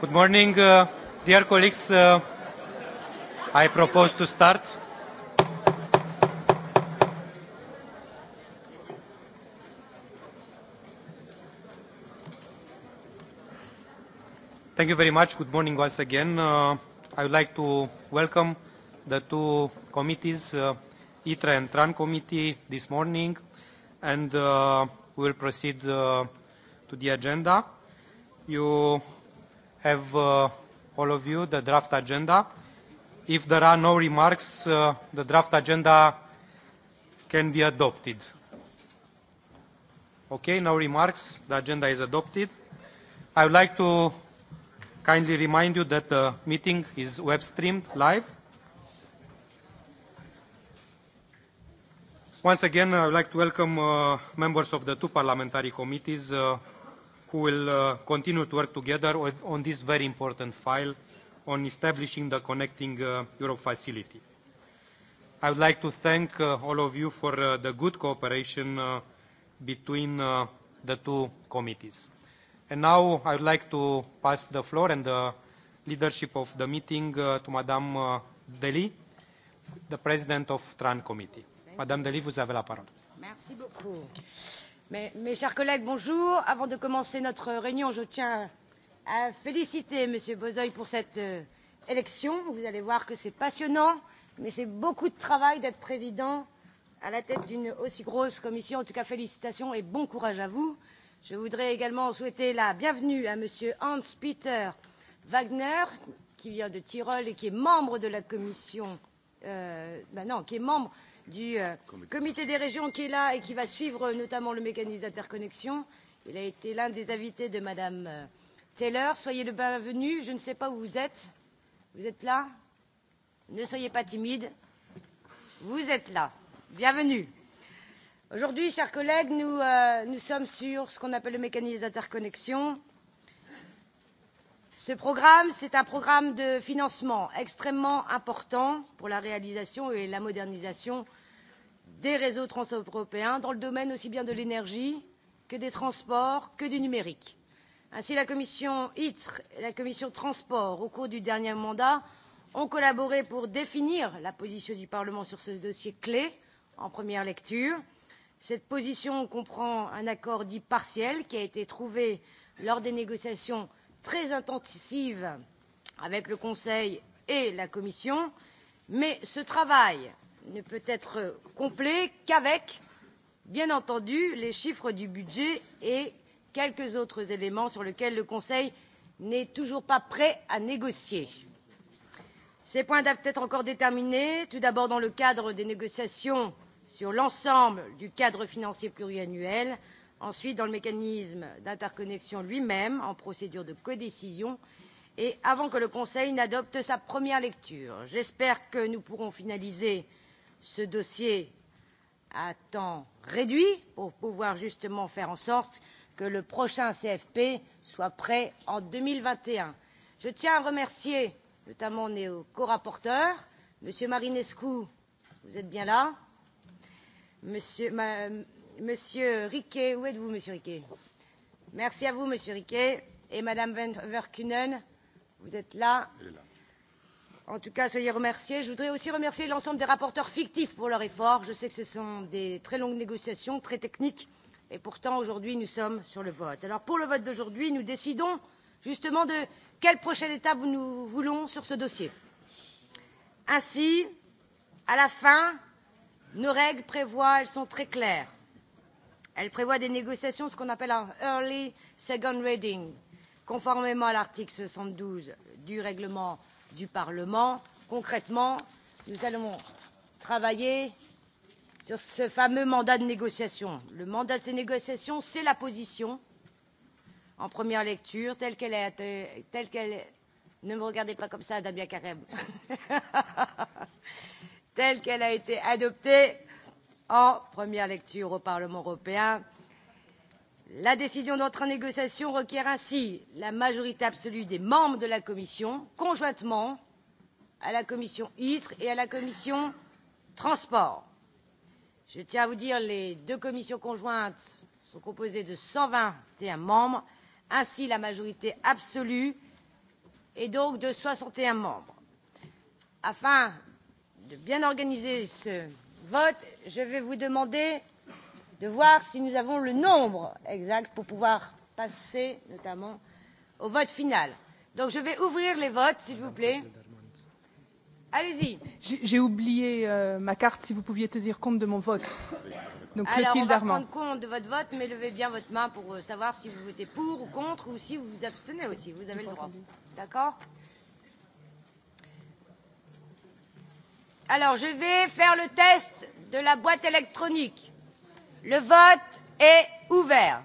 Good morning, uh, dear colleagues. Uh, I propose to start. Thank you very much. Good morning once again. Uh, I would like to welcome the two committees, uh, ITRA and TRAN committee, this morning, and uh, we will proceed uh, to the agenda. You have uh, all of you the draft agenda. If there are no remarks, uh, the draft agenda can be adopted. Okay, no remarks. The agenda is adopted. I would like to kindly remind you that the meeting is web streamed live. Once again, I would like to welcome uh, members of the two parliamentary committees uh, who will uh, continue to work together on this very important file on establishing the Connecting uh, Europe facility. I would like to thank uh, all of you for uh, the good cooperation uh, between uh, the two committees. And now I would like to pass the floor and the leadership of the meeting uh, to Madame uh, Deli, the President of TRAN Committee. Thank Madame Deli, vous avez la parole. Merci beaucoup. Mes, mes chers collègues, bonjour. Avant de commencer notre réunion, je tiens à féliciter Monsieur Bozoy pour cette euh, élection. Vous allez voir que c'est passionnant, mais c'est beaucoup de travail d'être président à la tête d'une aussi grosse commission. En tout cas, félicitations et bon courage à vous. Je voudrais également souhaiter la bienvenue à Monsieur Hans-Peter Wagner, qui vient de Tyrol et qui est membre de la commission, euh, ben non, qui est membre euh, du euh, comité des régions qui est là et qui va suivre euh, notamment le mécanisme d'interconnexion. Il a été l'un des invités de Madame euh, Taylor. Soyez le bienvenu. Je ne sais pas où vous êtes. Vous êtes là Ne soyez pas timide. Vous êtes là. Bienvenue. Aujourd'hui, chers collègues, nous, euh, nous sommes sur ce qu'on appelle le mécanisme d'interconnexion. Ce programme, c'est un programme de financement extrêmement important pour la réalisation et la modernisation des réseaux transeuropéens dans le domaine aussi bien de l'énergie que des transports que du numérique. Ainsi, la commission ITRE et la commission Transport, au cours du dernier mandat, ont collaboré pour définir la position du Parlement sur ce dossier clé en première lecture. Cette position comprend un accord dit partiel qui a été trouvé lors des négociations très intensives avec le Conseil et la Commission, mais ce travail ne peut être complet qu'avec, bien entendu, les chiffres du budget et quelques autres éléments sur lesquels le Conseil n'est toujours pas prêt à négocier. Ces points doivent être encore déterminés, tout d'abord dans le cadre des négociations sur l'ensemble du cadre financier pluriannuel, ensuite dans le mécanisme d'interconnexion lui-même en procédure de codécision et avant que le Conseil n'adopte sa première lecture. J'espère que nous pourrons finaliser ce dossier à temps réduit pour pouvoir justement faire en sorte que le prochain CFP soit prêt en 2021. Je tiens à remercier notamment nos co-rapporteurs, Monsieur Marinescu, vous êtes bien là Monsieur, ma, Monsieur Riquet, où êtes-vous Monsieur Riquet Merci à vous Monsieur Riquet et Madame Verkunen, vous êtes là. Elle est là. En tout cas, soyez remerciés. Je voudrais aussi remercier l'ensemble des rapporteurs fictifs pour leur effort. Je sais que ce sont des très longues négociations, très techniques, et pourtant aujourd'hui nous sommes sur le vote. Alors pour le vote d'aujourd'hui, nous décidons justement de quelle prochaine étape nous voulons sur ce dossier. Ainsi, à la fin, nos règles prévoient, elles sont très claires. Elles prévoient des négociations, ce qu'on appelle un early second reading, conformément à l'article 72 du règlement du Parlement. Concrètement, nous allons travailler sur ce fameux mandat de négociation. Le mandat de ces négociations, c'est la position en première lecture, telle qu'elle a été, telle qu'elle ne me regardez pas comme ça, Damien Carême, telle qu'elle a été adoptée en première lecture au Parlement européen La décision d'entrer en négociation requiert ainsi la majorité absolue des membres de la Commission, conjointement à la Commission ITRE et à la Commission Transport. Je tiens à vous dire les deux commissions conjointes sont composées de 121 membres. Ainsi, la majorité absolue est donc de 61 membres. Afin de bien organiser ce vote, je vais vous demander de voir si nous avons le nombre exact pour pouvoir passer notamment au vote final. Donc je vais ouvrir les votes, s'il vous plaît. Allez-y. J'ai oublié euh, ma carte, si vous pouviez tenir compte de mon vote. Donc, Alors, on va prendre compte de votre vote, mais levez bien votre main pour euh, savoir si vous votez pour ou contre, ou si vous vous abstenez aussi. Vous avez le droit. D'accord Alors, je vais faire le test de la boîte électronique. Le vote est ouvert.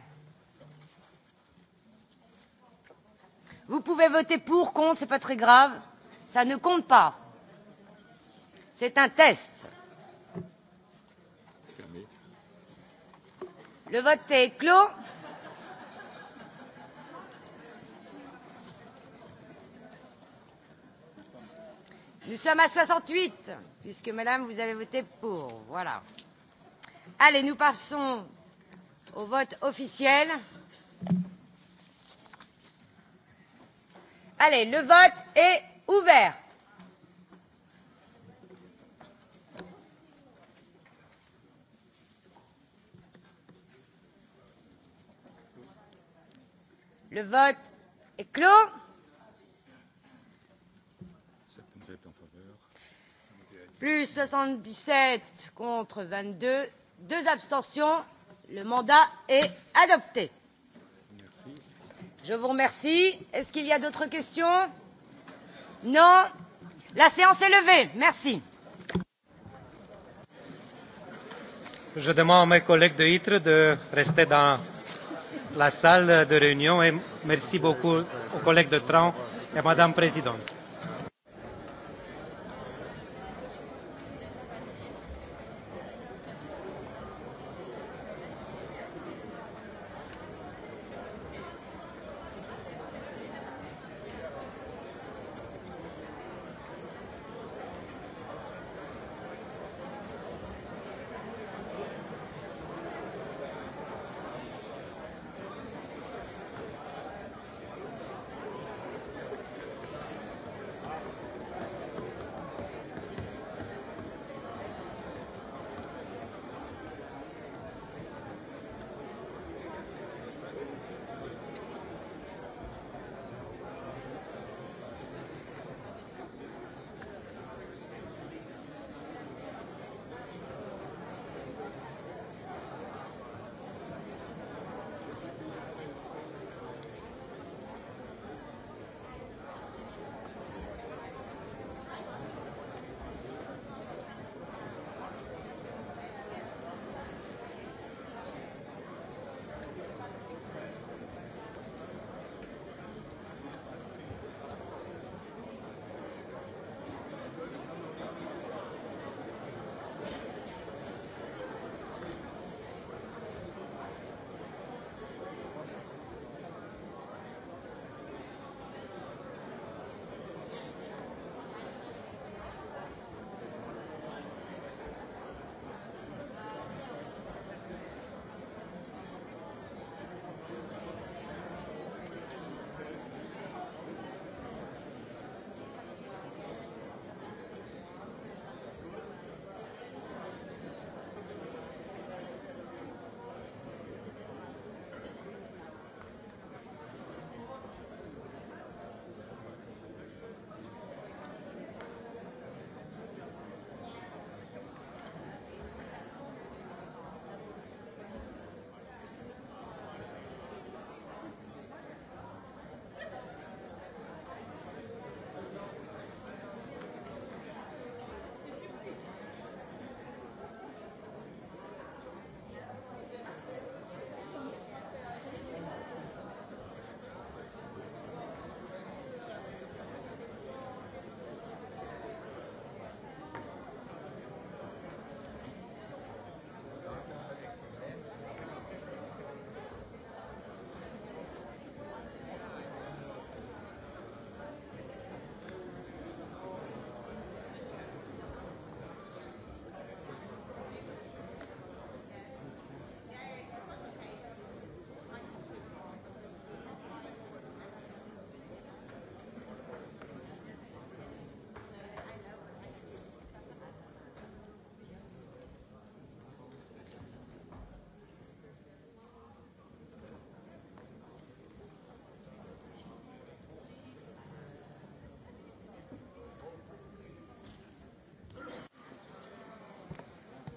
Vous pouvez voter pour, contre, c'est pas très grave. Ça ne compte pas. C'est un test. Le vote est clos. Nous sommes à 68, puisque madame, vous avez voté pour. Voilà. Allez, nous passons au vote officiel. Allez, le vote est ouvert. Le vote est clos. 77 en faveur. Plus 77 contre 22. Deux abstentions. Le mandat est adopté. Merci. Je vous remercie. Est-ce qu'il y a d'autres questions Non La séance est levée. Merci. Je demande à mes collègues de ITRE de rester dans la salle de réunion et merci beaucoup aux collègues de Tran et à Madame Présidente.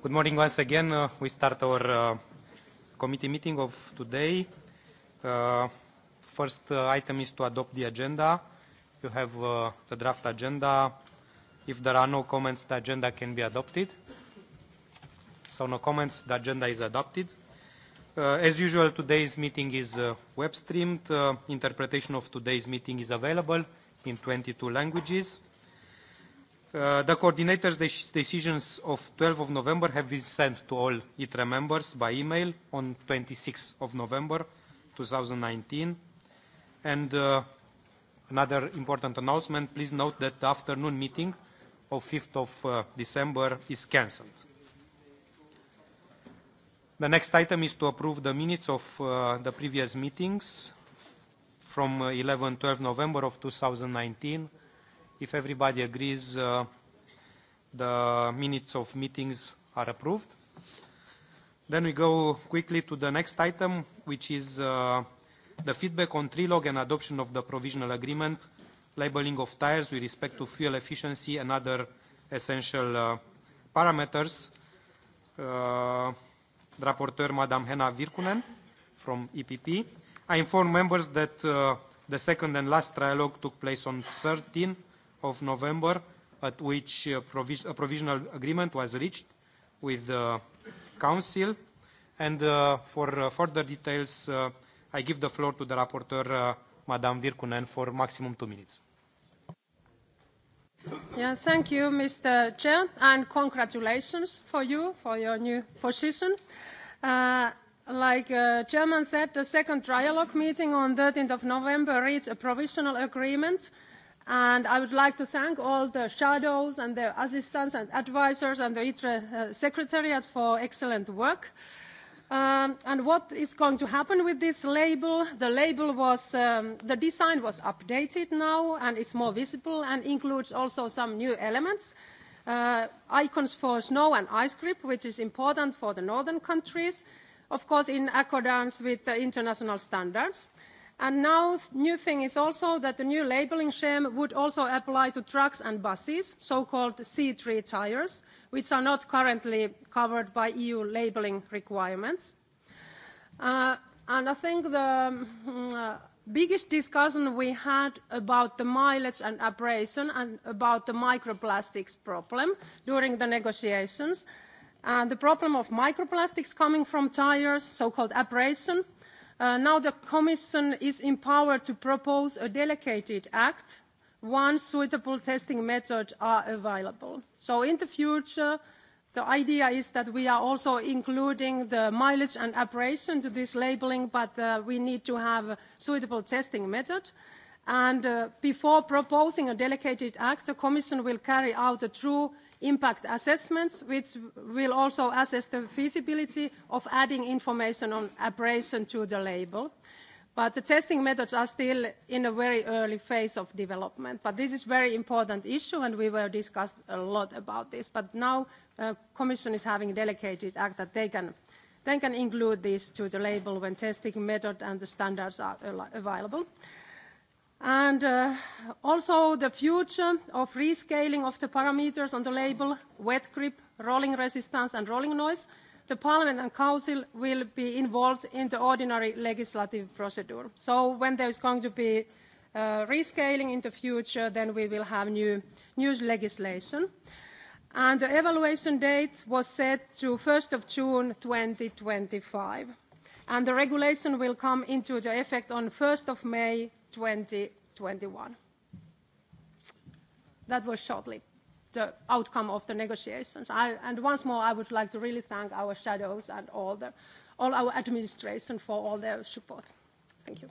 Good morning once again. Uh, we start our uh, committee meeting of today. Uh, first uh, item is to adopt the agenda. You have uh, the draft agenda. If there are no comments, the agenda can be adopted. So no comments, the agenda is adopted. Uh, as usual, today's meeting is uh, web streamed. Uh, interpretation of today's meeting is available in 22 languages. Uh, the coordinators' de decisions of 12 of November have been sent to all ITRE members by email on 26 of November 2019. And uh, another important announcement, please note that the afternoon meeting of 5th of uh, December is cancelled. The next item is to approve the minutes of uh, the previous meetings from 11-12 November of 2019 If everybody agrees, uh, the minutes of meetings are approved. Then we go quickly to the next item, which is uh, the feedback on trilogue and adoption of the provisional agreement, labeling of tires with respect to fuel efficiency and other essential uh, parameters. Uh, Rapporteur Madame Hena Virkunen from EPP. I inform members that uh, the second and last trialogue took place on 13 of November, at which uh, provis a provisional agreement was reached with the Council. And uh, for uh, further details, uh, I give the floor to the rapporteur, uh, Madame Virkunen, for maximum two minutes. Yeah, thank you, Mr. Chair, and congratulations for you for your new position. Uh, like uh, Chairman said, the second trialogue meeting on 13th of November reached a provisional agreement And I would like to thank all the shadows and their assistants and advisors and the ITRE uh, secretariat for excellent work. Um, and what is going to happen with this label? The label was, um, the design was updated now and it's more visible and includes also some new elements. Uh, icons for snow and ice grip, which is important for the northern countries, of course in accordance with the international standards. Uh, And now new thing is also that the new labelling scheme would also apply to trucks and buses, so-called C3 tires, which are not currently covered by EU labelling requirements. Uh, and I think the um, uh, biggest discussion we had about the mileage and abrasion and about the microplastics problem during the negotiations. And the problem of microplastics coming from tires, so-called abrasion, Uh, now the Commission is empowered to propose a delegated act once suitable testing methods are available. So in the future, the idea is that we are also including the mileage and abrasion to this labeling, but uh, we need to have a suitable testing method. And uh, before proposing a delegated act, the Commission will carry out a true impact assessments, which will also assess the feasibility of adding information on abrasion to the label. But the testing methods are still in a very early phase of development. But this is very important issue, and we were discussed a lot about this. But now, uh, Commission is having delegated act that they can, they can include this to the label when testing method and the standards are available and uh, also the future of rescaling of the parameters on the label, wet grip, rolling resistance, and rolling noise, the Parliament and Council will be involved in the ordinary legislative procedure. So when there is going to be uh, rescaling in the future, then we will have new, new legislation. And the evaluation date was set to 1st of June 2025, and the regulation will come into the effect on 1st of May 2021. That was shortly the outcome of the negotiations. I, and once more, I would like to really thank our shadows and all, the, all our administration for all their support. Thank you.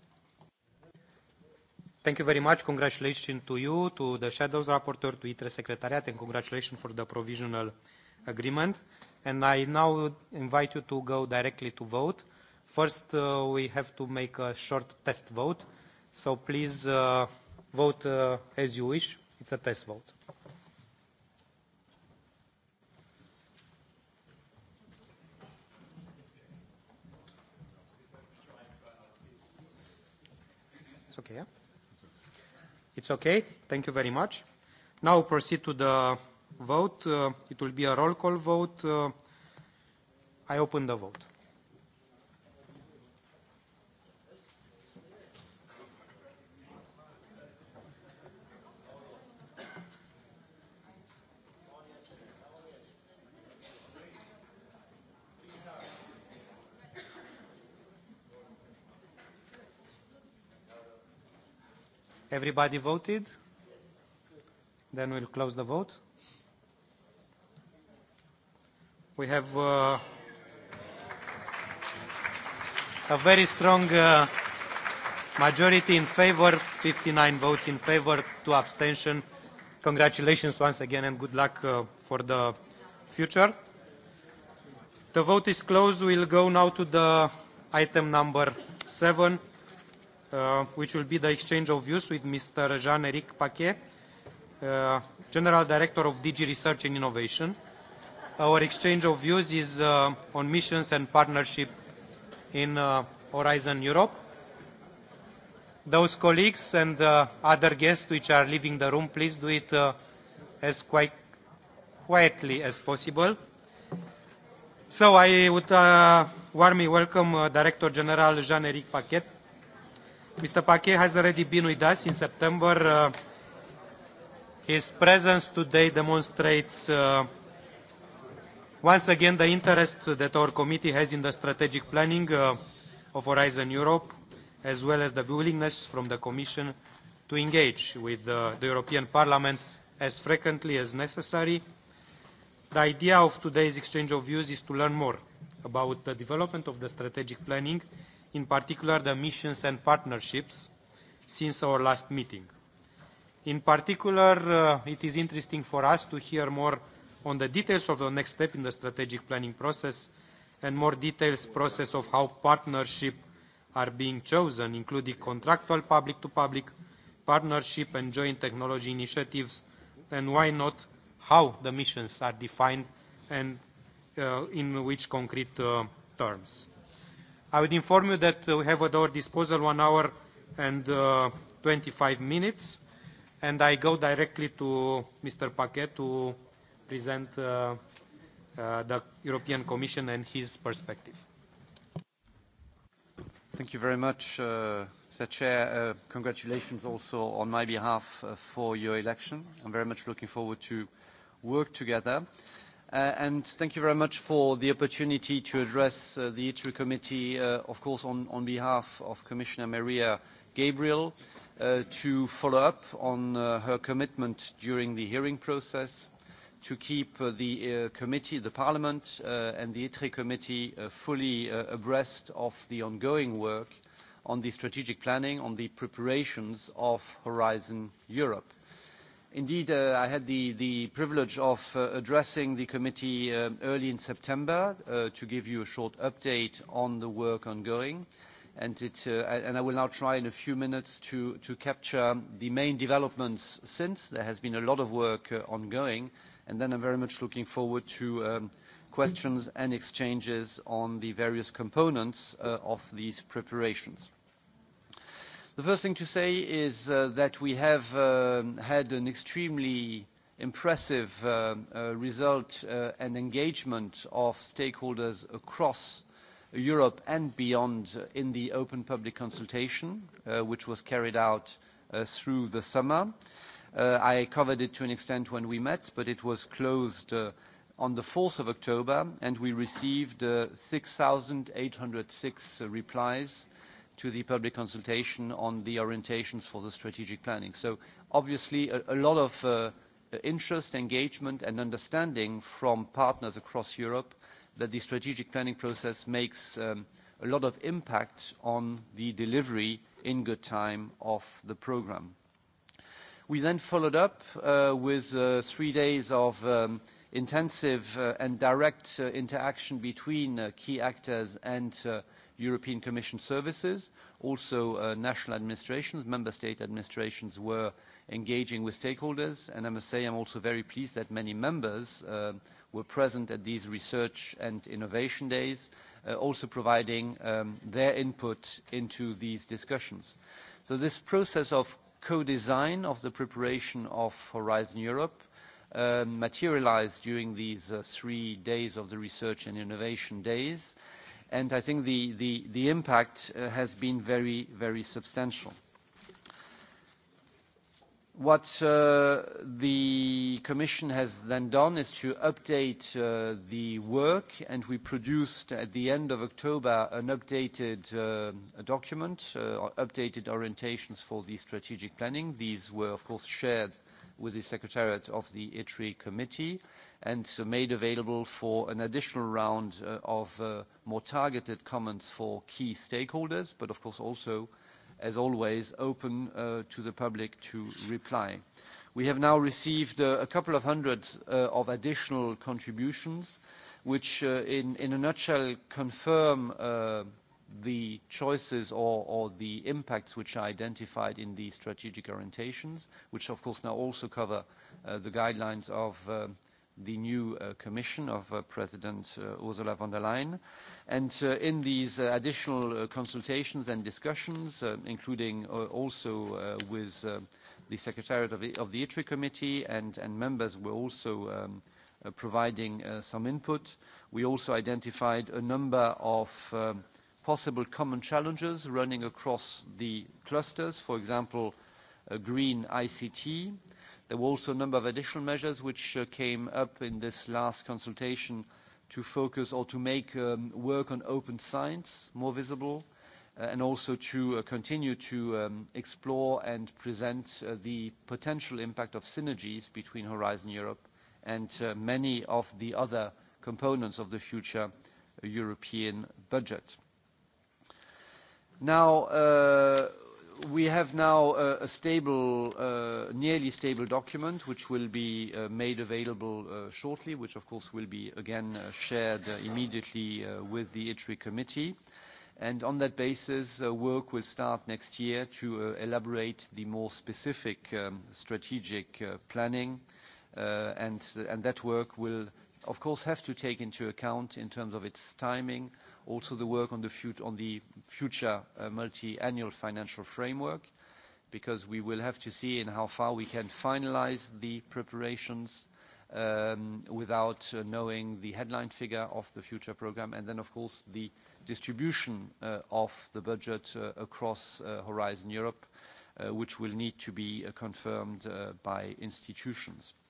Thank you very much. Congratulations to you, to the shadows rapporteur, to ITRE Secretariat, and congratulations for the provisional agreement. And I now invite you to go directly to vote. First, uh, we have to make a short test vote So please uh, vote uh, as you wish. It's a test vote. It's okay. Yeah? It's okay. Thank you very much. Now proceed to the vote. Uh, it will be a roll call vote. Uh, I open the vote. Everybody voted? Then we'll close the vote. We have uh, a very strong uh, majority in favor, 59 votes in favor, two abstention. Congratulations once again and good luck uh, for the future. The vote is closed. We'll go now to the item number seven, uh, which will be the exchange of views with Mr. Jean-Éric Paquet, uh, General Director of DG Research and Innovation. Our exchange of views is uh, on missions and partnership in uh, Horizon Europe. Those colleagues and uh, other guests which are leaving the room, please do it uh, as quite quietly as possible. So I would uh, warmly welcome uh, Director General Jean-Éric Paquet Mr. Paquet e, has already been with us in September. Uh, his presence today demonstrates uh, once again the interest that our committee has in the strategic planning uh, of Horizon Europe, as well as the willingness from the Commission to engage with uh, the European Parliament as frequently as necessary. The idea of today's exchange of views is to learn more about the development of the strategic planning uh, in particular the missions and partnerships, since our last meeting. In particular, uh, it is interesting for us to hear more on the details of the next step in the strategic planning process and more details process of how partnership are being chosen, including contractual public-to-public -public, partnership and joint technology initiatives, and why not how the missions are defined and uh, in which concrete uh, terms. I would inform you that uh, we have at our disposal one hour and uh, 25 minutes, and I go directly to Mr. Paquet to present uh, uh, the European Commission and his perspective. Thank you very much, uh, Mr. Chair. Uh, congratulations also on my behalf uh, for your election. I'm very much looking forward to work together. Uh, Uh, and thank you very much for the opportunity to address uh, the ITRE committee, uh, of course, on, on behalf of Commissioner Maria Gabriel, uh, to follow up on uh, her commitment during the hearing process to keep uh, the committee, the parliament, and the ITRE committee fully abreast of the ongoing work on the strategic planning, on the preparations of Horizon Europe. Indeed, uh, I had the, the privilege of uh, addressing the committee um, early in September uh, to give you a short update on the work ongoing. And, it, uh, and I will now try in a few minutes to, to capture the main developments since. There has been a lot of work uh, ongoing, and then I'm very much looking forward to um, questions and exchanges on the various components of these preparations. The first thing to say is uh, that we have um, had an extremely impressive uh, uh, result uh, and engagement of stakeholders across Europe and beyond uh, in the open public consultation, uh, which was carried out uh, through the summer. Uh, I covered it to an extent when we met, but it was closed uh, on the 4th of October, and we received uh, 6,806 uh, replies to the public consultation on the orientations for the strategic planning. So obviously, a, a lot of uh, interest, engagement, and understanding from partners across Europe that the strategic planning process makes um, a lot of impact on the delivery in good time of the program. We then followed up uh, with uh, three days of um, intensive uh, and direct uh, interaction between uh, key actors and uh, European Commission services. Also, uh, national administrations, member state administrations were engaging with stakeholders, and I must say I'm also very pleased that many members uh, were present at these research and innovation days, uh, also providing um, their input into these discussions. So this process of co-design of the preparation of Horizon Europe um, materialized during these uh, three days of the research and innovation days. Uh, and I think the, the, the impact uh, has been very, very substantial. What uh, the commission has then done is to update uh, the work, and we produced, at the end of October, an updated uh, document, uh, updated orientations for the strategic planning. These were, of course, shared with the secretariat of the ITRI committee and made available for an additional round uh, of uh, more targeted comments for key stakeholders, but of course also as always, open uh, to the public to reply. We have now received uh, a couple of hundred uh, of additional contributions, which in, in a nutshell confirm the choices or, or the impacts which are identified in the strategic orientations, which of course now also cover uh, the guidelines of um, the new uh, commission of uh, President uh, Ursula von der Leyen. And uh, in these uh, additional uh, consultations and discussions, uh, including uh, also uh, with uh, the Secretariat of the, of the ITRI Committee and, and members were also um, uh, providing uh, some input. We also identified a number of uh, possible common challenges running across the clusters, for example, uh, green ICT, uh, There were also a number of additional measures which uh, came up in this last consultation to focus or to make um, work on open science more visible, uh, and also to uh, continue to um, explore and present uh, the potential impact of synergies between Horizon Europe and uh, many of the other components of the future European budget. Now, uh, we have now a, a stable, uh, nearly stable document, which will be uh, made available uh, shortly, which of course will be again uh, shared uh, immediately uh, with the ITRI committee. And on that basis, uh, work will start next year to uh, elaborate the more specific um, strategic uh, planning, uh, and, and that work will, of course, have to take into account in terms of its timing, uh, also the work on the, fut on the future uh, multi-annual financial framework, because we will have to see in how far we can finalize the preparations um, without uh, knowing the headline figure of the future program. And then, of course, the distribution uh, of the budget uh, across uh, Horizon Europe, uh, which will need to be uh, confirmed uh, by institutions. Uh,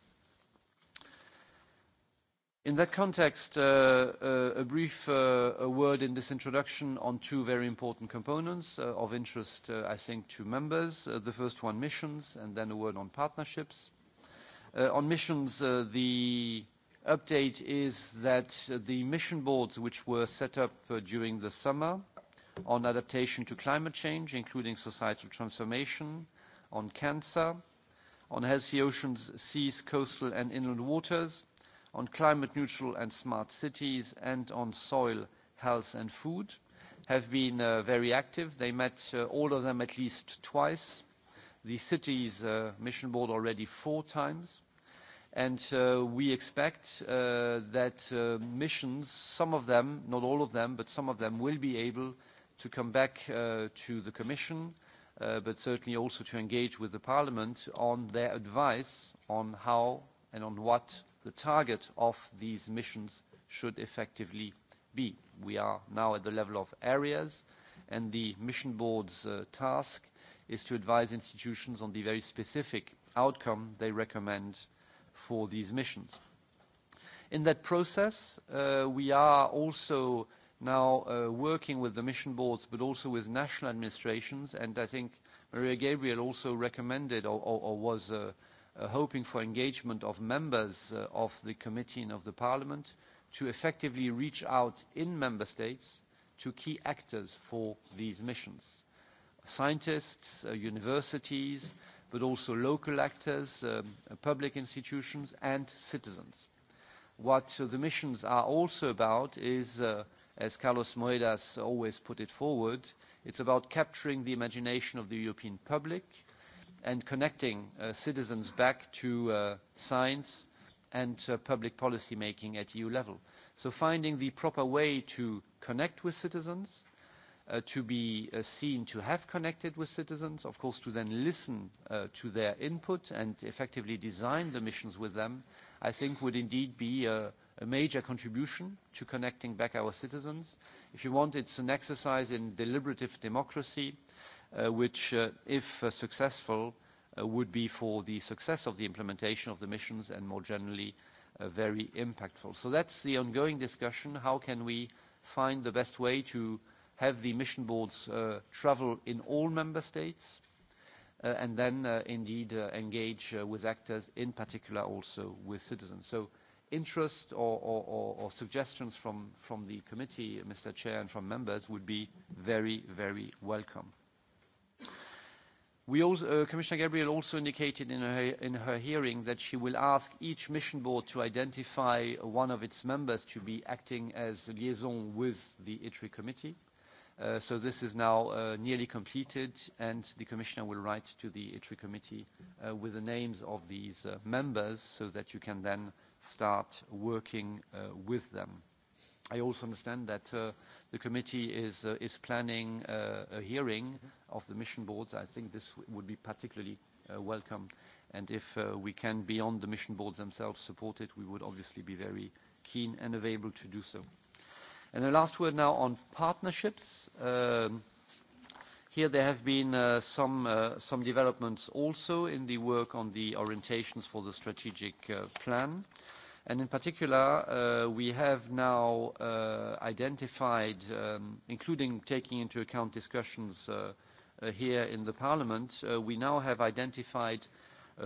In that context, uh, uh, a brief uh, a word in this introduction on two very important components of interest, I think, to members. The first one, missions, and then a word on partnerships. On missions, the update is that the mission boards, which were set up during the summer on adaptation to climate change, including societal transformation, on cancer, on healthy oceans, seas, coastal, and inland waters, on climate neutral and smart cities, and on soil health and food have been uh, very active. They met, uh, all of them, at least twice. The cities uh, mission board already four times. And uh, we expect uh, that uh, missions, some of them, not all of them, but some of them will be able to come back uh, to the Commission, uh, but certainly also to engage with the Parliament on their advice on how and on what uh, the target of these missions should effectively be. We are now at the level of areas, and the mission board's uh, task is to advise institutions on the very specific outcome they recommend for these missions. In that process, uh, we are also now uh, working with the mission boards, but also with national administrations, and I think Maria Gabriel also recommended or, or, or was uh, uh, hoping for engagement of members uh, of the committee and of the parliament to effectively reach out in member states to key actors for these missions. Scientists, uh, universities, but also local actors, um, uh, public institutions and citizens. What uh, the missions are also about is, uh, as Carlos Moedas always put it forward, it's about capturing the imagination of the European public uh, and connecting uh, citizens back to uh, science and uh, public policy making at EU level. So finding the proper way to connect with citizens, uh, to be uh, seen to have connected with citizens, of course to then listen uh, to their input and effectively design the missions with them, I think would indeed be a, a major contribution to connecting back our citizens. If you want, it's an exercise in deliberative democracy. Uh, Uh, which, uh, if uh, successful, would be for the success of the implementation of the missions and more generally, very impactful. So that's the ongoing discussion. How can we find the best way to have the mission boards travel in all member states? And then, indeed, engage with actors, in particular, also with citizens. So interest or, or, or suggestions from, from the committee, Mr. Chair, and from members would be very, very welcome. We also, uh, Commissioner Gabriel also indicated in her, in her hearing that she will ask each mission board to identify one of its members to be acting as liaison with the ITRI committee. Uh, so this is now uh, nearly completed, and the commissioner will write to the ITRI committee uh, with the names of these uh, members so that you can then start working uh, with them. I also understand that uh, the committee is, uh, is planning uh, a hearing of the mission boards. I think this would be particularly uh, welcome. And if uh, we can, beyond the mission boards themselves, support it, we would obviously be very keen and available to do so. And the last word now on partnerships. Um, here there have been uh, some, uh, some developments also in the work on the orientations for the strategic uh, plan. Uh, And in particular, uh, we have now uh, identified, um, including taking into account discussions uh, uh here in the parliament, uh, we now have identified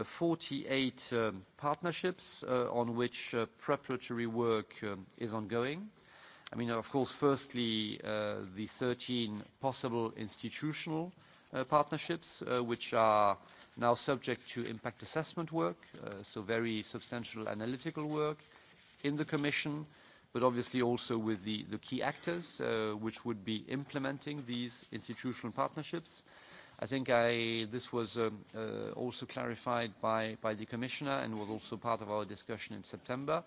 48 uh, um, partnerships on which preparatory work um, is ongoing. I mean, of course, firstly, the 13 possible institutional partnerships, which are now subject to impact assessment work, uh, so very substantial analytical work in the Commission, but obviously also with the, the key actors, uh, which would be implementing these institutional partnerships. I think I, this was um, uh, also clarified by, by the commissioner and was also part of our discussion in September.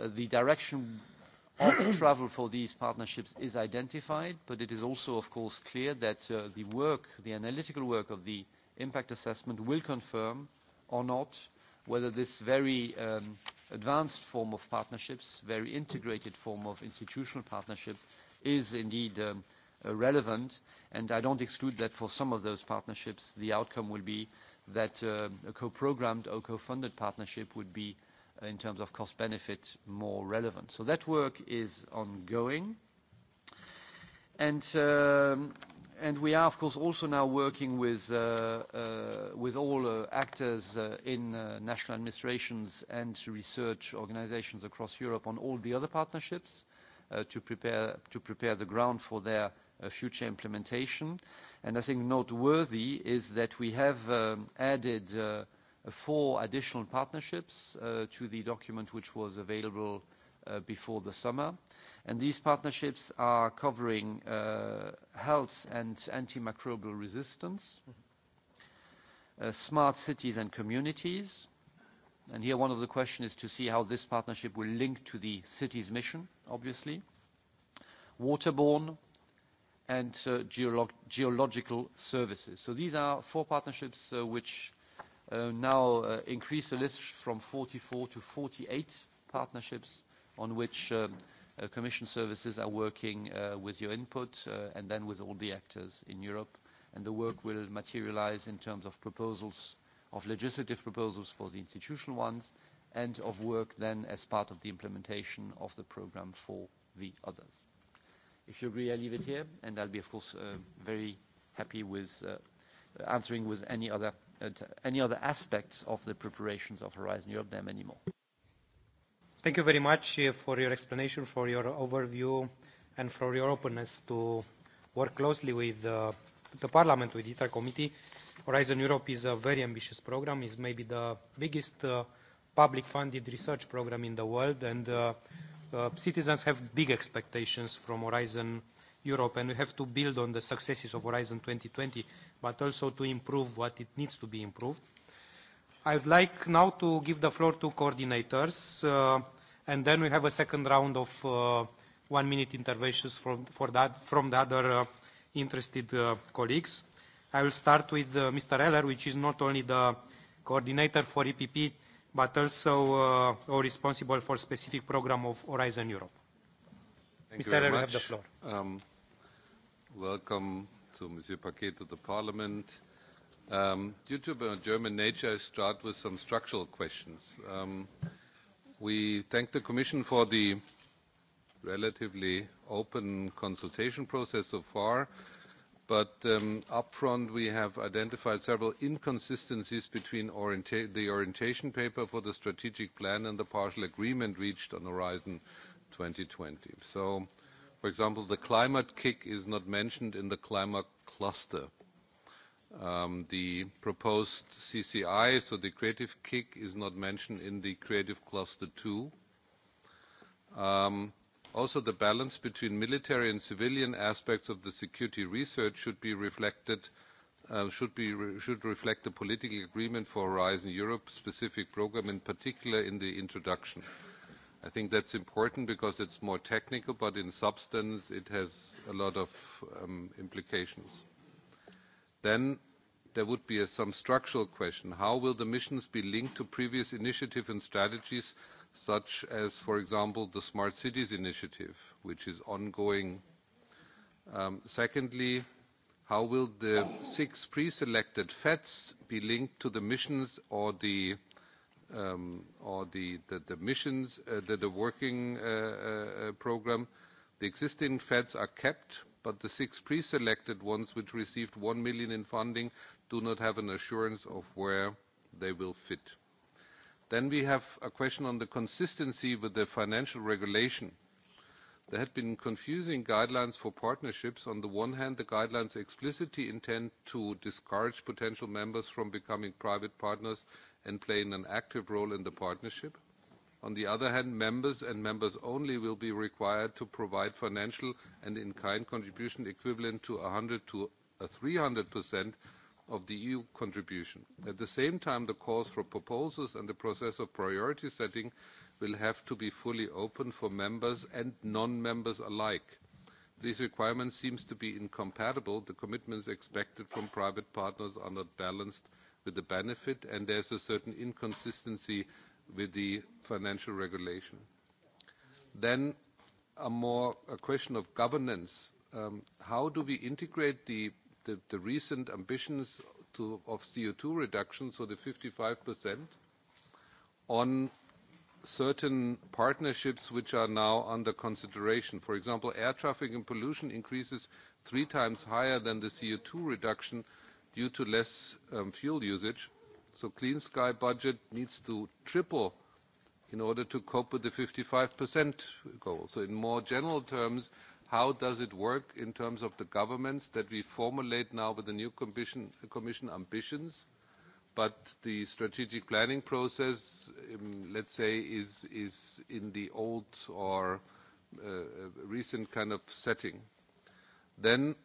Uh, the direction of travel for these partnerships is identified, but it is also, of course, clear that uh, the work, the analytical work of the uh, impact assessment will confirm or not whether this very um, advanced form of partnerships, very integrated form of institutional partnership, is indeed um, uh, relevant. And I don't exclude that for some of those partnerships, the outcome will be that uh, a co-programmed or co-funded partnership would be, uh, in terms of cost benefit, more relevant. So that work is ongoing. And um, And we are, of course, also now working with, uh, uh, with all uh, actors uh, in uh, national administrations and research organizations across Europe on all the other partnerships uh, to prepare, to prepare the ground for their future implementation. And I think noteworthy is that we have um, added four additional partnerships to the document which was available Uh, before the summer. And these partnerships are covering uh, health and antimicrobial resistance, uh, smart cities and communities. And here, one of the question is to see how this partnership will link to the city's mission, obviously. Waterborne, and uh, geolo geological services. So these are four partnerships uh, which uh, now increase the list from 44 to 48 partnerships on which uh, uh, Commission services are working uh, with your input uh, and then with all the actors in Europe. And the work will materialize in terms of proposals, of legislative proposals for the institutional ones, and of work then as part of the implementation of the program for the others. If you agree, I leave it here, and I'll be, of course, uh, very happy with uh, answering with any other, uh, any other aspects of the preparations of Horizon Europe. There are many more. Thank you very much uh, for your explanation, for your overview, and for your openness to work closely with uh, the Parliament, with the ITRA Committee. Horizon Europe is a very ambitious program, is maybe the biggest uh, public-funded research program in the world, and uh, uh, citizens have big expectations from Horizon Europe, and we have to build on the successes of Horizon 2020, but also to improve what it needs to be improved. Uh, I would like now to give the floor to coordinators, uh, and then we have a second round of uh, one-minute interventions from, for that, from the other uh, interested uh, colleagues. I will start with uh, Mr. Eller, which is not only the coordinator for EPP, but also uh, responsible for specific program of Horizon Europe. Thank Mr. you very Eller, much. you have the floor. Um, welcome to Monsieur Paquet to the Parliament. Um, due to the German nature, I start with some structural questions. Um, we thank the Commission for the relatively open consultation process so far, but um, upfront, we have identified several inconsistencies between orienta the orientation paper for the strategic plan and the partial agreement reached on Horizon 2020. So, for example, the climate kick is not mentioned in the climate cluster um, the proposed CCI, so the Creative Kick is not mentioned in the Creative Cluster 2. Um, also, the balance between military and civilian aspects of the security research should be reflected, uh, should, be re should reflect the political agreement for Horizon Europe specific program, in particular in the introduction. I think that's important because it's more technical, but in substance, it has a lot of um, implications. Then there would be a, some structural question. How will the missions be linked to previous initiative and strategies such as, for example, the Smart Cities initiative, which is ongoing? Um, secondly, how will the six pre-selected FETs be linked to the missions or the um, or the, the, the missions, uh, the, the working uh, uh, uh program? The existing FETs are kept, but the six pre-selected ones which received 1 million in funding do not have an assurance of where they will fit. Then we have a question on the consistency with the financial regulation. There had been confusing guidelines for partnerships. On the one hand, the guidelines explicitly intend to discourage potential members from becoming private partners and playing an active role in the partnership. On the other hand, members and members only will be required to provide financial and in-kind contribution equivalent to 100 to 300% of the EU contribution. At the same time, the calls for proposals and the process of priority setting will have to be fully open for members and non-members alike. These requirements seems to be incompatible. The commitments expected from private partners are not balanced with the benefit, and there's a certain inconsistency with the financial regulation. Then a more a question of governance. Um, how do we integrate the, the, the recent ambitions to, of CO2 reduction, so the 55%, on certain partnerships which are now under consideration? For example, air traffic and pollution increases three times higher than the CO2 reduction due to less um, fuel usage So Clean Sky budget needs to triple in order to cope with the 55% goal. So in more general terms, how does it work in terms of the governments that we formulate now with the new commission, commission ambitions, but the strategic planning process, um, let's say, is, is in the old or uh, recent kind of setting? Then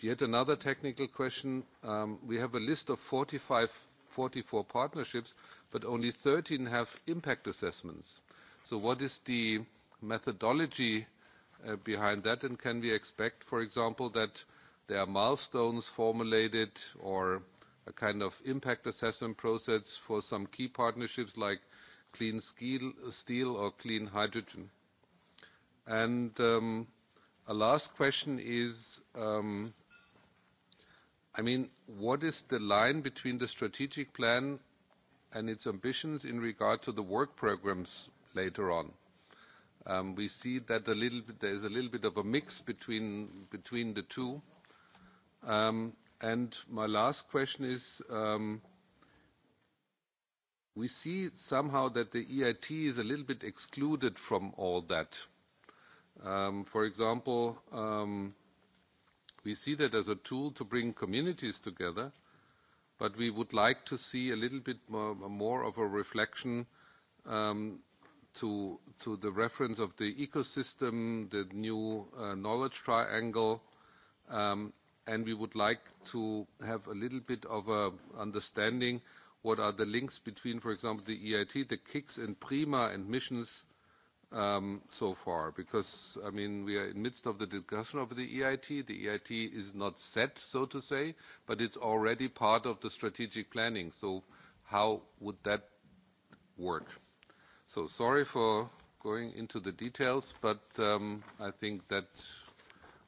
yet another technical question. Um, we have a list of 45 44 partnerships, but only 13 have impact assessments. So what is the methodology uh, behind that, and can we expect, for example, that there are milestones formulated or a kind of impact assessment process for some key partnerships like clean steel or clean hydrogen? And um, a last question is, um, I mean, what is the line between the strategic plan and its ambitions in regard to the work programs later on? Um, we see that a little bit, there is a little bit of a mix between, between the two. Um, and my last question is, um, we see somehow that the EIT is a little bit excluded from all that. Um, for example, um, We see that as a tool to bring communities together, but we would like to see a little bit more, more of a reflection um, to, to the reference of the ecosystem, the new uh, knowledge triangle, um, and we would like to have a little bit of a understanding what are the links between, for example, the EIT, the KICS and Prima and missions um, so far? Because, I mean, we are in midst of the discussion of the EIT. The EIT is not set, so to say, but it's already part of the strategic planning. So how would that work? So sorry for going into the details, but um, I think that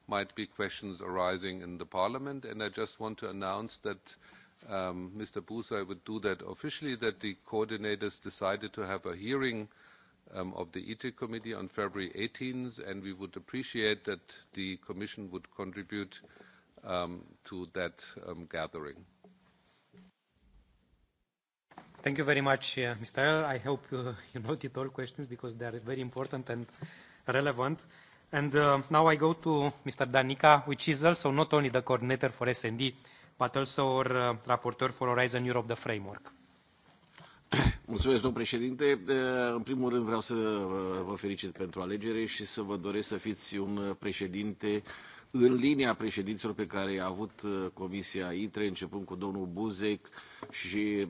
might be questions arising in the parliament, and I just want to announce that um, Mr. Busa would do that officially, that the coordinators decided to have a hearing uh, um, of the ITRE committee on February 18th, and we would appreciate that the Commission would contribute um, to that um, gathering. Thank you very much, uh, Mr. Eller. I hope uh, you noted all questions because they are very important and relevant. And uh, now I go to Mr. Danica, which is also not only the coordinator for SND, but also our uh, rapporteur for Horizon Europe, the framework. domnule președinte în primul rând vreau să vă felicit pentru alegere și să vă doresc să fiți un președinte în linia președinților pe care i-a avut uh, Comisia ITRE, începând cu domnul Buzek și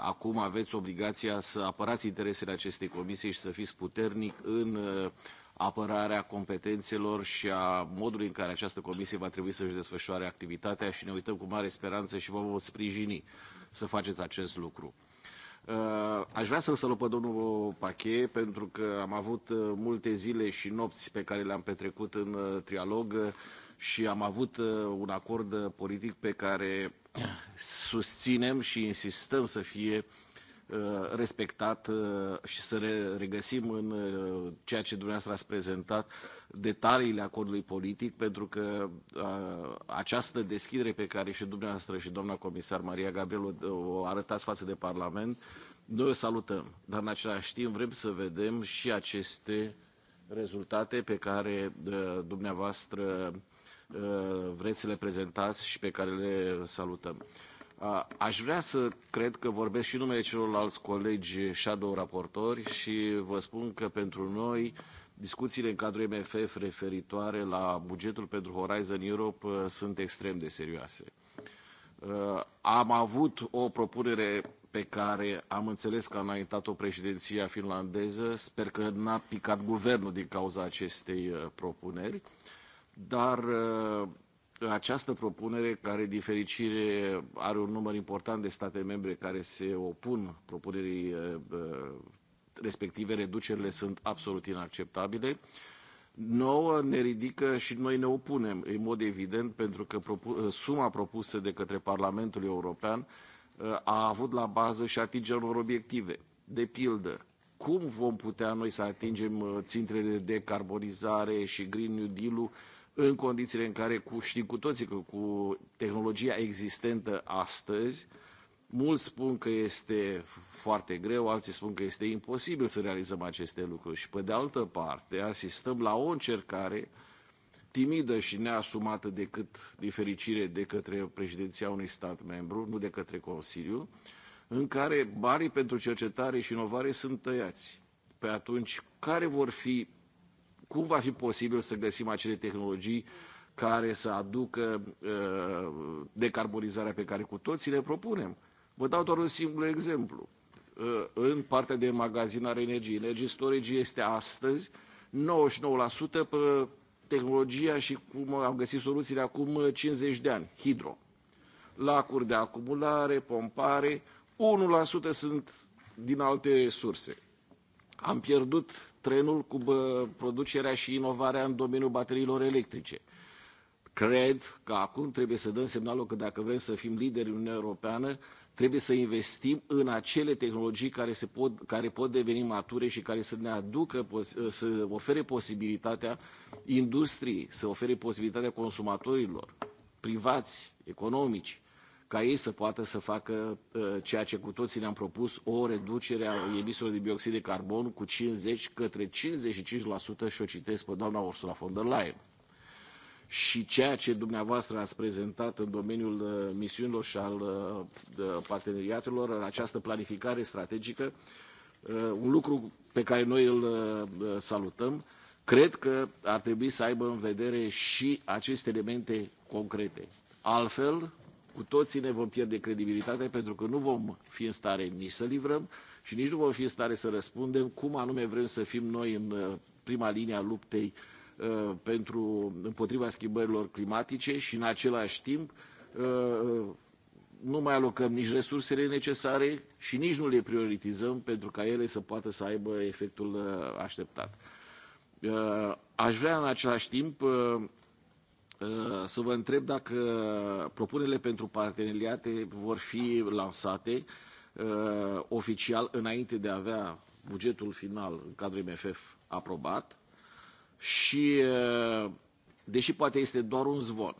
acum aveți obligația să apărați interesele acestei comisii și să fiți puternic în uh, apărarea competențelor și a modului în care această comisie va trebui să-și desfășoare activitatea și ne uităm cu mare speranță și vă vom sprijini să faceți acest lucru. Uh, aș vrea să-l salut pe domnul Pache, pentru că am avut uh, multe zile și nopți pe care le-am petrecut în uh, trialog și am avut un acord politic pe care susținem și insistăm să fie uh, Uh, respectat uh, și să regăsim în uh, ceea ce dumneavoastră ați prezentat detaliile acordului politic, pentru că această deschidere pe care și dumneavoastră și doamna comisar Maria Gabriel o arătați față de Parlament, noi o salutăm, dar în același timp vrem să vedem și aceste rezultate pe care dumneavoastră vreți să le prezentați și pe care le salutăm. Uh, aș vrea să cred că vorbesc și numele celorlalți colegi shadow raportori și vă spun că pentru noi discuțiile în cadrul MFF referitoare la bugetul pentru Horizon Europe uh, sunt extrem de serioase. Uh, am avut o propunere pe care am înțeles că a înaintat-o președinția finlandeză. Sper că n-a picat guvernul din cauza acestei propuneri, dar această propunere, care din fericire are un număr important de state membre care se opun propunerii uh, uh, respective, reducerile sunt absolut inacceptabile. Nouă ne ridică și noi ne opunem, în mod evident, pentru că uh, suma propusă de către Parlamentul European a avut la bază și atingerea unor obiective. De pildă, cum vom putea noi să atingem țintele de decarbonizare și Green New Deal-ul în condițiile în care cu, știm cu toții că cu tehnologia existentă astăzi, mulți spun că este foarte greu, alții spun că este imposibil să realizăm aceste lucruri. Și pe de altă parte, asistăm la o încercare timidă și neasumată decât, din fericire, de către președinția unui stat membru, nu de către Consiliu, în care banii pentru cercetare și inovare sunt tăiați. Pe atunci, care vor fi cum va fi posibil să găsim acele tehnologii care să aducă uh, decarbonizarea pe care cu toții le propunem. Vă dau doar un simplu exemplu. Uh, în partea de magazinare energiei, energy storage este astăzi 99% pe tehnologia și cum am găsit soluțiile acum 50 uh, de ani, hidro. Lacuri de acumulare, pompare, 1% sunt din alte surse. Am pierdut trenul cu producerea și inovarea în domeniul bateriilor electrice. Cred că acum trebuie să dăm semnalul că dacă vrem să fim lideri în Uniunea Europeană, trebuie să investim în acele tehnologii care, se pot, care pot deveni mature și care să ne aducă, să ofere posibilitatea industriei, să ofere posibilitatea consumatorilor privați, economici, ca ei să poată să facă ceea ce cu toții ne-am propus, o reducere a emisiilor de dioxid de carbon cu 50 către 55% și o citesc pe doamna Ursula von der Leyen. Și ceea ce dumneavoastră ați prezentat în domeniul misiunilor și al parteneriatelor, în această planificare strategică, un lucru pe care noi îl salutăm, cred că ar trebui să aibă în vedere și aceste elemente concrete. Altfel, cu toții ne vom pierde credibilitatea pentru că nu vom fi în stare nici să livrăm și nici nu vom fi în stare să răspundem cum anume vrem să fim noi în uh, prima linie a luptei uh, pentru, împotriva schimbărilor climatice și în același timp uh, uh, nu mai alocăm nici resursele necesare și nici nu le prioritizăm pentru ca ele să poată să aibă efectul uh, așteptat. Aș vrea în același timp Eh, să vă întreb dacă propunerile pentru parteneriate vor fi lansate eh, oficial înainte de a avea bugetul final în cadrul MFF aprobat și, eh, deși poate este doar un zvon,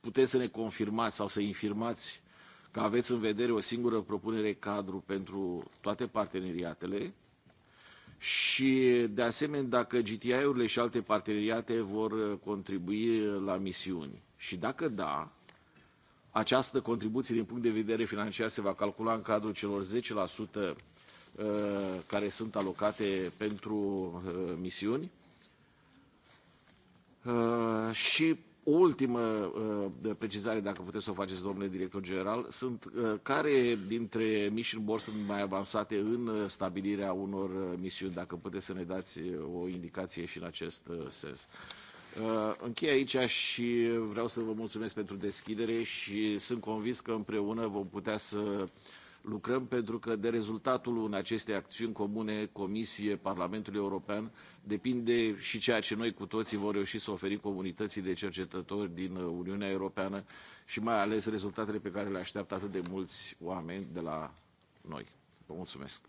puteți să ne confirmați sau să infirmați că aveți în vedere o singură propunere cadru pentru toate parteneriatele și, de asemenea, dacă GTI-urile și alte parteneriate vor uh, contribui uh, la misiuni. Și dacă da, această contribuție din punct de vedere financiar se va calcula în cadrul celor 10% uh, care sunt alocate pentru misiuni. Și o ultimă uh, precizare, dacă puteți să o faceți, domnule director general, sunt uh, care dintre misiuni BOR sunt mai avansate în uh, stabilirea unor uh, misiuni, dacă puteți să ne dați uh, o indicație și în acest uh, sens. Închei aici și vreau să vă mulțumesc pentru deschidere și sunt convins că împreună vom putea să uh, lucrăm pentru că de rezultatul unei acestei acțiuni comune Comisie, Parlamentul European, depinde și ceea ce noi cu toții vom reuși să oferim comunității de cercetători din uh, Uniunea Europeană și mai ales rezultatele pe care le așteaptă atât de mulți oameni de la noi. Vă mulțumesc!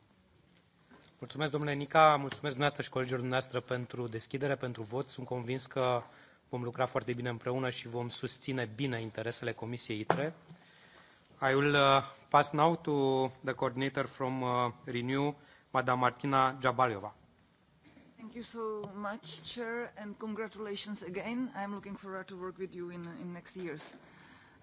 Mulțumesc, domnule Nica, mulțumesc dumneavoastră și colegilor dumneavoastră pentru deschidere, pentru vot. Sunt convins că vom lucra foarte bine împreună și vom susține bine interesele Comisiei ITRE. I will uh, pass now to the coordinator from uh, Renew, Madam Martina Jabalova. Thank you so much, Chair, and congratulations again. I'm looking forward to work with you in, in next years.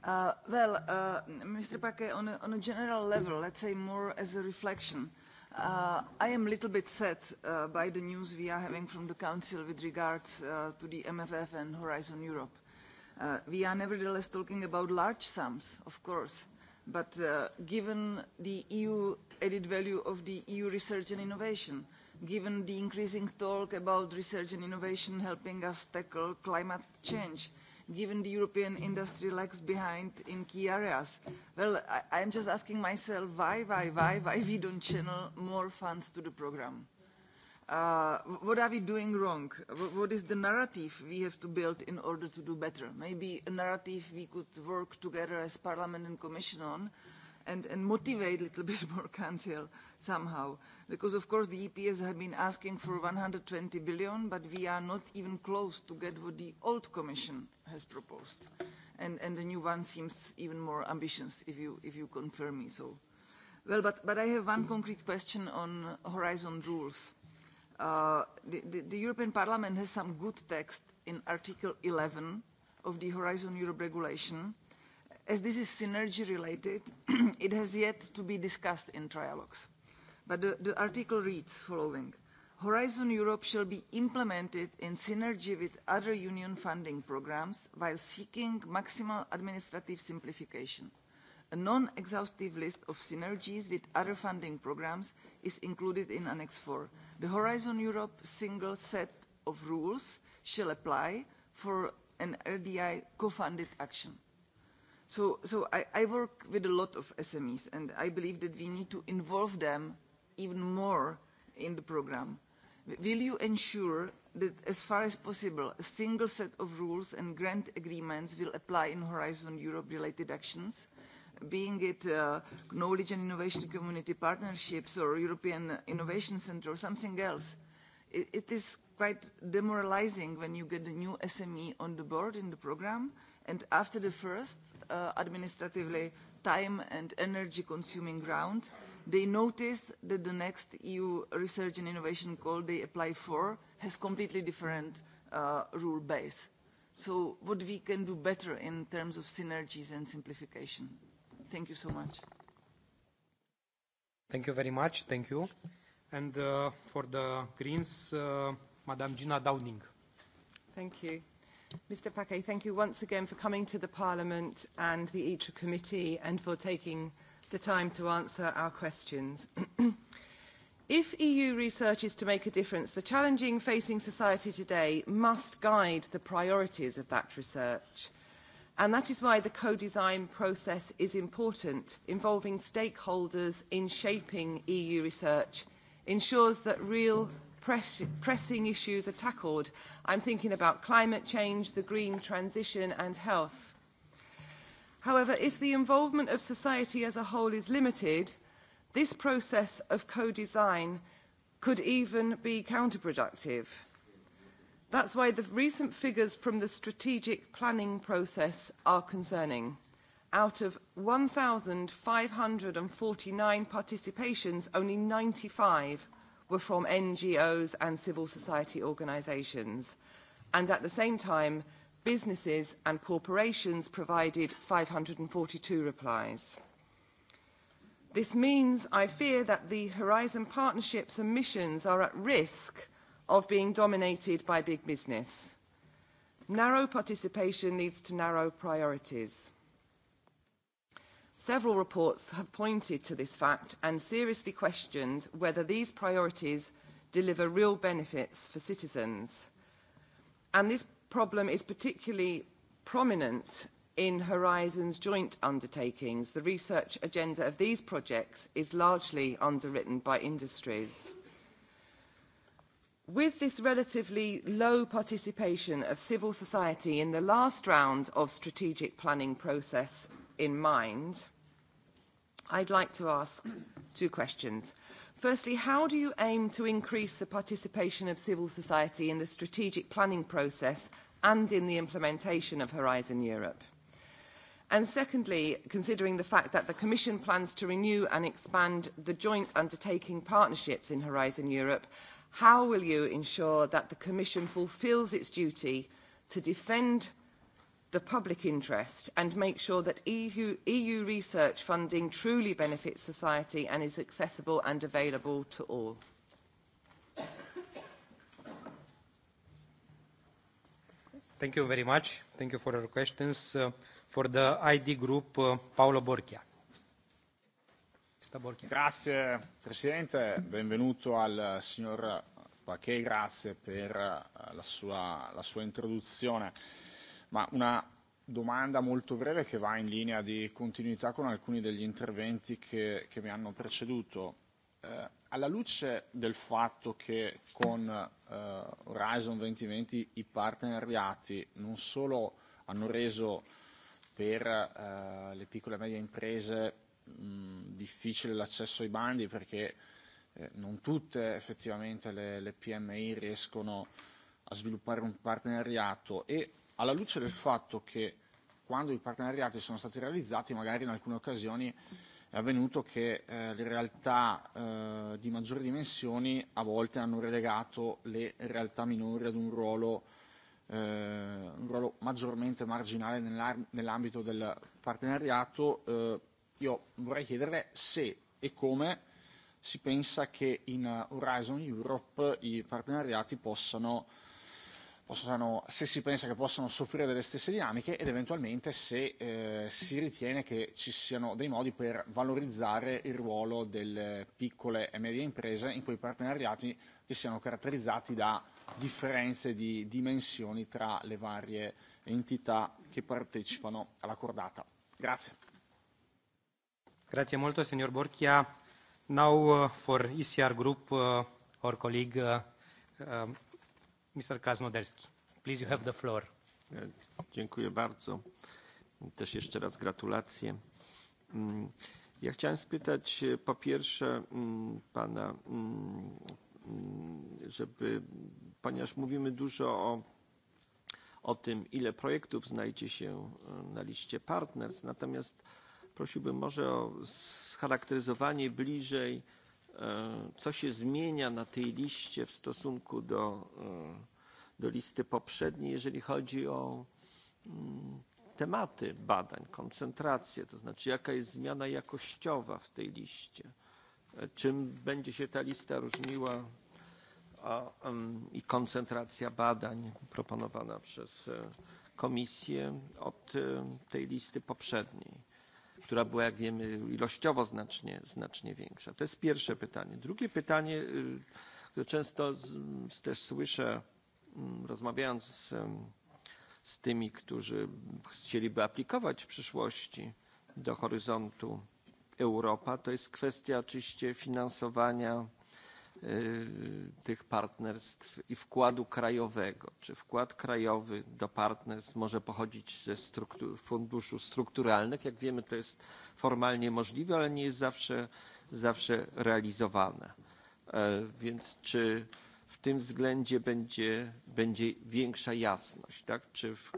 Uh, well, uh, Mr. Paquet, on a, on a general level, let's say more as a reflection, uh, I am a little bit sad uh, by the news we are having from the Council with regards uh, to the MFF and Horizon Europe. Uh, we are nevertheless talking about large sums, of course, But uh, given the EU added value of the EU research and innovation, given the increasing talk about research and innovation helping us tackle climate change, given the European industry lags behind in key areas. Well, I, I'm just asking myself why, why, why, why we don't channel more funds to the program uh, what are we doing wrong? What is the narrative we have to build in order to do better? Maybe a narrative we could work together as Parliament and Commission on and, and motivate a little bit more Council somehow. Because, of course, the EPS have been asking for 120 billion, but we are not even close to get what the old Commission has proposed. And, and the new one seems even more ambitious, if you, if you confirm me so. Well, but, but I have one concrete question on Horizon rules Uh, the, the, the European Parliament has some good text in Article 11 of the Horizon Europe regulation. As this is synergy related, it has yet to be discussed in trialogues. But the, the article reads following. Horizon Europe shall be implemented in synergy with other union funding programs while seeking maximal administrative simplification. Uh, A non-exhaustive list of synergies with other funding programs is included in Annex 4. The Horizon Europe single set of rules shall apply for an RDI co-funded action. So, so I, I work with a lot of SMEs, and I believe that we need to involve them even more in the program. Will you ensure that, as far as possible, a single set of rules and grant agreements will apply in Horizon Europe-related actions? being it uh, knowledge and innovation community partnerships or European Innovation Center or something else. It, it is quite demoralizing when you get a new SME on the board in the program and after the first uh, administratively time and energy consuming round, they noticed that the next EU research and innovation call they apply for has completely different uh, rule base. So what we can do better in terms of synergies and simplification. Thank you so much. Thank you very much. Thank you. And uh, for the Greens, uh, Madam Gina Downing. Thank you. Mr Paquet, thank you once again for coming to the Parliament and the ITRA e committee and for taking the time to answer our questions. If EU research is to make a difference, the challenging facing society today must guide the priorities of that research. And that is why the co-design process is important, involving stakeholders in shaping EU research, ensures that real press pressing issues are tackled. I'm thinking about climate change, the green transition and health. However, if the involvement of society as a whole is limited, this process of co-design could even be counterproductive. That's why the recent figures from the strategic planning process are concerning. Out of 1,549 participations, only 95 were from NGOs and civil society organisations. And at the same time, businesses and corporations provided 542 replies. This means, I fear, that the Horizon partnerships and missions are at risk of being dominated by big business. Narrow participation leads to narrow priorities. Several reports have pointed to this fact and seriously questioned whether these priorities deliver real benefits for citizens. And this problem is particularly prominent in Horizon's joint undertakings. The research agenda of these projects is largely underwritten by industries. With this relatively low participation of civil society in the last round of strategic planning process in mind, I'd like to ask two questions. Firstly, how do you aim to increase the participation of civil society in the strategic planning process and in the implementation of Horizon Europe? And secondly, considering the fact that the Commission plans to renew and expand the joint undertaking partnerships in Horizon Europe, how will you ensure that the Commission fulfils its duty to defend the public interest and make sure that EU, EU research funding truly benefits society and is accessible and available to all? Thank you very much. Thank you for your questions. Uh, for the ID group, uh, Paolo Borchia. Grazie Presidente, benvenuto al eh, signor Paquet, grazie per eh, la sua, la sua introduzione. Ma una domanda molto breve che va in linea di continuità con alcuni degli interventi che, che mi hanno preceduto. Eh, alla luce del fatto che con eh, Horizon 2020 i partenariati non solo hanno reso per eh, le piccole e medie imprese mh, difficile l'accesso ai bandi perché eh, non tutte effettivamente le, le PMI riescono a sviluppare un partenariato e alla luce del fatto che quando i partenariati sono stati realizzati magari in alcune occasioni è avvenuto che eh, le realtà eh, di maggiori dimensioni a volte hanno relegato le realtà minori ad un ruolo eh, un ruolo maggiormente marginale nell'ambito del partenariato eh, io vorrei chiederle se e come si pensa che in eh, Horizon Europe i partenariati possano possano, se si pensa che possano soffrire delle stesse dinamiche ed eventualmente se eh, si ritiene che ci siano dei modi per valorizzare il ruolo delle piccole e medie imprese in quei partenariati che siano caratterizzati da differenze di dimensioni tra le varie entità che partecipano alla cordata. Grazie. Grazie molto, signor Borchia. Now, uh, for ECR Group, uh, our colleague, uh, uh, Mr. Krasnodelski. Please, you have the floor. E, dziękuję bardzo. Też jeszcze raz gratulacje. Mm, ja chciałem spytać e, po pierwsze mm, pana, mm, żeby, ponieważ mówimy dużo o, o tym, ile projektów znajdzie się e, na liście partnerstw, natomiast prosiłbym może o scharakteryzowanie bliżej, e, co się zmienia na tej liście w stosunku do, e, do listy poprzedniej, jeżeli chodzi o mm, tematy badań, koncentrację, to znaczy jaka jest zmiana jakościowa w tej liście, e, czym będzie się ta lista różniła a, um, i koncentracja badań proponowana przez Komisję od tej listy poprzedniej która była, jak wiemy, ilościowo znacznie, znacznie większa. To jest pierwsze pytanie. Drugie pytanie, które często z, też słyszę, mm, rozmawiając z, z tymi, którzy chcieliby aplikować w przyszłości do horyzontu Europa, to jest kwestia oczywiście finansowania tych partnerstw i wkładu krajowego. Czy wkład krajowy do partnerstw może pochodzić ze struktur, funduszu strukturalnych? Jak wiemy, to jest formalnie możliwe, ale nie jest zawsze, zawsze realizowane. E, więc czy w tym względzie będzie, będzie większa jasność, tak? Czy w,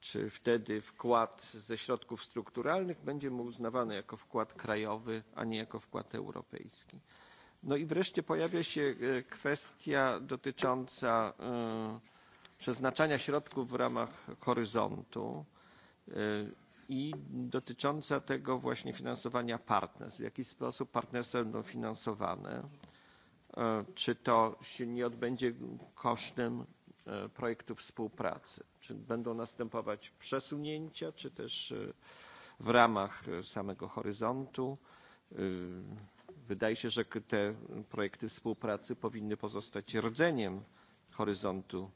czy wtedy wkład ze środków strukturalnych będzie mu uznawany jako wkład krajowy, a nie jako wkład europejski. No i wreszcie pojawia się e, kwestia dotycząca e, przeznaczania środków w ramach horyzontu e, i dotycząca tego właśnie finansowania partnerstw. W jaki sposób partnerstwa będą finansowane? Czy to się nie odbędzie kosztem projektów współpracy? Czy będą następować przesunięcia, czy też w ramach samego horyzontu? Wydaje się, że te projekty współpracy powinny pozostać rdzeniem horyzontu,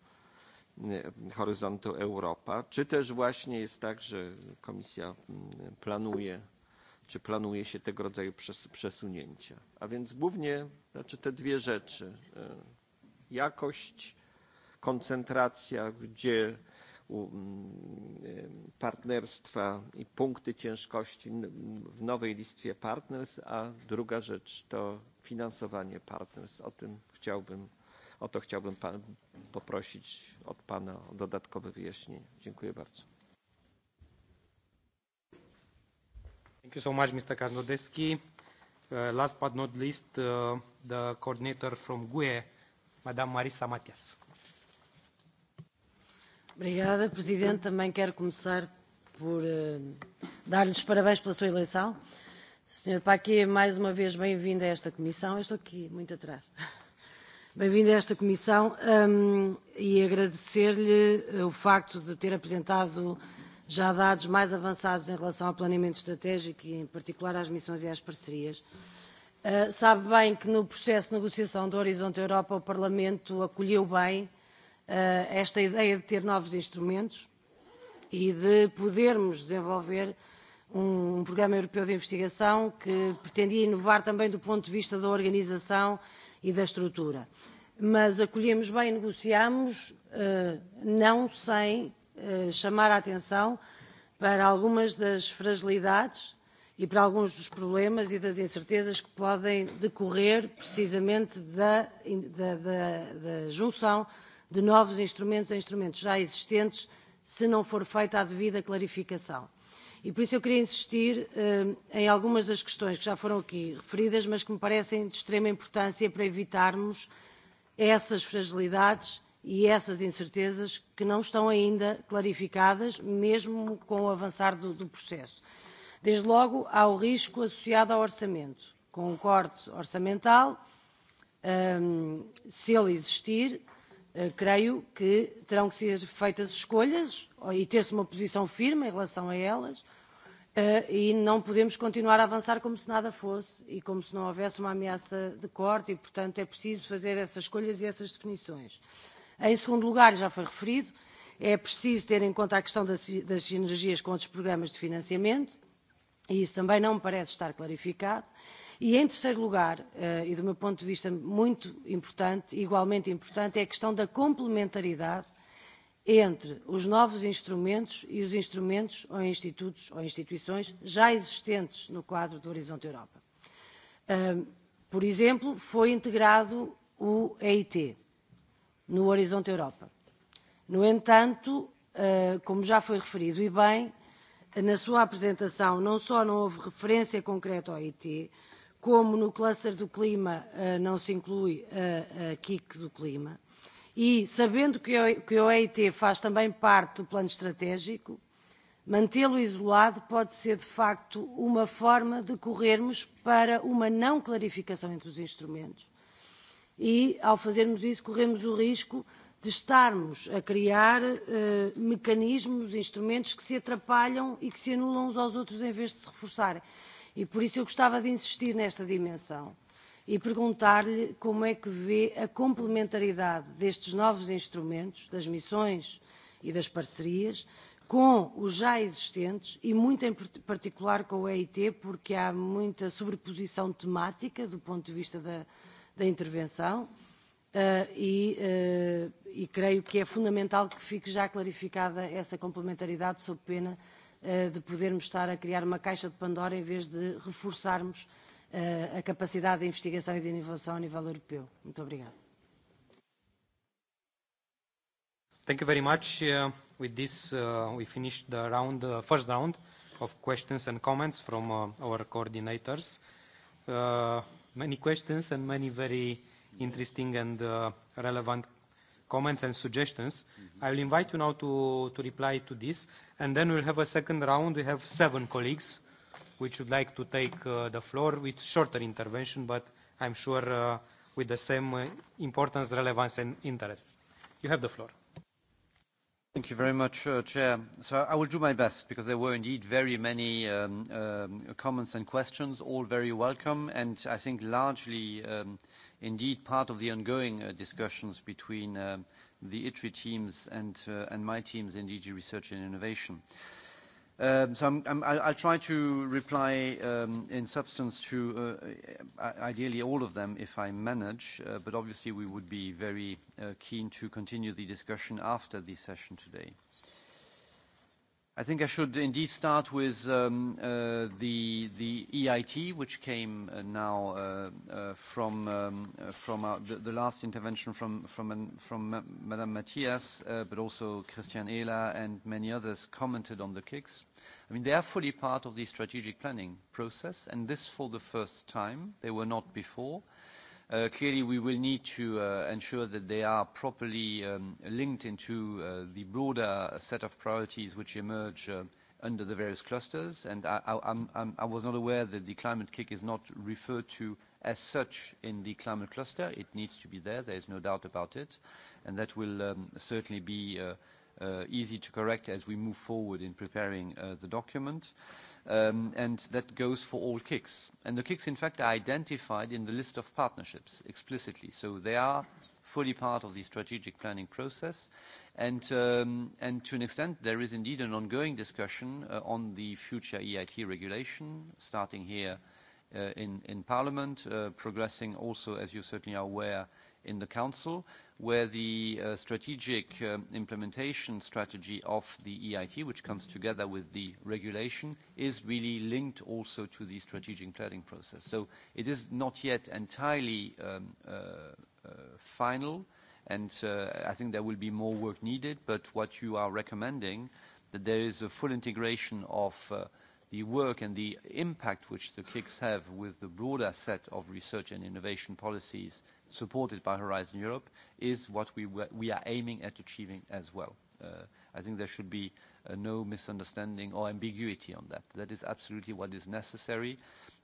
e, horyzontu Europa, czy też właśnie jest tak, że Komisja mm, planuje, czy planuje się tego rodzaju przes przesunięcia. A więc głównie znaczy te dwie rzeczy. E, jakość, koncentracja, gdzie Mm, e, partnerstwa i punkty ciężkości w nowej listwie partnerstw, a druga rzecz to finansowanie partnerstw. O tym chciałbym, o to chciałbym pan, poprosić od Pana o dodatkowe wyjaśnienie. Dziękuję bardzo. Thank you so much, Mr. Krasnodębski. Uh, last but not least, uh, the coordinator from GUE, Madame Marisa Matias. Obrigada, Presidente. Também quero começar por uh, eh, dar-lhe os parabéns pela sua eleição. Senhor Paquet, mais uma vez bem-vindo a esta comissão. Eu estou aqui muito atrás. Bem-vindo a esta comissão um, e agradecer-lhe eh, o facto de ter apresentado já dados mais avançados em relação ao planeamento estratégico e, em particular, às missões e às parcerias. Uh, sabe bem que no processo de negociação do Horizonte Europa o Parlamento acolheu bem Eh, esta ideia de ter novos instrumentos e de podermos desenvolver um, um programa europeu de investigação que pretendia inovar também do ponto de vista da organização e da estrutura. Mas acolhemos bem, negociamos, eh, não sem eh, chamar a atenção para algumas das fragilidades e para alguns dos problemas e das incertezas que podem decorrer precisamente da, da, da, da junção de novos instrumentos a instrumentos já existentes, se não for feita a devida clarificação. E por isso eu queria insistir eh, em algumas das questões que já foram aqui referidas, mas que me parecem de extrema importância para evitarmos essas fragilidades e essas incertezas que não estão ainda clarificadas, mesmo com o avançar do, do processo. Desde logo, há o risco associado ao orçamento. Com o um corte orçamental, um, se ele existir, Eh, creio que terão que ser feitas escolhas e ter-se uma posição firme em relação a elas eh, e não podemos continuar a avançar como se nada fosse e como se não houvesse uma ameaça de corte e, portanto, é preciso fazer essas escolhas e essas definições. Em segundo lugar, já foi referido, é preciso ter em conta a questão das, das sinergias com outros programas de financiamento e isso também não me parece estar clarificado. Uh, E, em terceiro lugar, uh, e do meu ponto de vista muito importante, igualmente importante, é a questão da complementaridade entre os novos instrumentos e os instrumentos ou institutos ou instituições já existentes no quadro do Horizonte Europa. Uh, por exemplo, foi integrado o EIT no Horizonte Europa. No entanto, uh, como já foi referido e bem, na sua apresentação não só não houve referência concreta ao EIT, como no cluster do clima uh, não se inclui eh, a, a KIC do clima, e sabendo que o, e e, que o EIT e faz também parte do plano estratégico, mantê-lo isolado pode ser, de facto, uma forma de corrermos para uma não clarificação entre os instrumentos. E, ao fazermos isso, corremos o risco de estarmos a criar eh, mecanismos, instrumentos que se atrapalham e que se anulam uns aos outros em vez de se reforçarem. E por isso eu gostava de insistir nesta dimensão e perguntar-lhe como é que vê a complementaridade destes novos instrumentos, das missões e das parcerias, com os já existentes e muito em particular com o EIT, porque há muita sobreposição temática do ponto de vista da, da intervenção uh, e, uh, e creio que é fundamental que fique já clarificada essa complementaridade sob pena de Eh, de podermos estar a criar uma caixa de Pandora em vez de reforçarmos eh, a capacidade de investigação e de inovação a nível europeu. Muito obrigado. Thank you very much. Uh, with this, uh, we finished the round, uh, first round of questions and comments from uh, our coordinators. Uh, many questions and many very interesting and uh, relevant comments and suggestions. Mm-hmm. I will invite you now to, to reply to this, and then we'll have a second round. We have seven colleagues which would like to take uh, the floor with shorter intervention, but I'm sure uh, with the same uh, importance, relevance, and interest. You have the floor. Thank you very much, uh, Chair. So I will do my best because there were indeed very many um, um, comments and questions, all very welcome, and I think largely um, uh, indeed part of the ongoing uh, discussions between um, the ITRI teams and, uh, and my teams in DG Research and Innovation. Um, so I'm, I'm, I'll try to reply um, in substance to uh, uh ideally all of them if I manage, uh, but obviously we would be very uh, keen to continue the discussion after the session today. Uh, I think I should indeed start with um, uh, the, the EIT, which came uh, now uh, uh from, um, uh, from our, the, the last intervention from, from, from Madame Matias, uh, but also Christian Ehler and many others commented on the KICS. I mean, they are fully part of the strategic planning process, and this for the first time. They were not before. Uh, clearly, we will need to uh, ensure that they are properly um, linked into uh, the broader set of priorities which emerge uh, under the various clusters. And I, I, I'm, I'm, I was not aware that the climate kick is not referred to as such in the climate cluster. It needs to be there. There is no doubt about it. And that will um, certainly be uh, uh, easy to correct as we move forward in preparing the document. Uh, um, and that goes for all KICs. And the KICs, in fact, are identified in the list of partnerships explicitly, so they are fully part of the strategic planning process. And, um, and to an extent, there is indeed an ongoing discussion uh, on the future EIT regulation, starting here uh, in, in Parliament, uh, progressing also, as you certainly are aware, uh, in the Council, where the uh, strategic um, implementation strategy of the EIT, which comes together with the regulation, is really linked also to the strategic planning process. So it is not yet entirely um, uh, uh, final, and uh, I think there will be more work needed, but what you are recommending, that there is a full integration of uh, the work and the impact which the KICs have with the broader set of research and innovation policies uh, supported by Horizon Europe, is what we, we are aiming at achieving as well. Uh, I think there should be uh, no misunderstanding or ambiguity on that. That is absolutely what is necessary,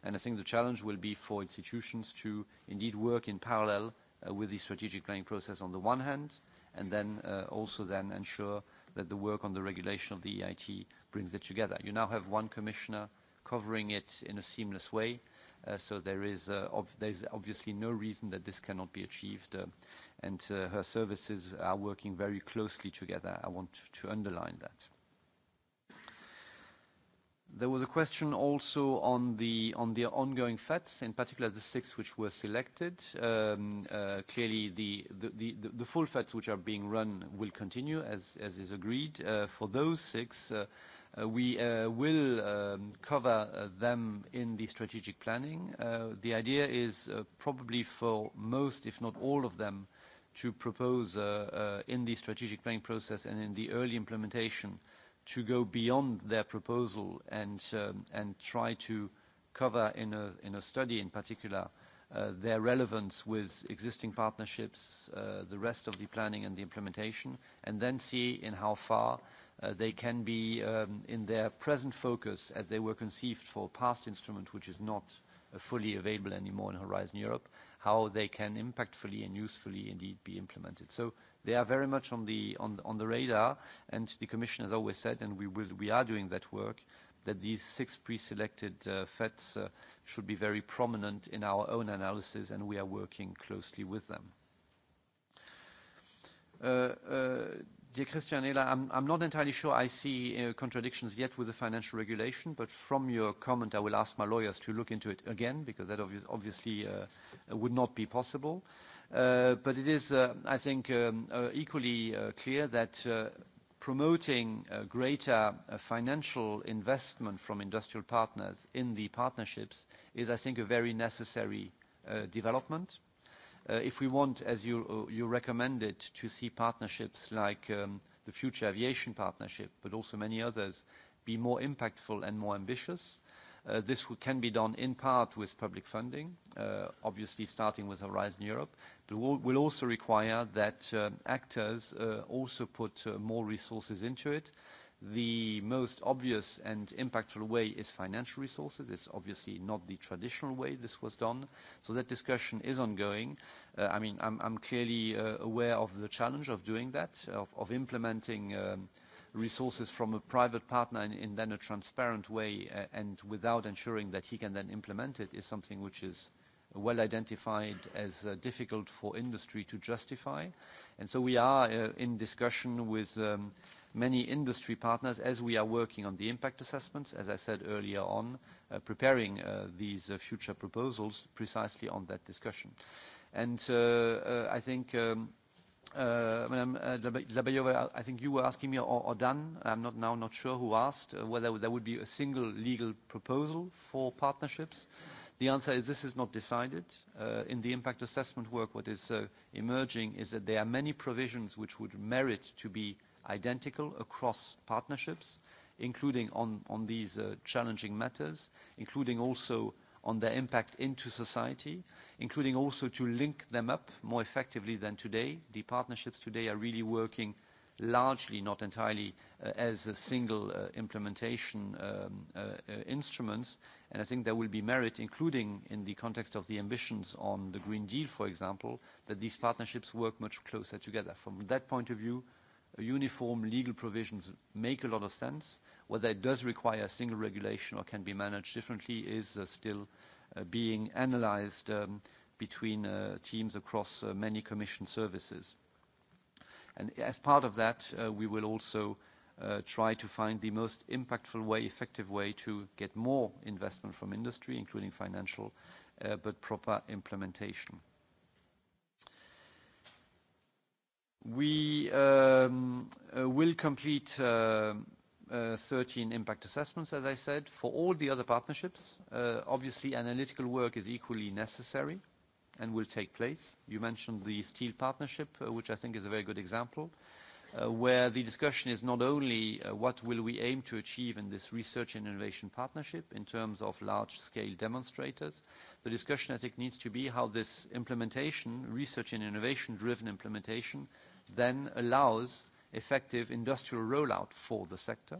and I think the challenge will be for institutions to indeed work in parallel uh, with the strategic planning process on the one hand, and then uh, also then ensure that the work on the regulation of the EIT brings it together. You now have one commissioner covering it in a seamless way, uh, Uh, so there is uh, obviously no reason that this cannot be achieved, uh, and her services are working very closely together. I want to underline that. There was a question also on the ongoing FETs, in particular, the six which were selected. Um, clearly, the full FETs which are being run will continue as is agreed. For those six, Uh, we uh, will um, cover uh, them in the strategic planning. Uh, the idea is uh, probably for most, if not all of them, to propose uh, in the strategic planning process and in the early implementation to go beyond their proposal and, um, and try to cover in a, in a study in particular their relevance with existing partnerships, the rest of the planning and the implementation, and then see in how far Uh, they can be um, in their present focus as they were conceived for past instrument, which is not uh, fully available anymore in Horizon Europe, how they can impactfully and usefully indeed be implemented. So they are very much on the, on, on the radar, and the Commission has always said, and we, will, we are doing that work, that these six pre-selected uh, FETs uh, should be very prominent in our own analysis, and we are working closely with them. Uh, uh Dear Christian Ehler, I'm, I'm not entirely sure I see uh, contradictions yet with the financial regulation, but from your comment, I will ask my lawyers to look into it again, because that obvious, obviously uh, would not be possible. Uh, but it is, uh, I think, um, uh, equally uh, clear that promoting greater financial investment from industrial partners in the partnerships is, I think, a very necessary development. Uh, if we want, as you, uh, you recommended, to see partnerships like um, the Future Aviation Partnership, but also many others, be more impactful and more ambitious, Uh, this can be done in part with public funding, uh, obviously starting with Horizon Europe, but will, will also require that um, uh, actors also put uh, more resources into it. The most obvious and impactful way is financial resources. It's obviously not the traditional way this was done. So that discussion is ongoing. Uh, I mean, I'm, I'm clearly uh, aware of the challenge of doing that, of, of implementing um, resources from a private partner in, in then a transparent way uh, and without ensuring that he can then implement it is something which is well identified as uh, difficult for industry to justify. And so we are uh, in discussion with um, – many industry partners as we are working on the impact assessments, as I said earlier on, uh, preparing uh, these uh, future proposals precisely on that discussion. And uh, uh, I think um, Uh, Madame uh, Dlabajova, uh, I think you were asking me, or, or Dan, I'm not now not sure who asked, uh, whether there would be a single legal proposal for partnerships. The answer is this is not decided. Uh, in the impact assessment work, what is uh, emerging is that there are many provisions which would merit to be identical across partnerships, including on these uh, challenging matters, including also on their impact into society, including also to link them up more effectively than today. The partnerships today are really working largely, not entirely, uh, as a single uh, implementation um, instruments. And I think there will be merit, including in the context of the ambitions on the Green Deal, for example, that these partnerships work much closer together. From that point of view, uniform legal provisions make a lot of sense. Whether it does require a single regulation or can be managed differently is uh, still uh, being analyzed um, between uh, teams across uh, many commission services. And as part of that, uh, we will also uh, try to find the most impactful way, effective way to get more investment from industry, including financial, uh, but proper implementation. We um, uh, will complete uh, uh, 13 impact assessments, as I said, for all the other partnerships. Uh, obviously, analytical work is equally necessary and will take place. You mentioned the steel partnership, uh, which I think is a very good example, uh, where the discussion is not only what will we aim to achieve in this research and innovation partnership in terms of large-scale demonstrators. The discussion, I think, needs to be how this implementation, research and innovation-driven implementation, then allows effective industrial rollout for the sector,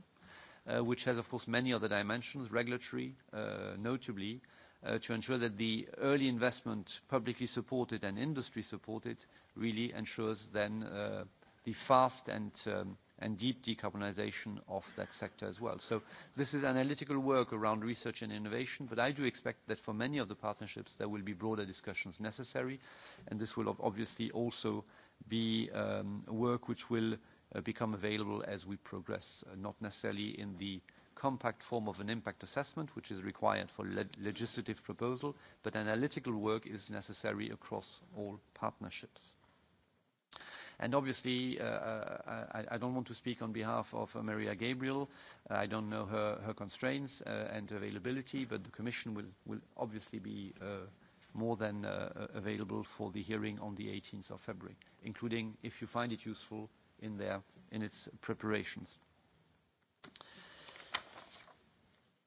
uh, which has, of course, many other dimensions, regulatory, uh, notably, uh, to ensure that the early investment, publicly supported and industry supported, really ensures then uh, the fast and, um, and deep decarbonization of that sector as well. So this is analytical work around research and innovation, but I do expect that for many of the partnerships, there will be broader discussions necessary, and this will obviously also be um, work which will uh, become available as we progress, uh, not necessarily in the compact form of an impact assessment, which is required for le legislative proposal, but analytical work is necessary across all partnerships. And obviously, uh, uh I, I don't want to speak on behalf of Maria Gabriel. I don't know her, her constraints uh, and availability, but the Commission will, will obviously be uh, more than uh, available for the hearing on the 18th of February, including, if you find it useful, in, their, in its preparations.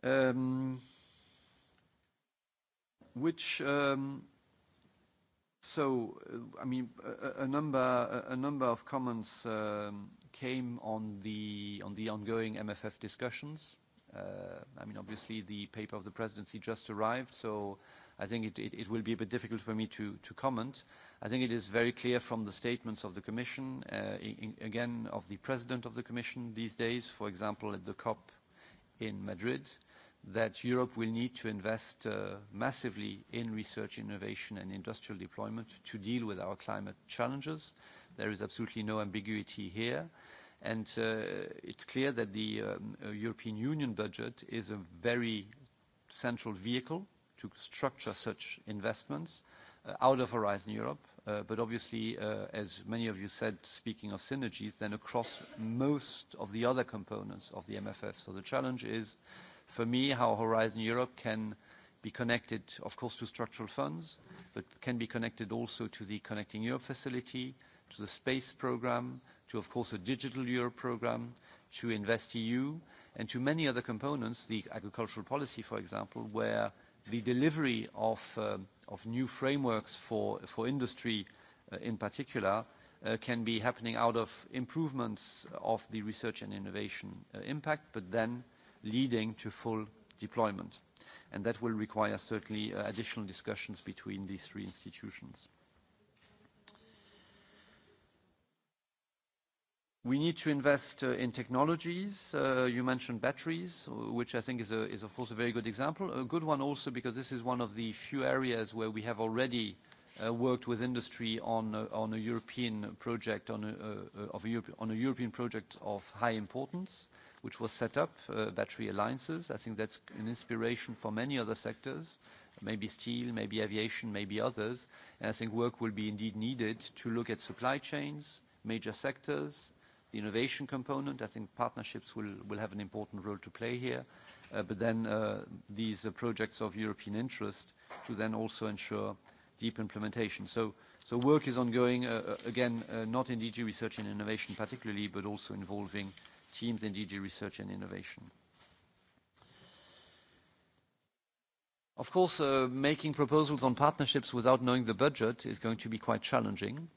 Um, which, um, so, uh, I mean, a, a, number, a number of comments um, came on the, on the ongoing MFF discussions. Uh, I mean, obviously, the paper of the presidency just arrived, so uh, I think it, it, it will be a bit difficult for me to, to comment. I think it is very clear from the statements of the Commission, uh, in, again, of the President of the Commission these days, for example, at the COP in Madrid, that Europe will need to invest uh, massively in research, innovation, and industrial deployment to deal with our climate challenges. There is absolutely no ambiguity here. And, uh, it's clear that the um, uh, European Union budget is a very central vehicle to structure such investments uh, out of Horizon Europe. Uh, but obviously, uh, as many of you said, speaking of synergies, then across most of the other components of the MFF. So the challenge is, for me, how Horizon Europe can be connected, of course, to structural funds, but can be connected also to the Connecting Europe facility, to the space program, to, of course, a Digital Europe program, to InvestEU, and to many other components, the agricultural policy, for example, where the delivery of, uh, of new frameworks for, for industry, uh, in particular, uh, can be happening out of improvements of the research and innovation impact, but then leading to full deployment. And that will require certainly additional discussions between these three institutions. We need to invest uh, in technologies. Uh, you mentioned batteries, uh, which I think is, a, is of course a very good example. A good one also because this is one of the few areas where we have already uh, worked with industry on, on a European project on a, uh, uh, a, Europe, on a European project of high importance, which was set up, Battery Alliances. I think that's an inspiration for many other sectors, maybe steel, maybe aviation, maybe others. And I think work will be indeed needed to look at supply chains, major sectors, the innovation component. I think partnerships will, will have an important role to play here. Uh, but then uh, these uh, projects of European interest to then also ensure deep implementation. So, so work is ongoing, uh, uh, again, uh, not in DG Research and Innovation particularly, but also involving teams in DG Research and Innovation. Of course, making proposals on partnerships without knowing the budget is going to be quite challenging.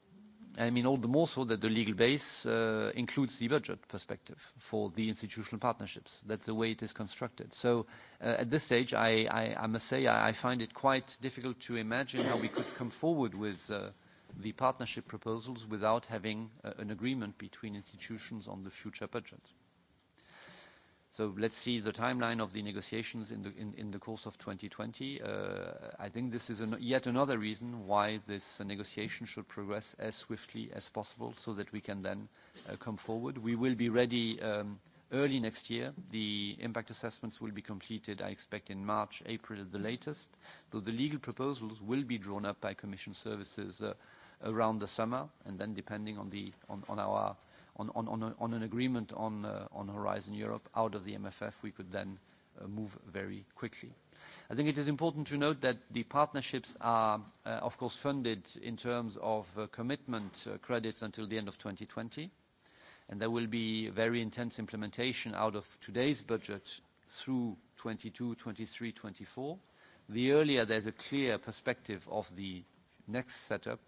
I mean, all the more so that the legal base uh, includes the budget perspective for the institutional partnerships. That's the way it is constructed. So uh, at this stage, I, I, I must say I, I find it quite difficult to imagine how we could come forward with uh, the partnership proposals without having uh, an agreement between institutions on the future budget. So let's see the timeline of the negotiations in the, in, in the course of 2020. Uh, I think this is an, yet another reason why this negotiation should progress as swiftly as possible so that we can then uh, come forward. We will be ready um, early next year. The impact assessments will be completed, I expect, in March, April at the latest, though the legal proposals will be drawn up by Commission Services uh, around the summer, and then depending on, the, on, on our on, on, on an agreement on, uh, on Horizon Europe out of the MFF, we could then uh, move very quickly. I think it is important to note that the partnerships are, uh, of course, funded in terms of commitment credits until the end of 2020, and there will be very intense implementation out of today's budget through 2022, 2023, 2024. The earlier there's a clear perspective of the next setup,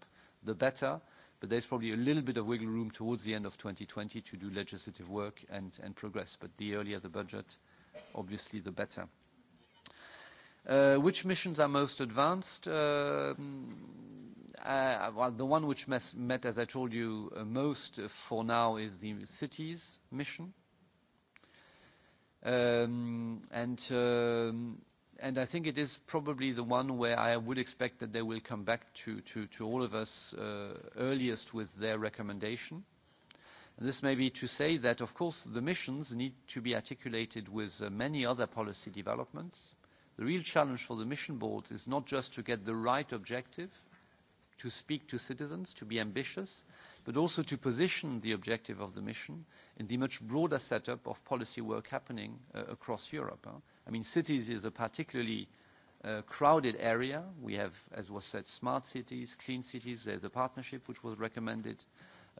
the better, but there's probably a little bit of wiggle room towards the end of 2020 to do legislative work and, and progress. But the earlier the budget, obviously, the better. Uh, which missions are most advanced? Uh, uh, well, the one which mes- met, as I told you, uh, most uh, for now is the cities mission. Um, and um, and I think it is probably the one where I would expect that they will come back to, to, to all of us uh, earliest with their recommendation. And this may be to say that, of course, the missions need to be articulated with uh, many other policy developments. The real challenge for the mission boards is not just to get the right objective, to speak to citizens, to be ambitious, but also to position the objective of the mission in the much broader setup of policy work happening uh, across Europe. Huh? I mean, cities is a particularly uh, crowded area. We have, as was said, smart cities, clean cities. There's a partnership which was recommended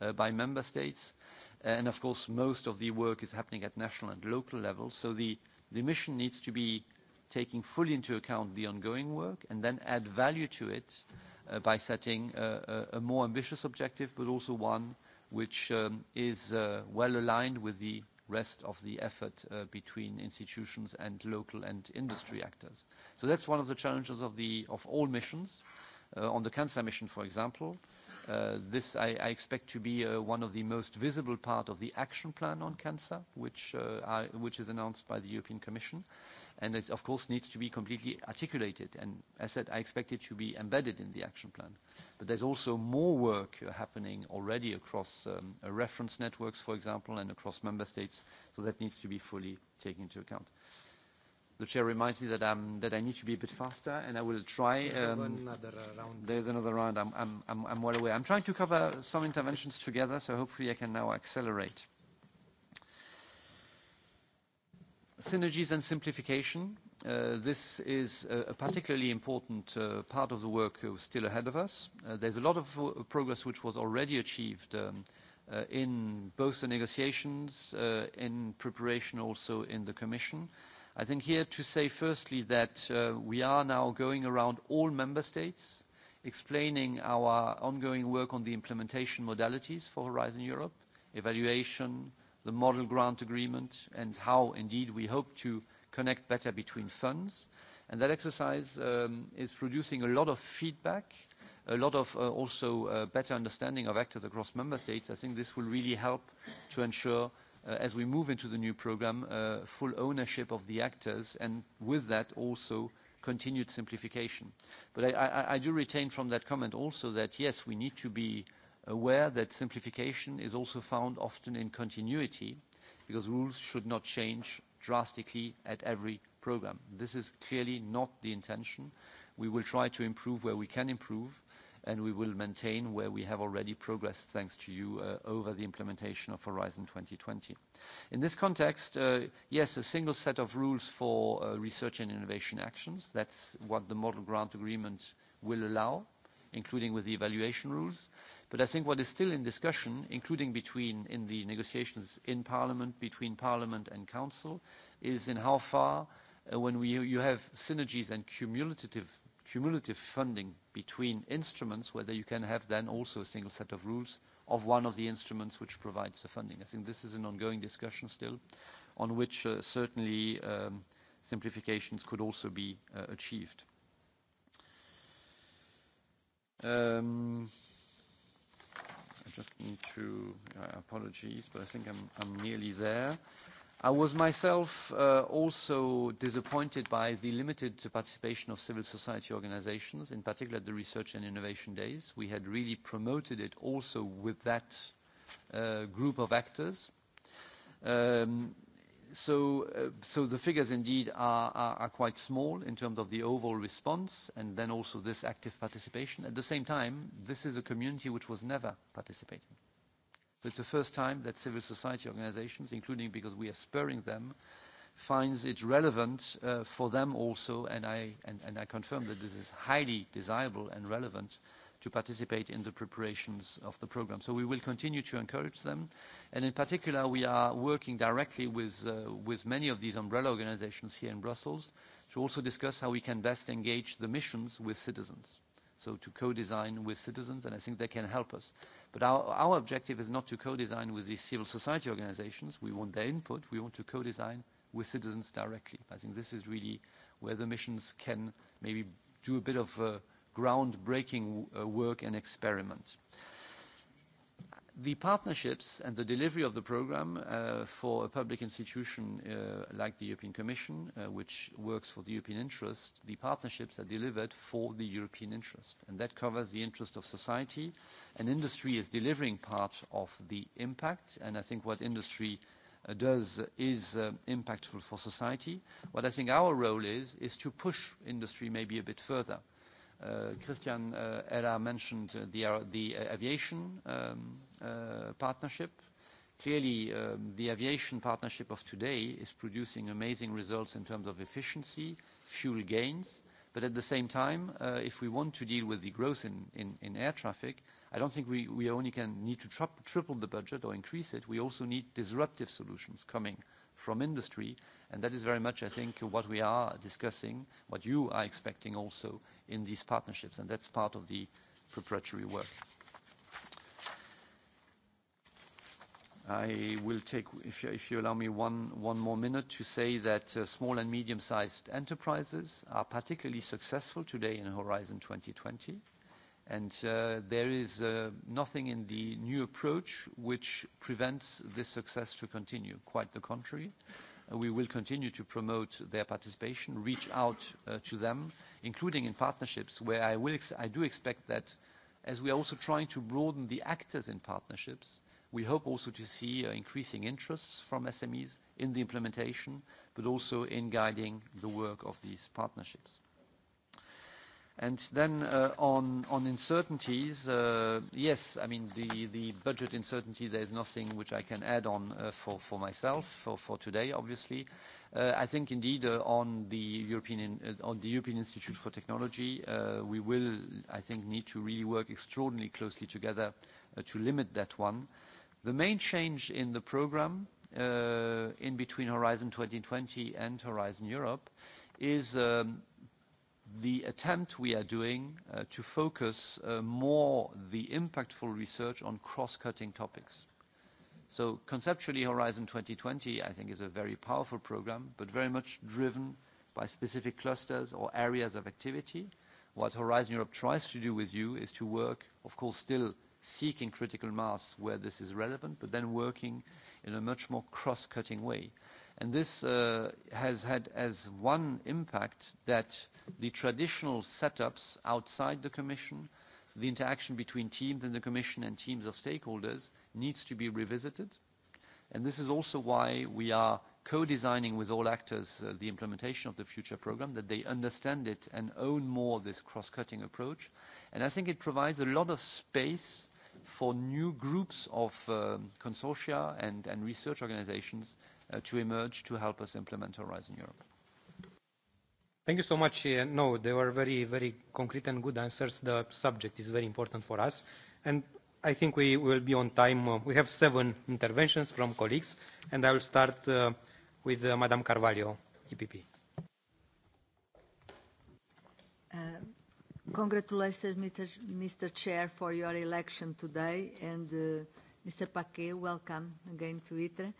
uh, by member states. And of course, most of the work is happening at national and local level. So the, the mission needs to be taking fully into account the ongoing work and then add value to it uh, by setting uh, a, a more ambitious objective, but also one which um, is uh, well aligned with the rest of the effort uh, between institutions and local and industry actors. So that's one of the challenges of, the, of all missions. Uh, on the cancer mission, for example, uh, this I, I expect to be uh, one of the most visible part of the action plan on cancer, which, uh, I, which is announced by the European Commission. Uh, and it, of course, needs to be completely articulated. And as said, I expect it to be embedded in the action plan. But there's also more work uh, happening already across um, uh, reference networks, for example, and across member states, so that needs to be fully taken into account. The chair reminds me that, um, that I need to be a bit faster, and I will try. Um, another round. There's another round. I'm, I'm, I'm well aware. I'm trying to cover some interventions together, so hopefully I can now accelerate. Synergies and simplification. Uh, this is a, a particularly important uh, part of the work uh, still ahead of us. Uh, there's a lot of uh, progress which was already achieved um, uh, in both the negotiations, in preparation also in the Commission. I think here to say firstly that we are now going around all member states, explaining our ongoing work on the implementation modalities for Horizon Europe, evaluation, the model grant agreement, and how indeed we hope to connect better between funds. And that exercise um, is producing a lot of feedback, a lot of uh, also uh, better understanding of actors across member states. I think this will really help to ensure, uh, as we move into the new program, uh, full ownership of the actors, and with that, also continued simplification. But I, I, I do retain from that comment also that, yes, we need to be aware that simplification is also found often in continuity, because rules should not change drastically at every program. This is clearly not the intention. We will try to improve where we can improve, and we will maintain where we have already progressed, thanks to you, uh, over the implementation of Horizon 2020. In this context, uh, yes, a single set of rules for uh, research and innovation actions. That's what the Model Grant Agreement will allow including with the evaluation rules. But I think what is still in discussion, including between in the negotiations in Parliament, between Parliament and Council, is in how far, uh, when we, you have synergies and cumulative, cumulative funding between instruments, whether you can have then also a single set of rules of one of the instruments which provides the funding. I think this is an ongoing discussion still, on which uh, certainly um, simplifications could also be uh, achieved. Um, I just need to, uh, apologies, but I think I'm, I'm nearly there. I was myself uh, also disappointed by the limited participation of civil society organizations, in particular at the Research and Innovation Days. We had really promoted it also with that uh, group of actors. Um, So, uh, so the figures indeed are, are, are quite small in terms of the overall response, and then also this active participation. At the same time, this is a community which was never participating. It's the first time that civil society organizations, including because we are spurring them, finds it relevant uh, for them also, and I, and, and I confirm that this is highly desirable and relevant uh, to participate in the preparations of the program. So we will continue to encourage them. And in particular, we are working directly with, uh, with many of these umbrella organizations here in Brussels to also discuss how we can best engage the missions with citizens. So to co-design with citizens, and I think they can help us. But our, our objective is not to co-design with these civil society organizations. We want their input. We want to co-design with citizens directly. I think this is really where the missions can maybe do a bit of uh, groundbreaking uh, work and experiment. The partnerships and the delivery of the program uh, for a public institution uh, like the European Commission, uh, which works for the European interest, the partnerships are delivered for the European interest, and that covers the interest of society. And industry is delivering part of the impact, and I think what industry uh, does is uh, impactful for society. What I think our role is, is to push industry maybe a bit further Uh, Christian uh, Eller mentioned the, the uh, aviation um, partnership. Clearly, um, the aviation partnership of today is producing amazing results in terms of efficiency, fuel gains. At the same time, if we want to deal with the growth in, in, in air traffic, I don't think we, we only can need to triple the budget or increase it. We also need disruptive solutions coming from industry, and that is very much, I think, what we are discussing, what you are expecting also in these partnerships, and that's part of the preparatory work. I will take, if you, if you allow me one, one more minute, to say that uh, small and medium-sized enterprises are particularly successful today in Horizon 2020. And, uh, there is uh, nothing in the new approach which prevents this success to continue. Quite the contrary. Uh, we will continue to promote their participation, reach out uh, to them, including in partnerships where I, will ex I do expect that as we are also trying to broaden the actors in partnerships, we hope also to see uh, increasing interests from SMEs in the implementation, but also in guiding the work of these partnerships. And then uh, on, on uncertainties, uh, yes, I mean, the, the budget uncertainty, there's nothing which I can add on uh, for, for myself for, for today, obviously. Uh, I think indeed uh, on the, European, uh, on the European Institute for Technology, we will, I think, need to really work extraordinarily closely together to limit that one. The main change in the program in between Horizon 2020 and Horizon Europe is um, the attempt we are doing uh, to focus uh, more the impactful research on cross-cutting topics. So conceptually, Horizon 2020, I think, is a very powerful program, but very much driven by specific clusters or areas of activity. What Horizon Europe tries to do with you is to work, of course, still seeking critical mass where this is relevant, but then working in a much more cross-cutting way. Uh, And this uh, has had as one impact that the traditional setups outside the Commission, the interaction between teams in the Commission and teams of stakeholders needs to be revisited. And this is also why we are co-designing with all actors uh, the implementation of the future program, that they understand it and own more this cross-cutting approach. And I think it provides a lot of space for new groups of um, consortia and, and research organizations Uh, to emerge to help us implement Horizon Europe. Thank you so much. Uh, no, they were very, very concrete and good answers. The subject is very important for us, and I think we will be on time. Uh, we have seven interventions from colleagues, and I will start uh, with uh, Madame Carvalho, EPP. Uh, congratulations, Mr. Mr. Chair, for your election today, and Mr. Paquet, welcome again to ITRE.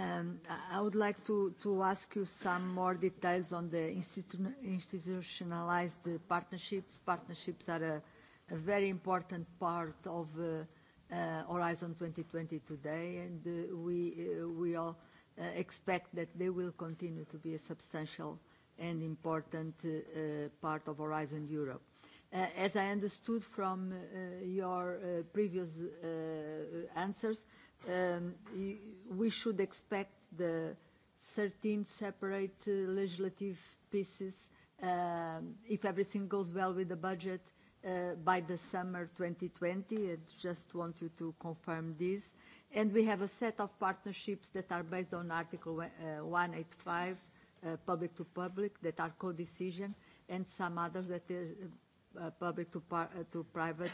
Um, I would like to, to ask you some more details on the institu institutionalized partnerships. Partnerships are a, a very important part of uh, uh, Horizon 2020 today, and uh, we, uh, we all uh, expect that they will continue to be a substantial and important uh, part of Horizon Europe. As I understood from your previous answers, um, we should expect the 13 separate uh, legislative pieces, um, if everything goes well with the budget, uh, by the summer 2020. I just want you to confirm this. And we have a set of partnerships that are based on Article uh, 185, uh, public to public, that are co-decision, and some others that is uh, public to, uh, to private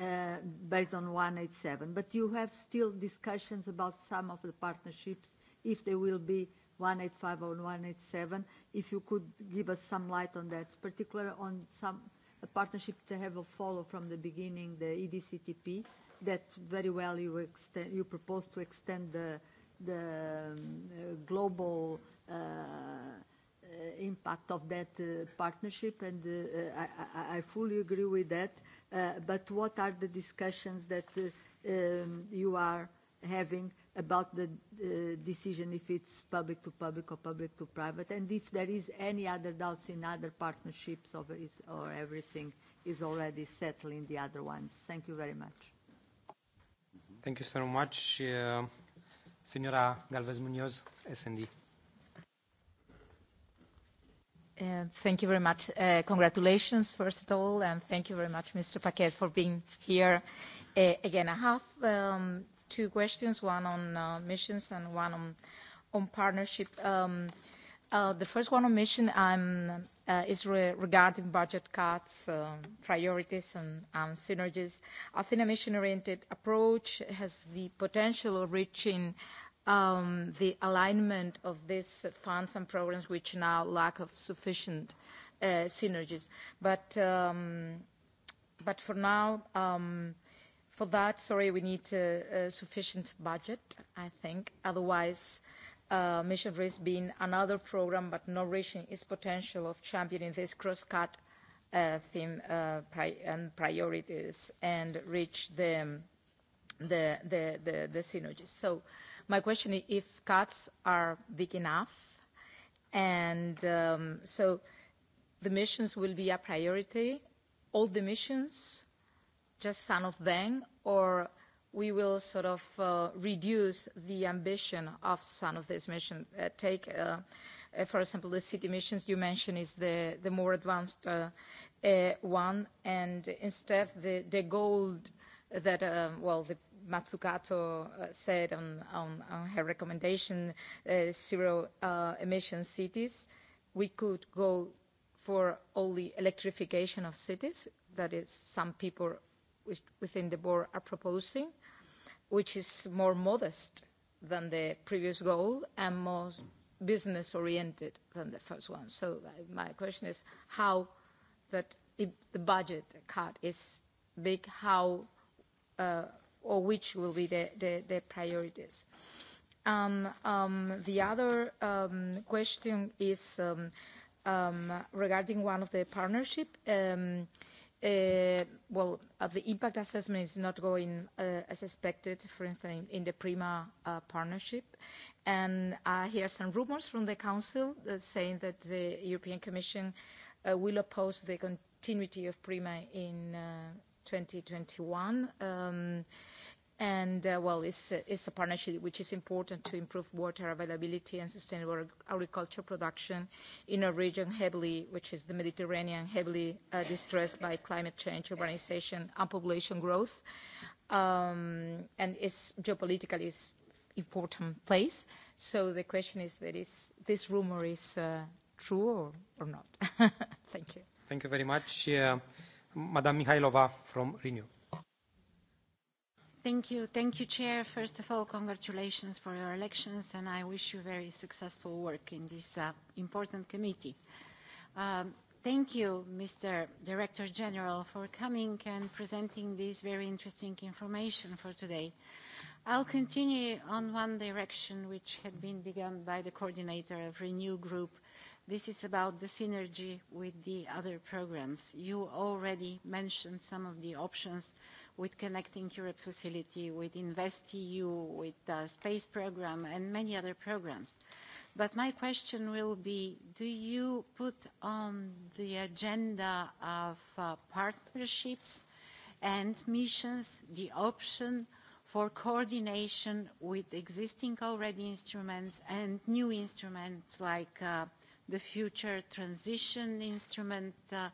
uh, based on 187. But you have still discussions about some of the partnerships, if they will be 185 or 187. If you could give us some light on that, particularly on some a partnership to have a follow from the beginning, the EDCTP, that very well you extend, you propose to extend the, the um, uh, global uh, uh impact of that uh, partnership, and uh, uh, I, I, I fully agree with that. Uh, but what are the discussions that uh, um, you are having about the uh, decision if it's public to public or public to private, and if there is any other doubts in other partnerships or, is, or everything is already settled in the other ones. Thank you very much. Thank you so much. Uh, Señora Galvez Muñoz, S&D. Uh, thank you very much. Uh, congratulations, first of all, and thank you very much, Mr. Paquet, for being here uh, again. I have um, two questions, one on uh, missions and one on, on partnership. Um, uh, the first one on mission um, uh, is re regarding budget cuts, uh, priorities, and um, synergies. I think a mission-oriented approach has the potential of reaching uh, um, the alignment of these funds and programs, which now lack of sufficient uh, synergies. But, um, but for now, um, for that, sorry, we need a, uh, a sufficient budget, I think. Otherwise, uh, Mission Risk being another program, but not reaching its potential of championing this cross-cut uh, theme uh, pri and priorities and reach the, the, the, the, the synergies. So. Uh, My question is if cuts are big enough, and um, so the missions will be a priority, all the missions, just some of them, or we will sort of uh, reduce the ambition of some of these missions. Uh, take, uh, uh, for example, the city missions you mentioned is the, the more advanced uh, uh, one, and instead the, the gold that, uh, well, the Matsukato uh, said on, on, on her recommendation, uh, zero uh, emission cities. We could go for only electrification of cities. That is some people which, within the board are proposing, which is more modest than the previous goal and more business-oriented than the first one. So uh, my question is how that if the budget cut is big, how uh, or which will be the, the, the priorities. Um, um, the other um, question is um, um, regarding one of the partnership. Um, uh, well, uh, the impact assessment is not going uh, as expected, for instance, in, in the PRIMA uh, partnership. And I hear some rumors from the Council that saying that the European Commission uh, will oppose the continuity of PRIMA in uh, 2021. Um, and uh, well, it's, uh, it's a partnership which is important to improve water availability and sustainable agriculture production in a region heavily, which is the Mediterranean, heavily uh, distressed by climate change, urbanization, and population growth, um, and is geopolitically is important place. So the question is that is this rumor is uh, true or, or not? Thank you. Thank you very much, uh, Madam Mihailova from Renew. Thank you. Thank you, Chair. First of all, congratulations for your elections, and I wish you very successful work in this uh, important committee. Um, thank you, Mr. Director General, for coming and presenting this very interesting information for today. I'll continue on one direction which had been begun by the coordinator of Renew Group. This is about the synergy with the other programs. You already mentioned some of the options uh, with Connecting Europe facility, with InvestEU, with the uh, space program, and many other programs. But my question will be, do you put on the agenda of uh, partnerships and missions the option for coordination with existing already instruments and new instruments like uh, the future transition instrument, uh,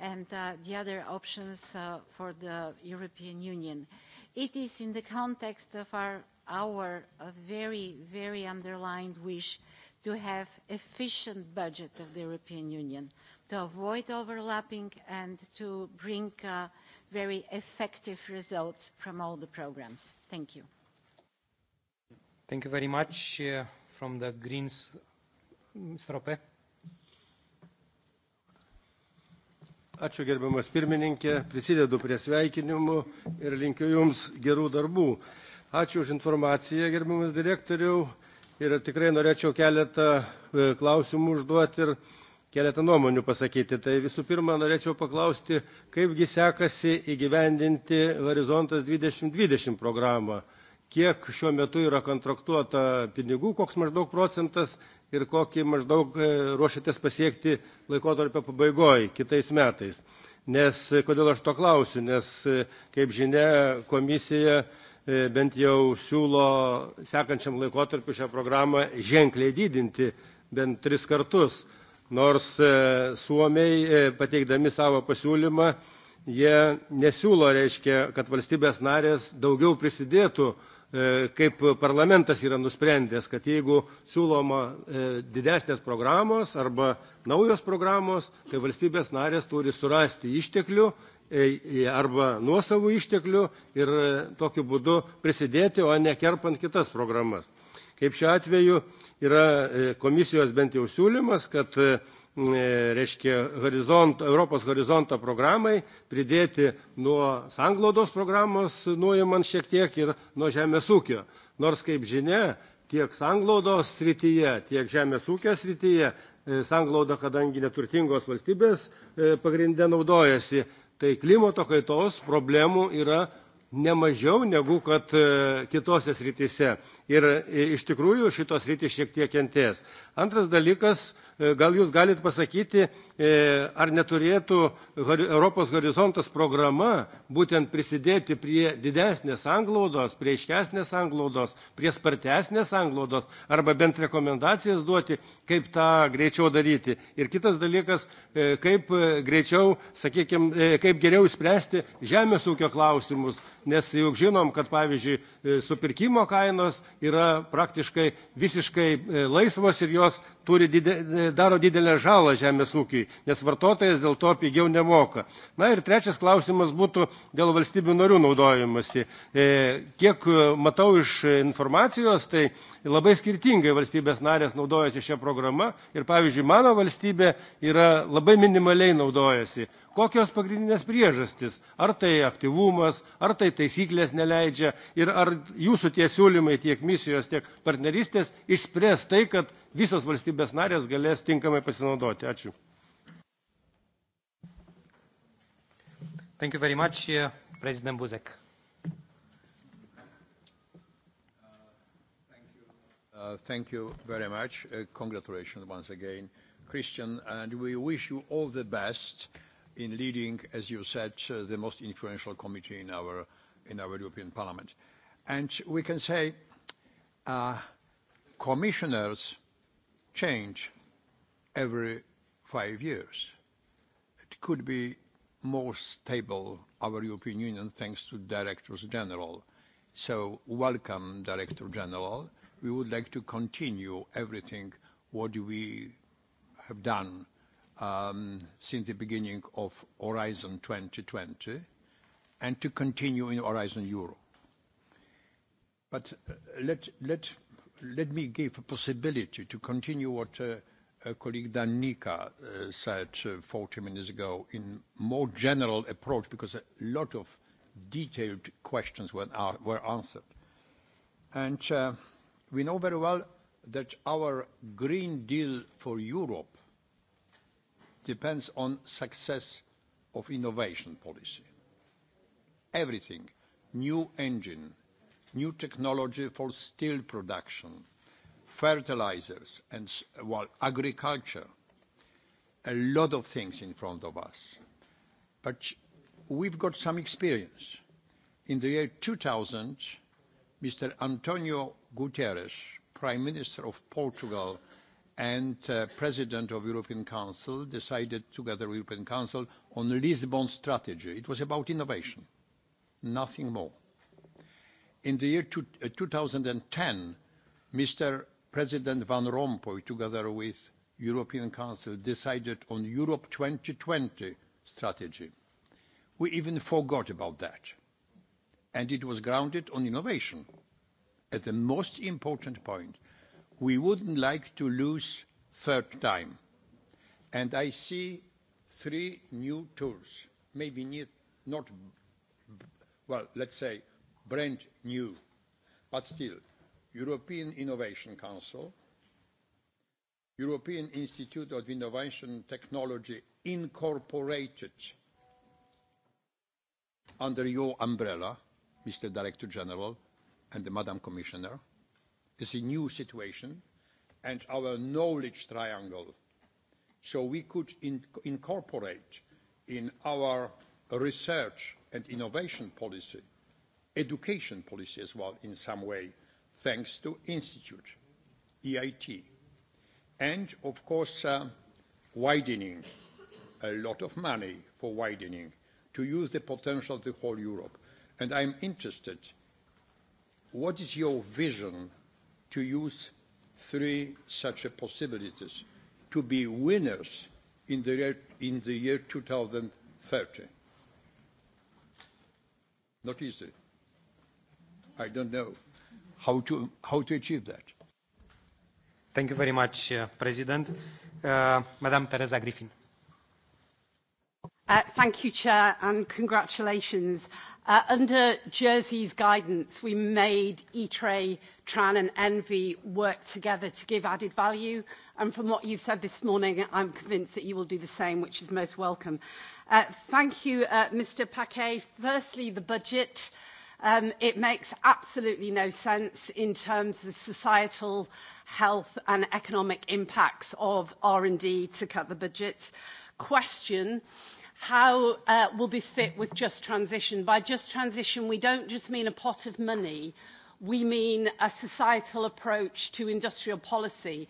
and uh, the other options uh, for the European Union. It is in the context of our, our uh, very, very underlined wish to have efficient budget of the European Union, to avoid overlapping and to bring uh, very effective results from all the programs. Thank you. Thank you very much. Uh, from the Greens, Mr. Rope. Ačiū gerbiamas pirmininkė, prisidedu prie sveikinimų ir linkiu Jums gerų darbų. Ačiū už informaciją, gerbiamas direktoriau, ir tikrai norėčiau keletą e, klausimų užduoti ir keletą nuomonių pasakyti. Tai visų pirma, norėčiau paklausti, kaipgi sekasi įgyvendinti Horizontas 2020 programą kiek šiuo metu yra kontraktuota pinigų, koks maždaug procentas ir kokį maždaug e, ruošiatės pasiekti laikotarpio pabaigoje kitais metais. Nes kodėl aš to klausiu, nes e, kaip žinia komisija e, bent jau siūlo sekančiam laikotarpiu šią programą ženkliai didinti bent tris kartus. Nors Suomiai pateikdami savo pasiūlymą, jie nesiūlo, reiškia, kad valstybės narės daugiau prisidėtų E, kaip parlamentas yra nusprendęs, kad jeigu siūloma e, didesnės programos arba naujos programos, tai valstybės narės turi surasti išteklių e, arba nuosavų išteklių ir tokiu būdu prisidėti, o ne kerpant kitas programas. Kaip šiuo atveju yra komisijos bent jau siūlymas, kad reiškia, horizont, Europos horizonto programai pridėti nuo sanglaudos programos nuimant šiek tiek ir nuo žemės ūkio. Nors, kaip žinia, tiek sanglaudos srityje, tiek žemės ūkio srityje, sanglauda, kadangi neturtingos valstybės pagrindė naudojasi, tai klimato kaitos problemų yra nemažiau negu kad kitose srityse. Ir iš tikrųjų šitos sritys šiek tiek kentės. Antras dalykas – Gal jūs galite pasakyti, ar neturėtų Europos horizontas programa būtent prisidėti prie didesnės anglaudos, prie iškesnės anglaudos, prie spartesnės anglaudos, arba bent rekomendacijas duoti, kaip tą greičiau daryti. Ir kitas dalykas, e, kaip e, greičiau, sakykime, kaip geriau išspręsti žemės ūkio klausimus, nes juk žinom kad pavyzdžiui e, supirkimo kainos yra praktiškai visiškai e, laisvos ir jos turi dide, e, daro didelę žalą žemės ūkiui nes vartotojas dėl to pigiau nemoka. Na ir trečias klausimas būtų dėl valstybių narių naudojimasi. Kiek matau iš informacijos, tai labai skirtingai valstybės narės naudojasi šią programą ir pavyzdžiui mano valstybė yra labai minimaliai naudojasi kokios pagrindinės priežastys ar tai aktyvumas ar tai taisyklės neleidžia ir ar jūsų tie siūlymai tiek misijos tiek partnerystės išspręs tai kad visos valstybės narės galės tinkamai pasinaudoti ačiū Thank you very much, uh, President Buzek. Uh, thank you uh, very much. Uh, congratulations once again, Christian, and we wish you all the best. Uh, in leading, as you said, uh, the most influential committee in our, in our European Parliament. And we can say uh, commissioners change every five years. It could be more stable, our European Union, thanks to Directors General. So welcome, Director General. We would like to continue everything what we have done um, since the beginning of Horizon 2020 and to continue in Horizon Europe. But uh, let, let, let me give a possibility to continue what uh, uh, colleague Danica uh, said uh, 40 minutes ago in more general approach because a lot of detailed questions were, uh, were answered. And uh, we know very well that our Green Deal for Europe depends on success of innovation policy. Everything, new engine, new technology for steel production, fertilizers and, well, agriculture, a lot of things in front of us. But we've got some experience. In the year 2000, Mr. Antonio Guterres, Prime Minister of Portugal, and uh, President of European Council decided together with European Council on the Lisbon strategy. It was about innovation, nothing more. In the year two, uh, 2010, Mr. President Van Rompuy, together with European Council, decided on Europe 2020 strategy. We even forgot about that, and it was grounded on innovation at the most important point we wouldn't like to lose third time. And I see three new tools, maybe new, not, well, let's say brand new, but still, European Innovation Council, European Institute of Innovation Technology incorporated under your umbrella, Mr. Director General and the Madam Commissioner, is a new situation and our knowledge triangle. So we could in incorporate in our research and innovation policy, education policy as well in some way, thanks to institute, EIT. And of course, uh, widening, a lot of money for widening, to use the potential of the whole Europe. And I'm interested, what is your vision to use three such possibilities to be winners in the year, in the year 2030. Not easy. I don't know how to, how to achieve that. Thank you very much, uh, President. Uh, Madame Teresa Griffin. Uh, thank you, Chair, and congratulations. Uh, under Jersey's guidance, we made E-Trade, Tran and Envy work together to give added value. And from what you've said this morning, I'm convinced that you will do the same, which is most welcome. Uh, thank you, uh, Mr Paquet. Firstly, the budget. Um, it makes absolutely no sense in terms of societal health and economic impacts of R&D to cut the budget. Question, uh, how uh, will this fit with just transition? By just transition, we don't just mean a pot of money, we mean a societal approach to industrial policy.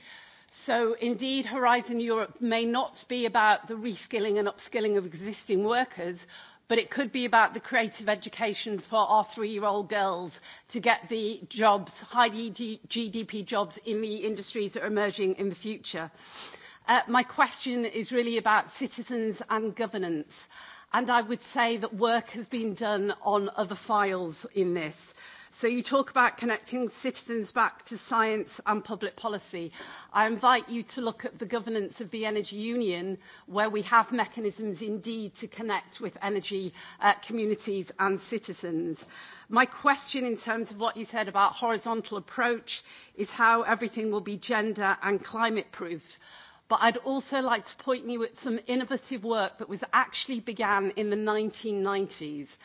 So indeed, Horizon Europe may not be about the reskilling and upskilling of existing workers, but it could be about the creative education for our three-year-old girls to get the jobs, high GDP jobs in the industries that are emerging in the future. Uh, Uh, my question is really about citizens and governance. And I would say that work has been done on other files in this. So you talk about connecting citizens back to science and public policy. I invite you to look at the governance of the energy union, where we have mechanisms indeed to connect with energy uh, communities and citizens. My question in terms of what you said about horizontal approach is how everything will be gender and climate proof. Uh, but I'd also like to point you at some innovative work that was actually began in the 1990s.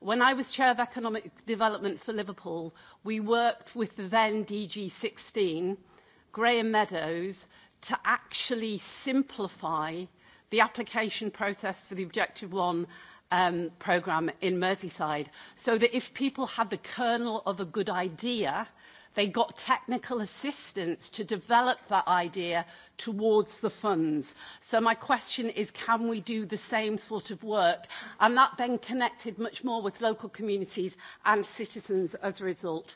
When I was Chair of Economic Development for Liverpool, we worked with the then DG16, Graham Meadows, to actually simplify the application process for the Objective 1 um, programme in Merseyside so that if people had the kernel of a good idea, They got technical assistance to develop that idea towards the funds. So my question is, can we do the same sort of work? And that then connected much more with local communities and citizens as a result.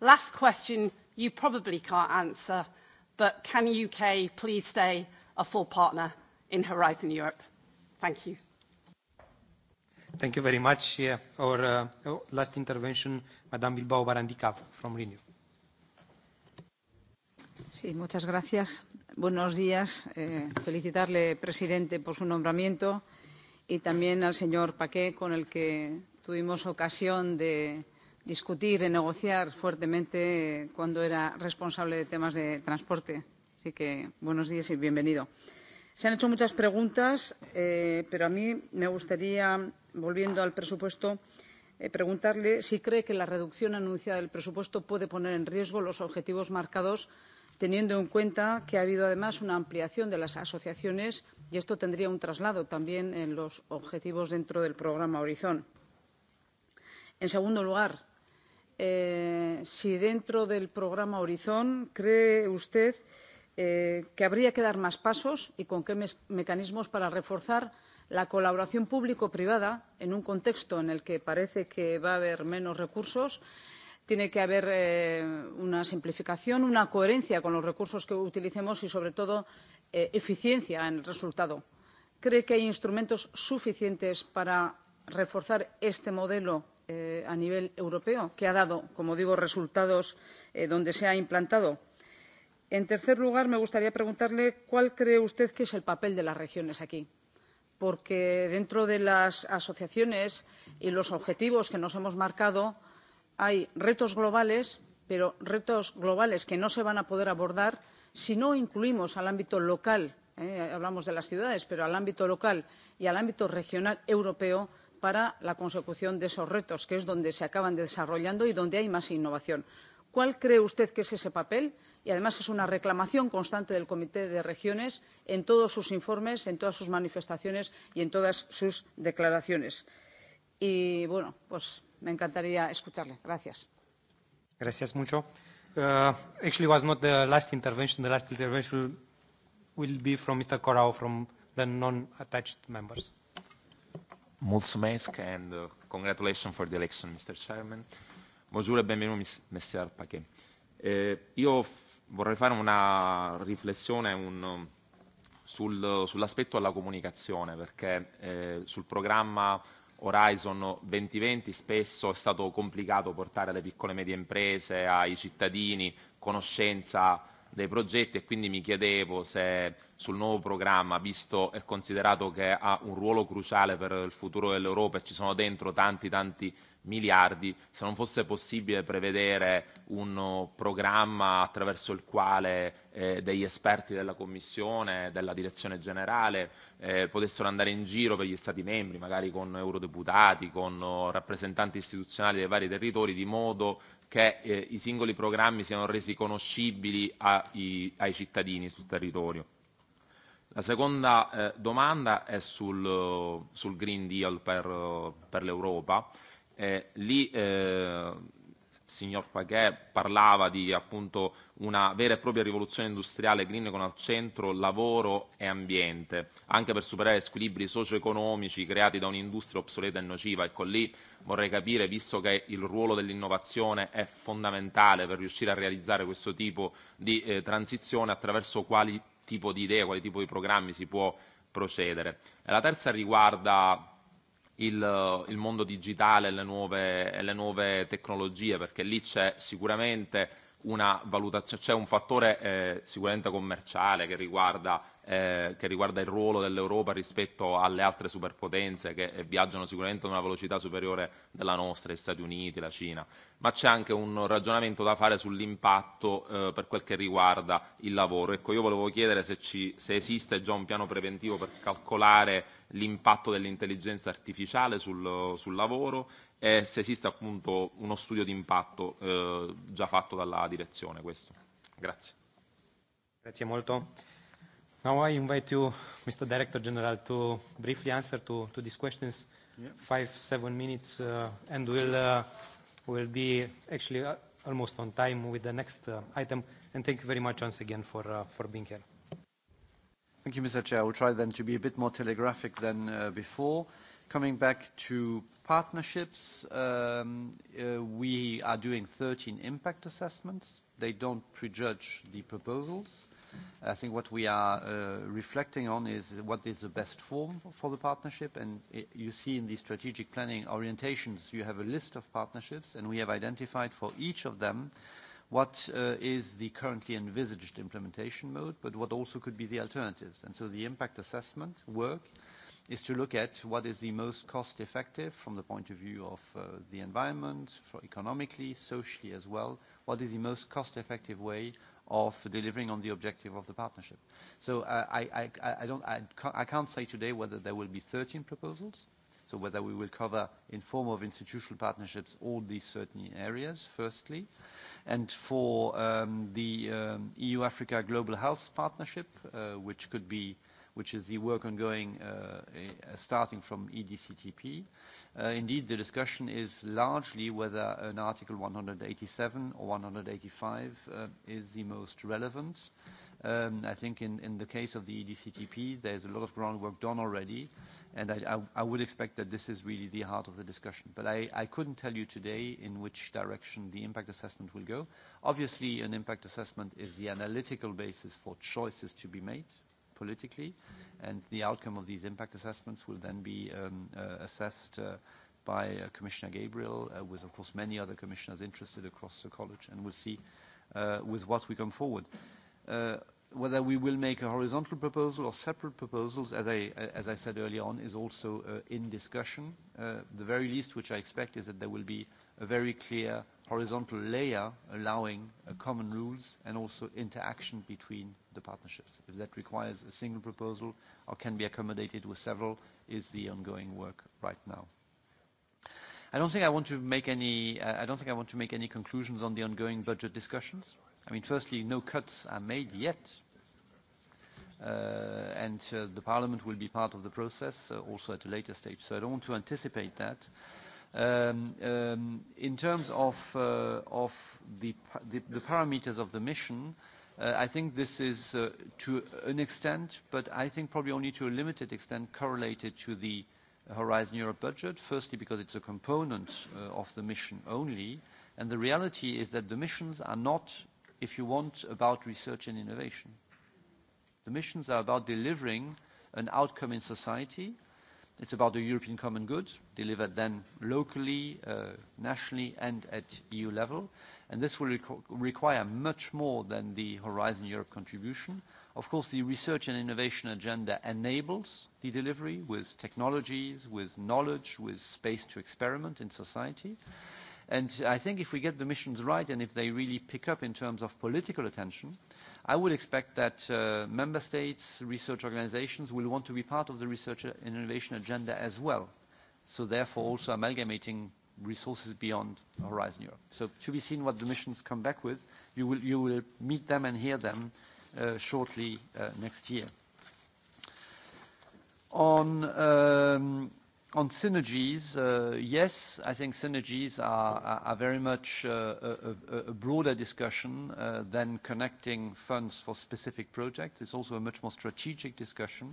Last question, you probably can't answer, but can UK please stay a full partner in Horizon Europe? Thank you. Thank you very much. Yeah, uh, our uh, oh, last intervention, Madame Bilbao Barandica from Renew. Sí, muchas gracias. Buenos días. Eh, felicitarle, presidente, por su nombramiento y también al señor Paquet, con el que tuvimos ocasión de discutir y negociar fuertemente cuando era responsable de temas de transporte. Así que buenos días y bienvenido. Se han hecho muchas preguntas, eh, pero a mí me gustaría, volviendo al presupuesto, eh, preguntarle si cree que la reducción anunciada del presupuesto puede poner en riesgo los objetivos marcados teniendo en cuenta que ha habido además una ampliación de las asociaciones y esto tendría un traslado también en los objetivos dentro del programa Horizon. En segundo lugar, eh, si dentro del programa Horizon cree usted eh, que habría que dar más pasos y con qué me mecanismos para reforzar la colaboración público-privada en un contexto en el que parece que va a haber menos recursos. Eh, tiene que haber eh, una simplificación, una coherencia con los recursos que utilicemos y, sobre todo, eh, eficiencia en el resultado. ¿Cree que hay instrumentos suficientes para reforzar este modelo eh, a nivel europeo, que ha dado, como digo, resultados eh, donde se ha implantado? En tercer lugar, me gustaría preguntarle cuál cree usted que es el papel de las regiones aquí porque dentro de las asociaciones y los objetivos que nos hemos marcado hay retos globales pero retos globales que no se van a poder abordar si no incluimos al ámbito local eh, hablamos de las ciudades pero al ámbito local y al ámbito regional europeo para la consecución de esos retos que es donde se acaban desarrollando y donde hay más innovación. cuál cree usted que es ese papel? y además es una reclamación constante del comité de las regiones en todos sus informes en todas sus manifestaciones y en todas sus declaraciones. y bueno pues me encantaría escucharle. Gracias. Gracias mucho. Uh, actually, was not the last intervention. The last intervention will be from Mr. Corau, from the non-attached members. Mulțumesc and uh, congratulations for the election, Mr. Chairman. Bonjour e benvenuto, Messier Paquet. Uh, eh, io vorrei fare una riflessione un, um, sul, uh, sull'aspetto alla comunicazione, perché eh, sul programma eh, Horizon 2020 spesso è stato complicato portare alle piccole e medie imprese, ai cittadini, conoscenza dei progetti e quindi mi chiedevo se sul nuovo programma, visto e considerato che ha un ruolo cruciale per il futuro dell'Europa e ci sono dentro tanti tanti miliardi, se non fosse possibile prevedere un programma attraverso il quale eh, degli esperti della Commissione, della Direzione Generale, eh, potessero andare in giro per gli Stati membri, magari con eurodeputati, con rappresentanti istituzionali dei vari territori, di modo che eh, i singoli programmi siano resi conoscibili ai, ai cittadini sul territorio. La seconda eh, domanda è sul, sul Green Deal per, per l'Europa. Eh, Eh, lì eh, signor Paquet parlava di appunto una vera e propria rivoluzione industriale green con al centro lavoro e ambiente, anche per superare squilibri socio-economici creati da un'industria obsoleta e nociva. Ecco lì vorrei capire, visto che il ruolo dell'innovazione è fondamentale per riuscire a realizzare questo tipo di eh, transizione, attraverso quali tipo di idee, quali tipo di programmi si può procedere. E la terza riguarda il, eh, il mondo digitale e le nuove, e le nuove tecnologie, perché lì c'è sicuramente c'è un fattore eh, sicuramente commerciale eh, che riguarda il ruolo dell'Europa rispetto alle altre superpotenze che eh, viaggiano sicuramente ad una velocità superiore alla nostra (gli Stati Uniti, la Cina), ma c'è anche un ragionamento da fare sull'impatto per quel che riguarda il lavoro. Volevo chiedere se esiste già un piano preventivo per calcolare l'impatto dell'intelligenza artificiale sul lavoro e se esiste appunto uno studio di impatto eh, già fatto dalla direzione questo. Grazie. Grazie molto. Now I invite you, Mr. Director General, to briefly answer to, to these questions. Yeah. Five, seven minutes, uh, and we'll, uh, we'll be actually uh, almost on time with the next uh, item. And thank you very much once again for, uh, for being here. Thank you, Mr. Chair. I will try then to be a bit more telegraphic than uh, before. Uh, Coming back to partnerships, um, uh, we are doing 13 impact assessments. They don't prejudge the proposals. I think what we are uh, reflecting on is what is the best form for the partnership, and it, you see in the strategic planning orientations, you have a list of partnerships, and we have identified for each of them what uh, is the currently envisaged implementation mode, but what also could be the alternatives. And so the impact assessment work uh, is to look at what is the most cost effective from the point of view of uh, the environment, for economically, socially as well, what is the most cost effective way of delivering on the objective of the partnership. So uh, I, I, I, don't, I, ca I can't say today whether there will be 13 proposals, so whether we will cover in form of institutional partnerships all these certain areas, firstly. And for um, the um, EU-Africa Global Health Partnership, uh, which could be uh, which is the work ongoing uh, eh, starting from EDCTP. Uh, indeed, the discussion is largely whether an Article 187 or 185 uh, is the most relevant. Um, I think in, in the case of the EDCTP, there's a lot of groundwork done already, and I, I, I would expect that this is really the heart of the discussion. But I, I couldn't tell you today in which direction the impact assessment will go. Obviously, an impact assessment is the analytical basis for choices to be made, politically, and the outcome of these impact assessments will then be um, uh, assessed uh, by uh, Commissioner Gabriel, uh, with of course many other commissioners interested across the college, and we'll see uh, with what we come forward. Uh, whether we will make a horizontal proposal or separate proposals, as I, as I said earlier on, is also uh, in discussion. Uh, the very least which I expect is that there will be a very clear uh, horizontal layer allowing uh, common rules and also interaction between the partnerships. If that requires a single proposal or can be accommodated with several is the ongoing work right now. I don't think I want to make any, uh, I don't think I want to make any conclusions on the ongoing budget discussions. I mean, firstly, no cuts are made yet. Uh, and uh, the Parliament will be part of the process uh, also at a later stage. So I don't want to anticipate that. Uh, Um, um, in terms of, uh, of the, the, the parameters of the mission, uh, I think this is uh, to an extent, but I think probably only to a limited extent correlated to the Horizon Europe budget. Firstly, because it's a component uh, of the mission only, and the reality is that the missions are not, if you want, about research and innovation. The missions are about delivering an outcome in society, It's about the European common good, delivered then locally, uh, nationally, and at EU level. And this will requ require much more than the Horizon Europe contribution. Of course, the research and innovation agenda enables the delivery with technologies, with knowledge, with space to experiment in society. And I think if we get the missions right, and if they really pick up in terms of political attention, uh, I would expect that uh, member states, research organizations will want to be part of the research and innovation agenda as well. So therefore also amalgamating resources beyond Horizon Europe. So to be seen what the missions come back with, you will, you will meet them and hear them uh, shortly uh, next year. On um, On synergies, uh, yes, I think synergies are very much uh, a broader discussion uh, than connecting funds for specific projects. It's also a much more strategic discussion.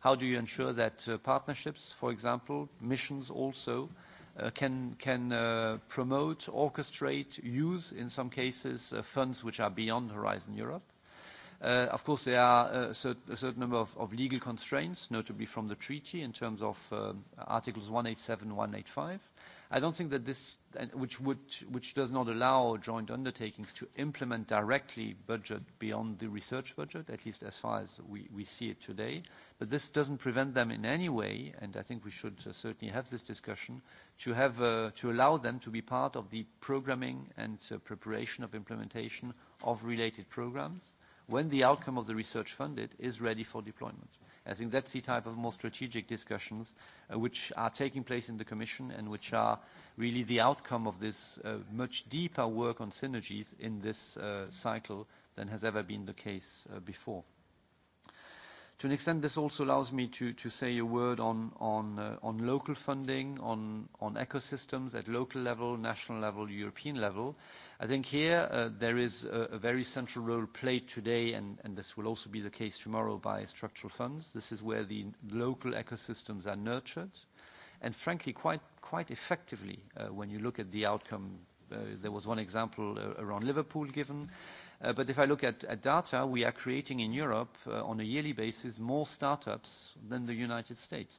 How do you ensure that partnerships, for example, missions also, can promote, orchestrate, use, in some cases, funds which are beyond Horizon Europe? Uh, of course, there are uh, cert a certain number of, of legal constraints, notably from the treaty in terms of um, Articles 187, 185. I don't think that this, uh, which, would, which does not allow joint undertakings to implement directly budget beyond the research budget, at least as far as we, we see it today. But this doesn't prevent them in any way, and I think we should uh, certainly have this discussion, to, have, uh, to allow them to be part of the programming and uh, preparation of implementation of related programs when the outcome of the research funded is ready for deployment. I think that's the type of more strategic discussions uh, which are taking place in the Commission and which are really the outcome of this uh, much deeper work on synergies in this uh, cycle than has ever been the case uh, before. To an extent, this also allows me to, to say a word on, on, uh, on local funding, on, on ecosystems at local level, national level, European level. I think here uh, there is a, a very central role played today, and, and this will also be the case tomorrow, by structural funds. This is where the local ecosystems are nurtured, and frankly, quite, quite effectively uh, when you look at the outcome. Uh, there was one example uh, around Liverpool given. Mm-hmm Uh, but if I look at data, we are creating in Europe, uh, on a yearly basis, more startups than the United States.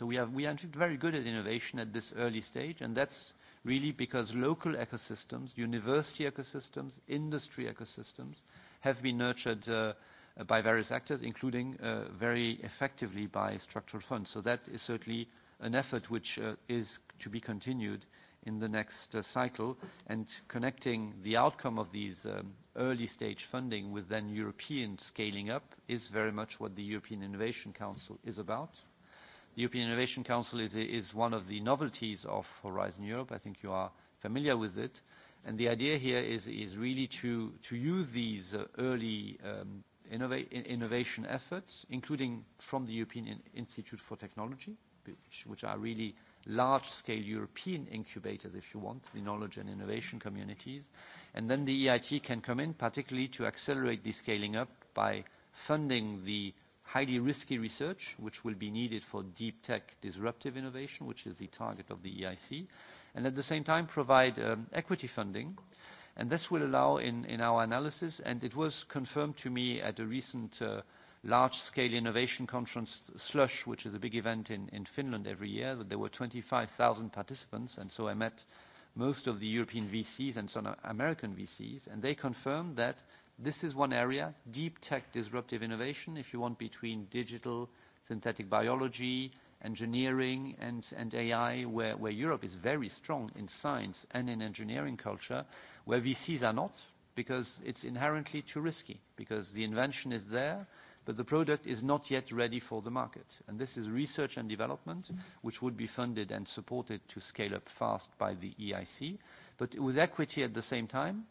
So we are in fact very good at innovation at this early stage, and that's really because local ecosystems, university ecosystems, industry ecosystems, have been nurtured uh, by various actors, including very effectively by structural funds. So that is certainly an effort which is to be continued in the next uh, cycle, and connecting the outcome of these um, early-stage funding with then European scaling up is very much what the European Innovation Council is about. The European Innovation Council is, is one of the novelties of Horizon Europe. I think you are familiar with it. And the idea here is, is really to, to use these uh, early um, innova innovation efforts, including from the European Institute for Technology, which, which are really uh, large-scale European incubators, if you want, the knowledge and innovation communities. And then the EIT can come in, particularly to accelerate the scaling up by funding the highly risky research, which will be needed for deep tech disruptive innovation, which is the target of the EIC, and at the same time, provide um, equity funding. And this will allow in, in our analysis, and it was confirmed to me at a recent uh, large-scale innovation conference, Slush, which is a big event in, in Finland every year. There were 25,000 participants, and so I met most of the European VCs and some American VCs, and they confirmed that this is one area, deep tech disruptive innovation, if you want, between digital, synthetic biology, engineering, and, and AI, where, where Europe is very strong in science and in engineering culture, where VCs are not, because it's inherently too risky, because the invention is there, but the product is not yet ready for the market. And this is research and development, which would be funded and supported to scale up fast by the EIC, but with equity at the same time,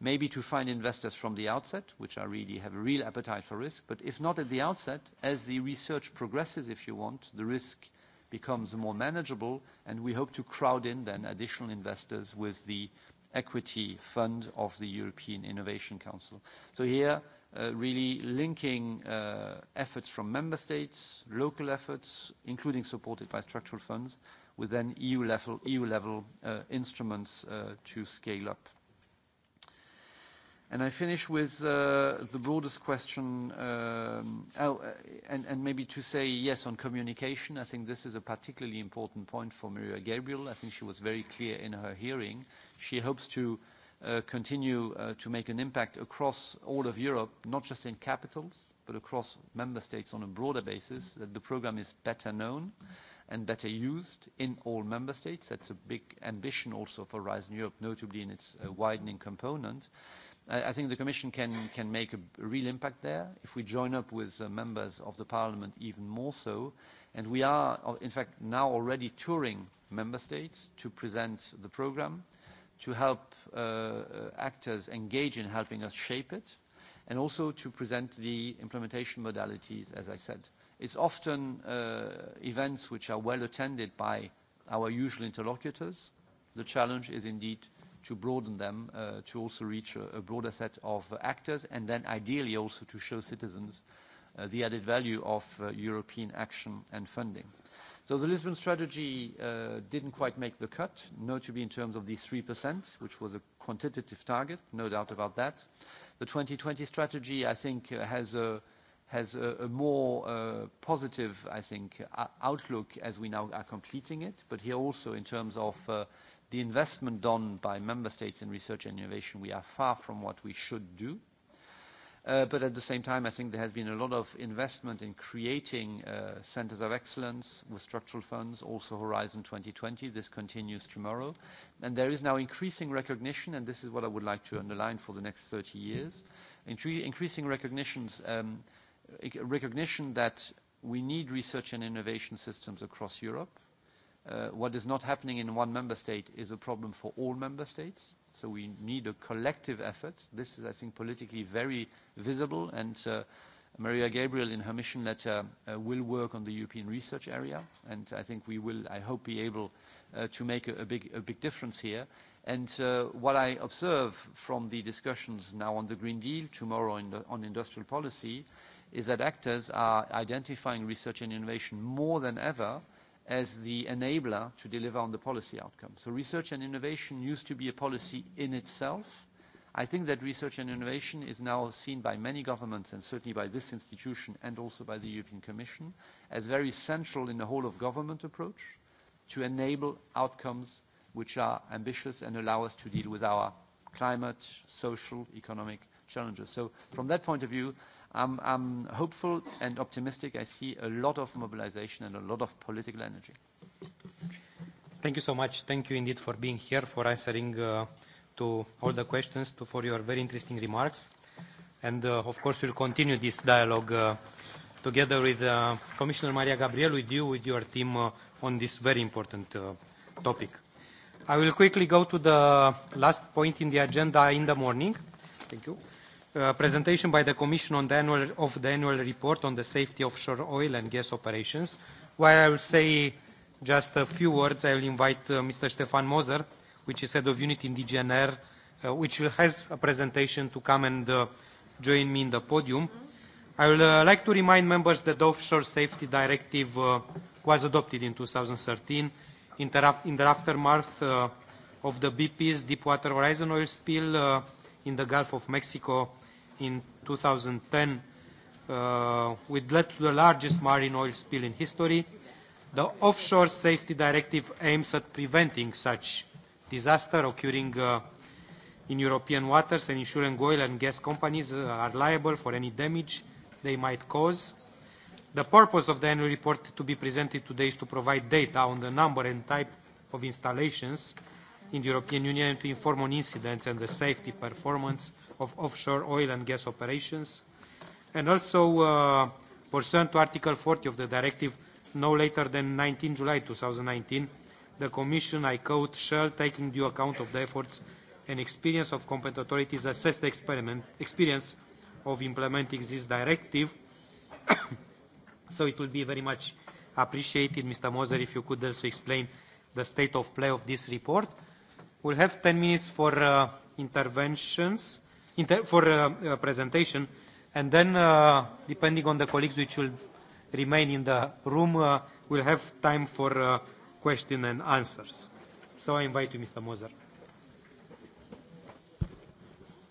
maybe to find investors from the outset, which are really have a real appetite for risk. But if not at the outset, as the research progresses, if you want, the risk becomes more manageable, and we hope to crowd in then additional investors with the equity fund of the European Innovation Council. So here, Uh, really linking uh, efforts from member states, local efforts, including supported by structural funds, with then EU level, EU level uh, instruments uh, to scale up. And I finish with uh, the broadest question. Um, oh, uh, and, and maybe to say yes on communication, I think this is a particularly important point for Maria Gabriel. I think she was very clear in her hearing. She hopes to uh, continue uh, to make an impact across all of Europe, not just in capitals, but across member states on a broader basis, that the program is better known and better used in all member states. That's a big ambition also for Horizon Europe, notably in its uh, widening component. I, I think the Commission can, can make a real impact there if we join up with uh, members of the Parliament even more so. And we are, uh, in fact, now already touring member states to present the program to help uh, uh, actors engage in helping us shape it, and also to present the implementation modalities, as I said. It's often uh, events which are well attended by our usual interlocutors. The challenge is indeed to broaden them uh, to also reach a, a broader set of actors, and then ideally also to show citizens uh, the added value of uh, European action and funding. Uh, So the Lisbon strategy uh, didn't quite make the cut, notably in terms of the 3%, which was a quantitative target, no doubt about that. The 2020 strategy, I think, uh, has a, has a, a more uh, positive, I think, outlook as we now are completing it. But here also, in terms of uh, the investment done by member states in research and innovation, we are far from what we should do. Uh, but at the same time, I think there has been a lot of investment in creating uh, centers of excellence with structural funds, also Horizon 2020. This continues tomorrow. And there is now increasing recognition, and this is what I would like to underline for the next 30 years, incre increasing recognitions, um, recognition that we need research and innovation systems across Europe. Uh, what is not happening in one member state is a problem for all member states. So we need a collective effort. This is, I think, politically very visible, and uh, Maria Gabriel, in her mission letter, uh, will work on the European research area, and I think we will, I hope, be able uh, to make a, a, big, a big difference here. And uh, what I observe from the discussions now on the Green Deal, tomorrow in the, on industrial policy, is that actors are identifying research and innovation more than ever as the enabler to deliver on the policy outcome. So research and innovation used to be a policy in itself. I think that research and innovation is now seen by many governments, and certainly by this institution and also by the European Commission, as very central in the whole of government approach to enable outcomes which are ambitious and allow us to deal with our climate, social, economic challenges. So from that point of view, I'm, I'm hopeful and optimistic. I see a lot of mobilization and a lot of political energy. Thank you so much. Thank you indeed for being here, for answering uh, to all the questions, to, for your very interesting remarks. And uh, of course, we'll continue this dialogue uh, together with uh, Commissioner Maria Gabriel, with you, with your team uh, on this very important uh, topic. I will quickly go to the last point in the agenda in the morning. Thank you. Uh, Uh, presentation by the Commission on the annual, of the annual report on the safety of shore oil and gas operations. While I will say just a few words, I will invite uh, Mr. Stefan Moser, which is head of unit in DGNR, uh, which has a presentation to come and uh, join me in the podium. I would uh, like to remind members that the Offshore Safety Directive uh, was adopted in 2013 in the, in the aftermath uh, of the BP's Deepwater Horizon oil spill uh, in the Gulf of Mexico in 2010, uh, which led to the largest marine oil spill in history, the Offshore Safety Directive aims at preventing such disaster occurring uh, in European waters and ensuring oil and gas companies uh, are liable for any damage they might cause. The purpose of the annual report to be presented today is to provide data on the number and type of installations in the European Union to inform on incidents and the safety performance of offshore oil and gas operations, and also uh, pursuant to Article 40 of the Directive, no later than 19 July 2019, the Commission, I quote, shall, taking due account of the efforts and experience of competent authorities, assess the experiment, experience of implementing this directive. so it will be very much appreciated, Mr. Moser, if you could also explain the state of play of this report. We'll have 10 minutes for uh, interventions. Uh, for uh, uh, presentation. And then, uh, depending on the colleagues which will remain in the room, uh, we'll have time for uh, question and answers. So I invite you, Mr. Moser.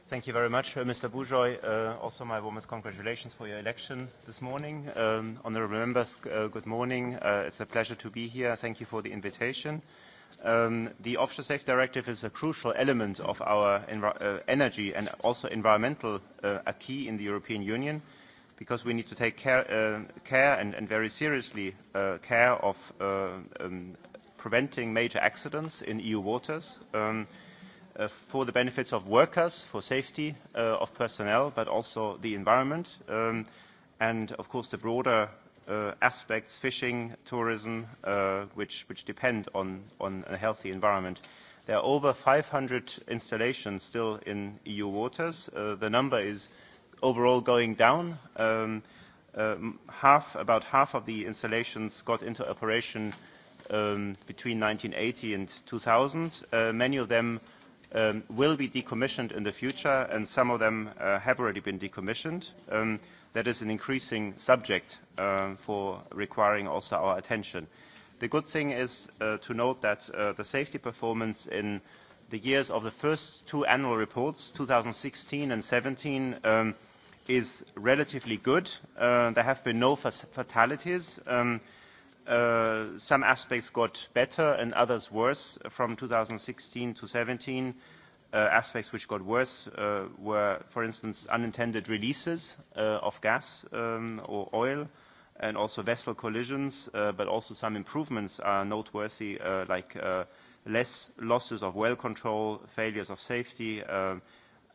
Thank you very much, uh, Mr. Bujoy. Uh, also, my warmest congratulations for your election this morning. Um, honorable members, uh, good morning. Uh, it's a pleasure to be here. Thank you for the invitation. Uh, um, the Offshore Safe Directive is a crucial element of our uh, energy and also environmental uh, acquis in the European Union because we need to take care, uh, care and, and very seriously uh, care of uh, um, preventing major accidents in EU waters um, uh, for the benefits of workers, for safety uh, of personnel, but also the environment. Um, and of course, the broader uh, aspects, fishing, tourism, uh, which, which depend on, on a healthy environment. There are over 500 installations still in EU waters. Uh, the number is overall going down. Um, um, half, about half of the installations got into operation um, between 1980 and 2000. Uh, many of them um, will be decommissioned in the future, and some of them uh, have already been decommissioned. Um, that is an increasing subject uh, for requiring also our attention. The good thing is uh, to note that uh, the safety performance in the years of the first two annual reports, 2016 and 2017, um, is relatively good. Uh, there have been no fatalities. Um, uh, some aspects got better and others worse from 2016 to 2017. Uh, aspects which got worse uh, were, for instance, unintended releases uh, of gas um, or oil, and also vessel collisions, but also some improvements are noteworthy, like less losses of well control, failures of safety, um,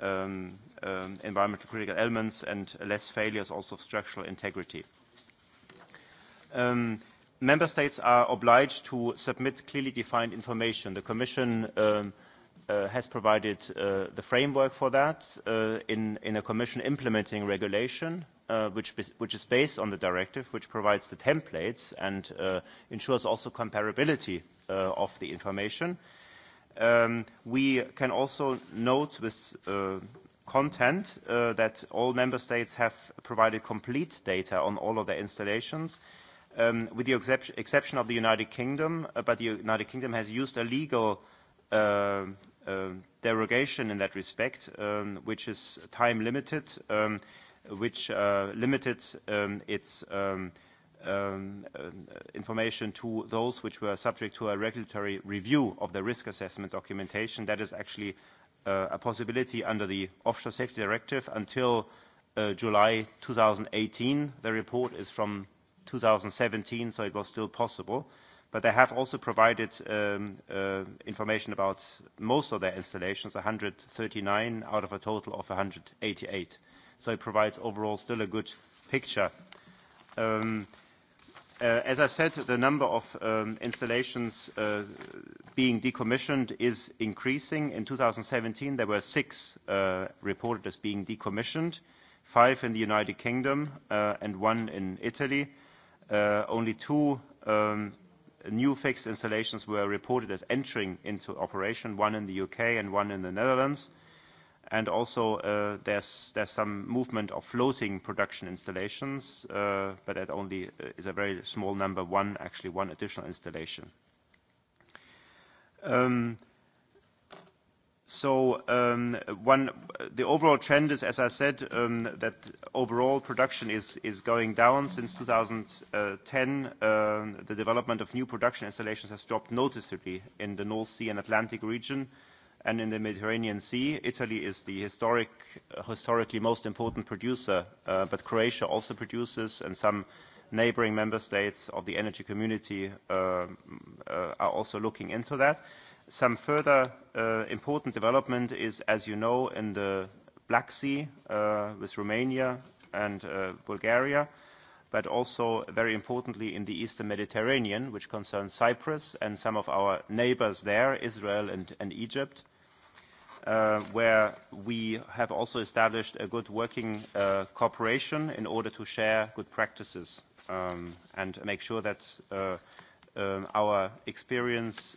um, um, environmental critical elements, and less failures also of structural integrity. Um, member states are obliged to submit clearly defined information. The Commission um, uh, has provided uh, the framework for that uh, in, in a Commission implementing regulation, uh, which, which is based on the directive, which provides the templates and uh, ensures also comparability uh, of the information. Um, we can also note with uh, content uh, that all member states have provided complete data on all of their installations, um, with the excep exception of the United Kingdom, uh, but the United Kingdom has used a legal uh, uh, derogation in that respect, um, which is time limited, um, which uh, limited um, its um, um, uh, information to those which were subject to a regulatory review of the risk assessment documentation. That is actually uh, a possibility under the Offshore Safety Directive until uh, July 2018. The report is from 2017, so it was still possible. Uh, but they have also provided um, uh, information about most of their installations, 139 out of a total of 188. So it provides overall still a good picture. Um, uh, as I said, the number of um, installations uh, being decommissioned is increasing. In 2017, there were six uh, reported as being decommissioned, five in the United Kingdom uh, and one in Italy. Uh, only two um, new fixed installations were reported as entering into operation, one in the U.K. and one in the Netherlands. And also, uh, there's, there's some movement of floating production installations, uh, but that only uh, is a very small number, one, actually one additional installation. Um, So, um, one, the overall trend is, as I said, um, that overall production is, is going down. Since 2010, um, the development of new production installations has dropped noticeably in the North Sea and Atlantic region and in the Mediterranean Sea. Italy is the historic, uh, historically most important producer, uh, but Croatia also produces, and some neighboring member states of the energy community uh, uh, are also looking into that. Some further uh, important development is, as you know, in the Black Sea uh, with Romania and uh, Bulgaria, but also very importantly in the Eastern Mediterranean, which concerns Cyprus and some of our neighbors there, Israel and, and Egypt, uh, where we have also established a good working uh, cooperation in order to share good practices um, and make sure that uh, um, our experience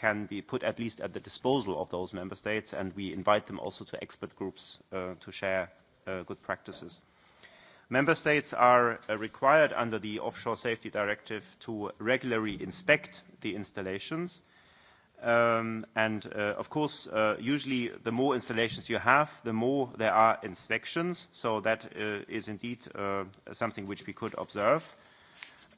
can be put at least at the disposal of those member states, and we invite them also to expert groups uh, to share uh, good practices. Member states are uh, required under the Offshore Safety Directive to regularly inspect the installations. Um, and uh, of course, uh, usually the more installations you have, the more there are inspections. So that uh, is indeed uh, something which we could observe.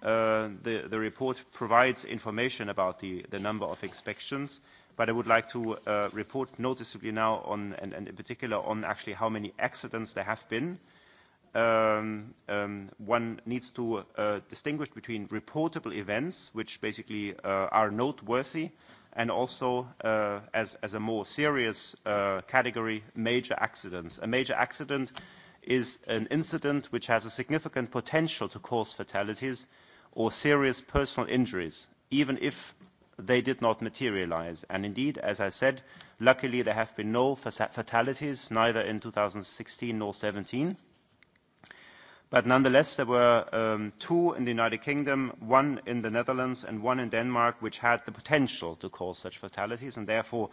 Uh, the, the report provides information about the, the number of inspections, but I would like to uh, report noticeably now on, and, and in particular on actually how many accidents there have been. Um, um, one needs to uh, distinguish between reportable events, which basically uh, are noteworthy, and also uh, as, as a more serious uh, category, major accidents. A major accident is an incident which has a significant potential to cause fatalities, or serious personal injuries, even if they did not materialize. And indeed, as I said, luckily there have been no fatalities, neither in 2016 nor 2017. But nonetheless, there were um, two in the United Kingdom, one in the Netherlands and one in Denmark, which had the potential to cause such fatalities. And therefore,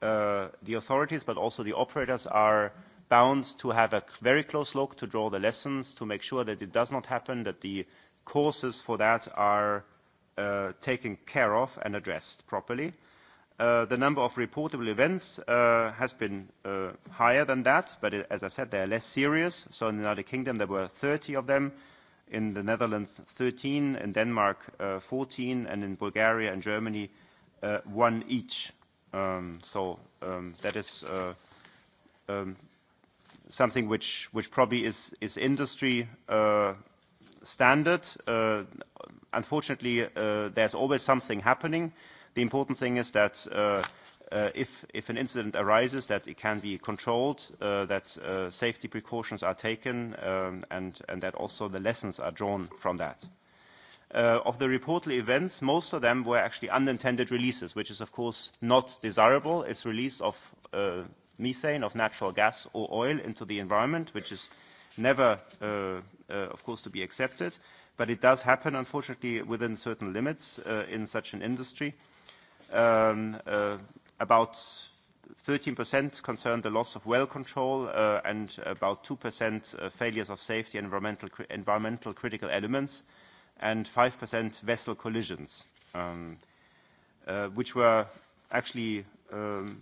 uh, the authorities, but also the operators, are bound to have a very close look to draw the lessons, to make sure that it does not happen, that the uh, causes for that are uh, taken care of and addressed properly. Uh, the number of reportable events uh, has been uh, higher than that, but it, as I said, they are less serious. So in the United Kingdom, there were 30 of them, in the Netherlands, 13, in Denmark, 14, uh, and in Bulgaria and Germany, uh, one each. Um, so um, that is uh, um, something which, which probably is, is industry standard. Uh, unfortunately, uh, there's always something happening. The important thing is that uh, uh, if, if an incident arises, that it can be controlled, uh, that uh, safety precautions are taken, um, and, and that also the lessons are drawn from that. Uh, of the reportedly events, most of them were actually unintended releases, which is, of course, not desirable. It's release of uh, methane, of natural gas or oil into the environment, which is uh, never, uh, uh, of course, to be accepted, but it does happen, unfortunately, within certain limits uh, in such an industry. Um, uh, about 13% concern the loss of well control uh, and about 2% uh, failures of safety and environmental, cri environmental critical elements and 5% vessel collisions, um, uh, which were actually um,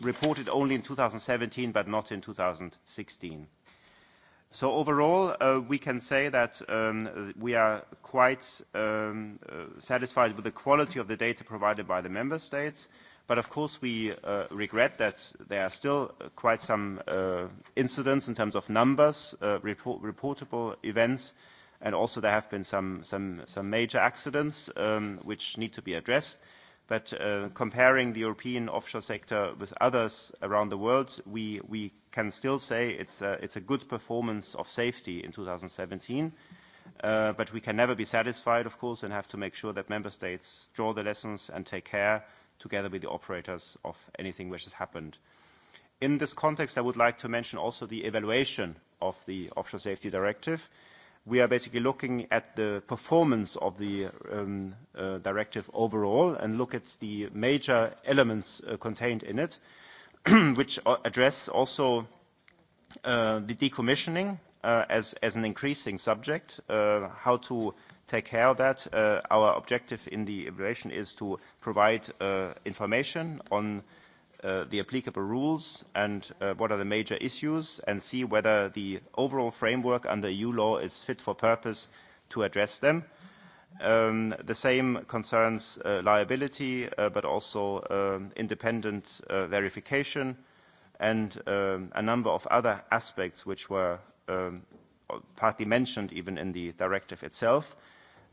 reported only in 2017, but not in 2016. So overall, uh, we can say that um, we are quite um, uh, satisfied with the quality of the data provided by the member states. But of course, we uh, regret that there are still uh, quite some uh, incidents in terms of numbers, uh, report reportable events, and also there have been some, some, some major accidents, um, which need to be addressed. But uh, comparing the European offshore sector with others around the world, we, we can still say it's a, it's a good performance of safety in 2017. Uh, but we can never be satisfied, of course, and have to make sure that member states draw the lessons and take care together with the operators of anything which has happened. In this context, I would like to mention also the evaluation of the Offshore Safety Directive. Uh, we are basically looking at the performance of the um, uh, directive overall and look at the major elements uh, contained in it, which uh, address also uh, the decommissioning uh, as, as an increasing subject, uh, how to take care of that. Uh, our objective in the evaluation is to provide uh, information on uh, uh, the applicable rules and uh, what are the major issues, and see whether the overall framework under EU law is fit for purpose to address them. Um, the same concerns uh, liability, uh, but also um, independent uh, verification and um, a number of other aspects which were um, partly mentioned even in the directive itself. Uh,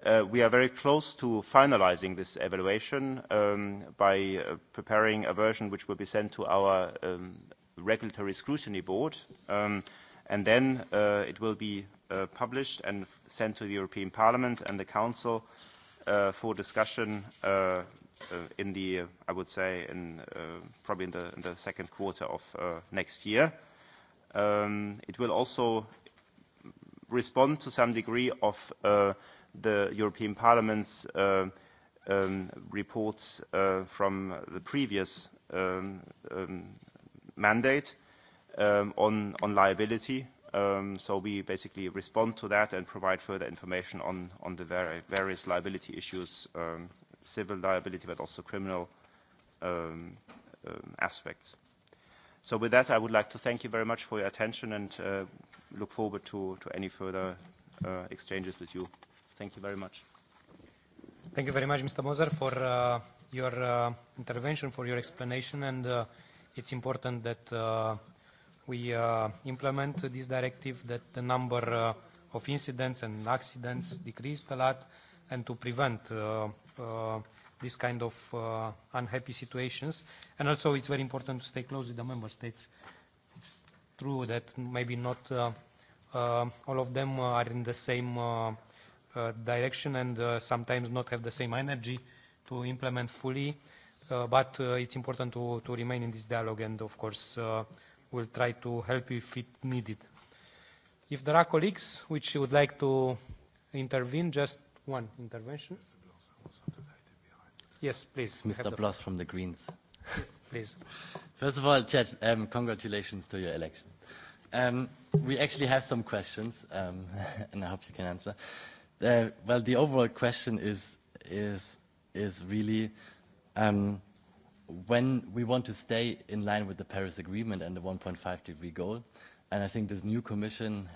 Uh, we are very close to finalizing this evaluation um, by uh, preparing a version which will be sent to our um, regulatory scrutiny board. Um, and then uh, it will be uh, published and sent to the European Parliament and the Council uh, for discussion uh, uh, in the, uh, I would say, in, uh, probably in the, in the second quarter of uh, next year. Um, it will also respond to some degree of uh, the European Parliament's uh, um, reports uh, from the previous um, um, mandate um, on, on liability. Um, so we basically respond to that and provide further information on, on the vari various liability issues, um, civil liability, but also criminal um, um, aspects. So with that, I would like to thank you very much for your attention and uh, look forward to, to any further uh, exchanges with you. Thank you very much. Thank you very much, Mr. Moser, for uh, your uh, intervention, for your explanation. And uh, it's important that uh, we uh, implement this directive, that the number uh, of incidents and accidents decreased a lot, and to prevent uh, uh, this kind of uh, unhappy situations. And also, it's very important to stay close with the member states. It's true that maybe not uh, uh, all of them uh, are in the same uh, uh, direction and uh, sometimes not have the same energy to implement fully. Uh, but uh, it's important to, to remain in this dialogue and, of course, uh, we'll try to help you if it needed. If there are colleagues which would like to intervene, just one intervention. Yes, please. Mr. Bloss from the Greens. Yes, please. First of all, Judge, um, congratulations to your election. Um, we actually have some questions, um, and I hope you can answer. Uh, Uh, well, the overall question is, is, is really um, when we want to stay in line with the Paris Agreement and the 1.5 degree goal, and I think this new commission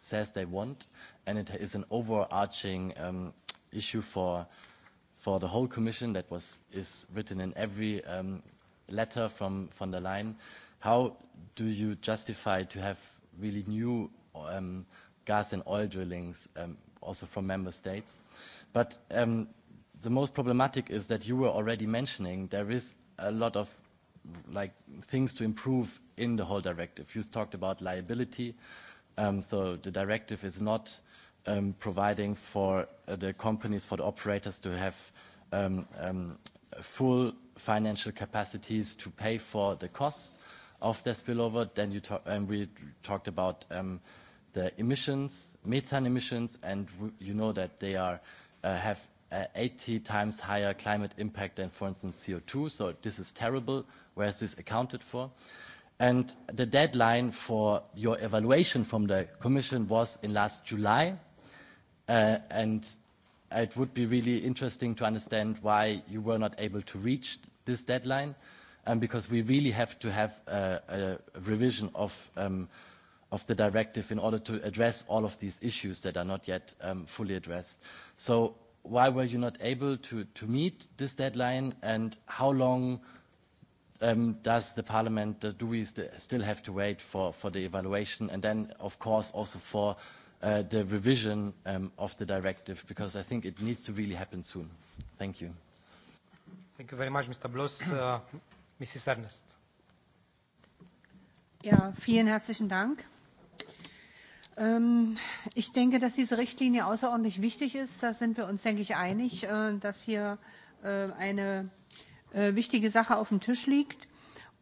says they want, and it is an overarching um, issue for for the whole commission that was is written in every um, letter from von der Leyen. How do you justify to have really new um, gas and oil drillings um, also from member states. But um, the most problematic is that you were already mentioning there is a lot of like things to improve in the whole directive. You talked about liability, um, so the directive is not um, providing for uh, the companies, for the operators to have um, um, full financial capacities to pay for the costs of their spillover. Then you talk, and we talked about um, uh, the emissions, methane emissions, and you know that they are, uh, have uh, 80 times higher climate impact than, for instance, CO2, so this is terrible. Where is this accounted for? And the deadline for your evaluation from the commission was in last July, uh, and it would be really interesting to understand why you were not able to reach this deadline, um, because we really have to have a, uh, a revision of um, uh, of the directive in order to address all of these issues that are not yet um, fully addressed. So why were you not able to, to meet this deadline and how long um, does the parliament, uh, do we st still have to wait for, for the evaluation and then of course also for uh, the revision um, of the directive because I think it needs to really happen soon. Thank you. Thank you very much, Mr. Bloss. Uh, Mrs. Ernest. Ja, vielen herzlichen Dank. Ähm, ich denke, dass diese Richtlinie außerordentlich wichtig ist. Da sind wir uns, denke ich, einig, äh, dass hier äh, eine äh, wichtige Sache auf dem Tisch liegt.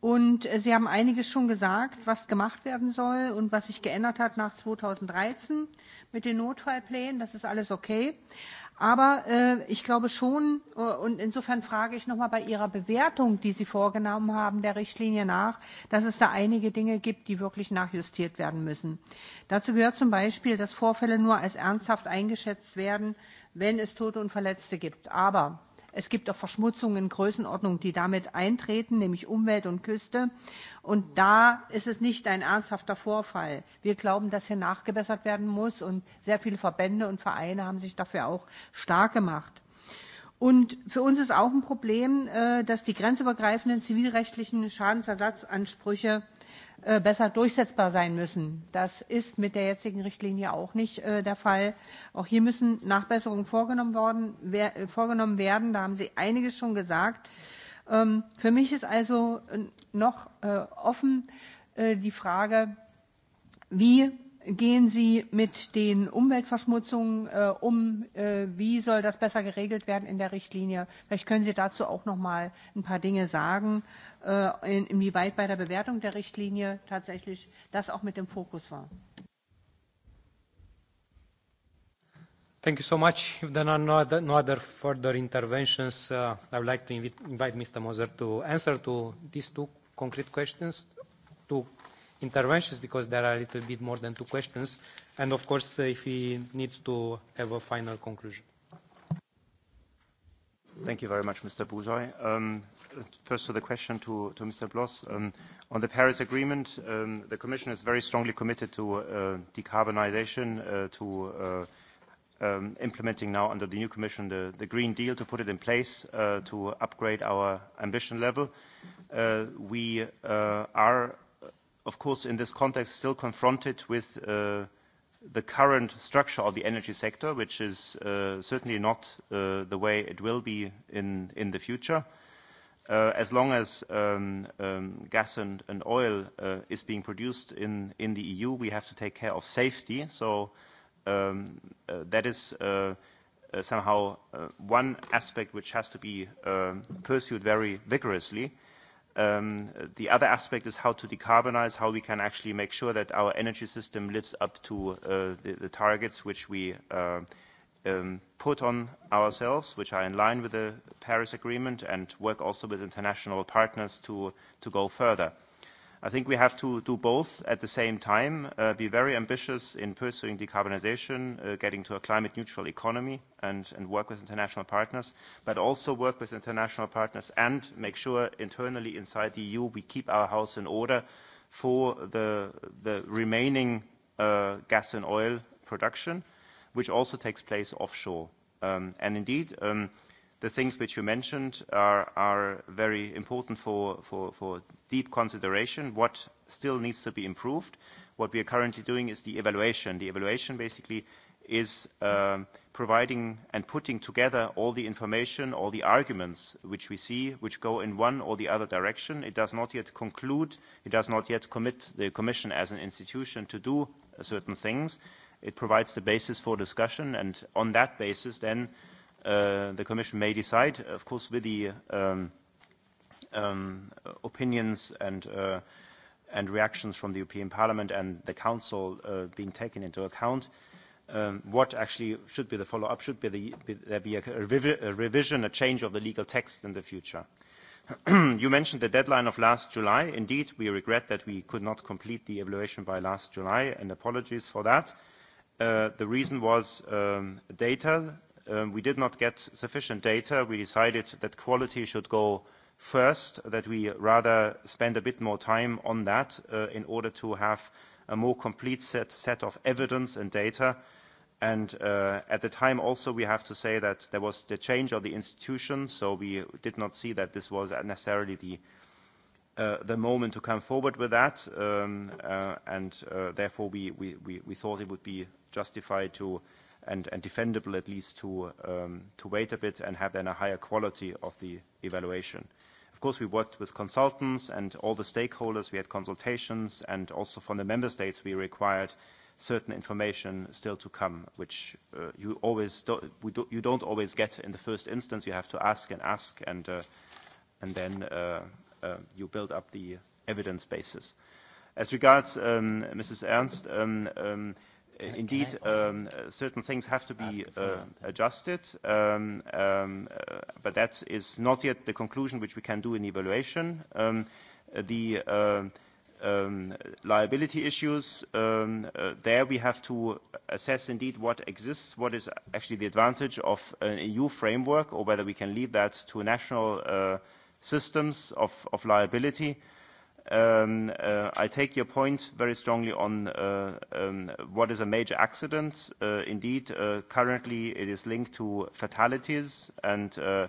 Und Sie haben einiges schon gesagt, was gemacht werden soll und was sich geändert hat nach 2013 mit den Notfallplänen. Das ist alles okay. Aber äh, ich glaube schon, äh, und insofern frage ich nochmal bei Ihrer Bewertung, die Sie vorgenommen haben, der Richtlinie nach, dass es da einige Dinge gibt, die wirklich nachjustiert werden müssen. Dazu gehört zum Beispiel, dass Vorfälle nur als ernsthaft eingeschätzt werden, wenn es Tote und Verletzte gibt. Aber Es gibt auch Verschmutzungen in Größenordnung, die damit eintreten, nämlich Umwelt und Küste. Und da ist es nicht ein ernsthafter Vorfall. Wir glauben, dass hier nachgebessert werden muss und sehr viele Verbände und Vereine haben sich dafür auch stark gemacht. Und für uns ist auch ein Problem, äh, dass die grenzübergreifenden zivilrechtlichen Schadensersatzansprüche Äh, besser durchsetzbar sein müssen. Das ist mit der jetzigen Richtlinie auch nicht äh, der Fall. Auch hier müssen Nachbesserungen vorgenommen, worden, wer, äh, vorgenommen werden. Da haben Sie einiges schon gesagt. Ähm, für mich ist also äh, noch äh, offen äh, die Frage, wie gehen Sie mit den Umweltverschmutzungen äh, um? Äh, wie soll das besser geregelt werden in der Richtlinie? Vielleicht können Sie dazu auch noch mal ein paar Dinge sagen. Äh, Äh, in, inwieweit bei der Bewertung der Richtlinie tatsächlich das auch mit dem Fokus war. Thank you so much. If there are no other, no other further interventions, uh, I would like to invite, invite Mr. Moser to answer to these two concrete questions, two interventions, because there are a little bit more than two questions. And of course, uh, if he needs to have a final conclusion. Thank you very much, Mr. Buzoi. Um, first to the question to, to Mr. Bloss. Um, on the Paris Agreement, um, the Commission is very strongly committed to uh, decarbonization, uh, to uh, um, implementing now under the new Commission the, the Green Deal to put it in place uh, to upgrade our ambition level. Uh, we uh, are, of course, in this context still confronted with uh, the current structure of the energy sector, which is uh, certainly not uh, the way it will be in, in the future. Uh, uh, as long as um, um, gas and, and oil uh, is being produced in, in the EU, we have to take care of safety. So um, uh, that is uh, uh, somehow uh, one aspect which has to be uh, pursued very vigorously. Um, the other aspect is how to decarbonize, how we can actually make sure that our energy system lives up to uh, the, the targets which we uh, um, put on ourselves, which are in line with the Paris Agreement, and work also with international partners to, to go further. I think we have to do both at the same time, uh, be very ambitious in pursuing decarbonization, uh, getting to a climate neutral economy, and, and work with international partners, but also work with international partners and make sure internally inside the EU we keep our house in order for the, the remaining uh, gas and oil production. Uh, which also takes place offshore. Um, and indeed, um, the things which you mentioned are, are very important for, for, for deep consideration. What still needs to be improved? What we are currently doing is the evaluation. The evaluation basically is um, providing and putting together all the information, all the arguments which we see, which go in one or the other direction. It does not yet conclude, it does not yet commit the Commission as an institution to do certain things, It provides the basis for discussion, and on that basis, then uh, the Commission may decide, of course, with the um, um, opinions and uh, and reactions from the European Parliament and the Council uh, being taken into account. Um, what actually should be the follow-up? Should be the, be, there be a, revi a revision, a change of the legal text in the future? you mentioned the deadline of last July. Indeed, we regret that we could not complete the evaluation by last July, and apologies for that. Uh, Uh, the reason was um, data. Um, we did not get sufficient data. We decided that quality should go first, that we rather spend a bit more time on that uh, in order to have a more complete set, set of evidence and data. And uh, at the time also, we have to say that there was the change of the institution, so we did not see that this was necessarily the Uh, the moment to come forward with that. Um, uh, and uh, therefore, we, we, we thought it would be justified to and, and defendable at least to, um, to wait a bit and have then a higher quality of the evaluation. Of course, we worked with consultants and all the stakeholders. We had consultations, and also from the member states, we required certain information still to come, which uh, you always don't, we do, you don't always get in the first instance. You have to ask and ask, and, uh, and then uh, uh you build up the evidence basis. As regards um, Mrs. Ernst, um, um indeed, um, uh, certain things have to be uh, adjusted, um, um, uh, but that is not yet the conclusion which we can do in evaluation. Um, uh, the uh, um, liability issues, um, uh, there we have to assess indeed what exists, what is actually the advantage of an EU framework, or whether we can leave that to national uh, systems of, of liability. Uh, Um, uh, I take your point very strongly on uh, um, what is a major accident. Uh, indeed, uh, currently it is linked to fatalities, and, uh,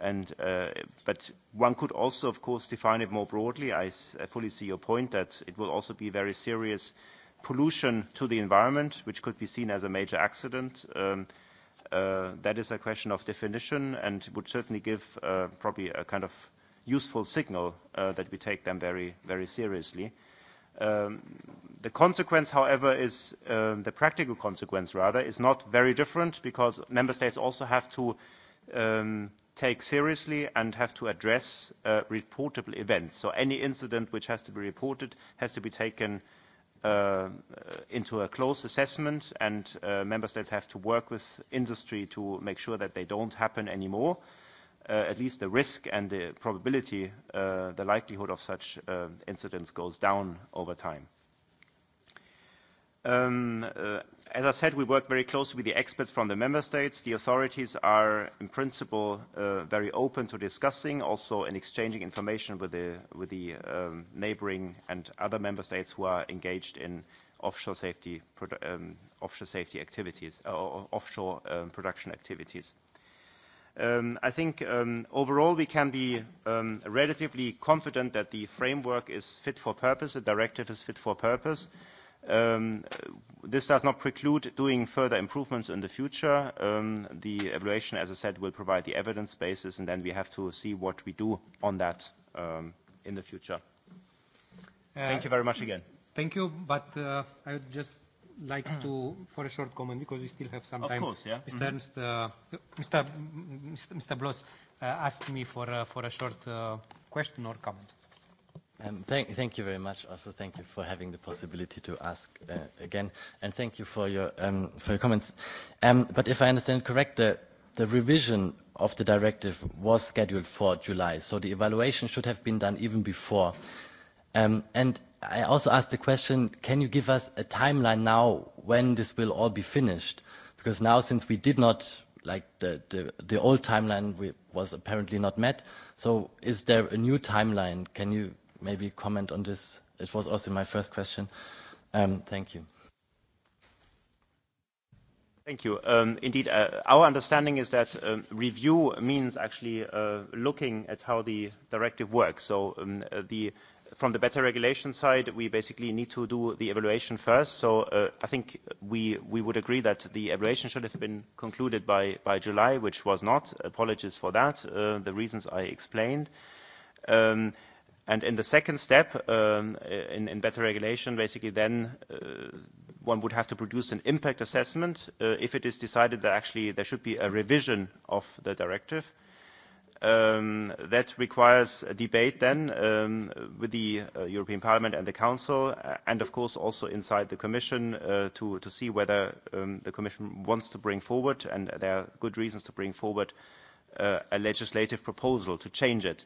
and, uh, but one could also, of course, define it more broadly. I, s I fully see your point that it will also be very serious pollution to the environment, which could be seen as a major accident. Um, uh, that is a question of definition and would certainly give uh, probably a kind of useful signal uh, that we take them very, very seriously. Um, the consequence, however, is um, the practical consequence rather is not very different because member states also have to um, take seriously and have to address uh, reportable events. So any incident which has to be reported has to be taken uh, into a close assessment and uh, member states have to work with industry to make sure that they don't happen anymore. Uh, uh, at least the risk and the probability, uh, the likelihood of such uh, incidents goes down over time. Um, uh, as I said, we work very closely with the experts from the member states. The authorities are, in principle, uh, very open to discussing, also in exchanging information with the, with the um, neighboring and other member states who are engaged in offshore safety, um, offshore safety activities, uh, or offshore um, production activities. Uh, Um, I think um, overall we can be um, relatively confident that the framework is fit for purpose, the directive is fit for purpose. Um, this does not preclude doing further improvements in the future. Um, the evaluation, as I said, will provide the evidence basis, and then we have to see what we do on that um, in the future. Uh, thank you very much again. Thank you, but uh, I would just like to for a short comment because we still have some of time. Of course, yeah. Mr. Mm-hmm. Ernst, uh, Mr. Mr. Mr. Bloss uh, asked me for uh, for a short uh, question or comment. Um, thank, thank you very much. Also, thank you for having the possibility to ask uh, again, and thank you for your um, for your comments. Um, but if I understand correct, the the revision of the directive was scheduled for July, so the evaluation should have been done even before. Um, and I also asked the question, can you give us a timeline now when this will all be finished? Because now, since we did not, like, the old timeline was apparently not met, so is there a new timeline? Can you maybe comment on this? It was also my first question. Um, thank you. Thank you. Um, indeed, uh, our understanding is that um, review means actually uh, looking at how the directive works. So, uh, the from the better regulation side, we basically need to do the evaluation first. So uh, I think we, we would agree that the evaluation should have been concluded by, by July, which was not. Apologies for that. Uh, the reasons I explained. Um, and in the second step, um, in, in better regulation, basically then uh, one would have to produce an impact assessment uh, if it is decided that actually there should be a revision of the directive. Uh, Um, that requires a debate then um, with the uh, European Parliament and the Council, uh, and of course also inside the Commission uh, to, to see whether um, the Commission wants to bring forward, and there are good reasons to bring forward, uh, a legislative proposal to change it.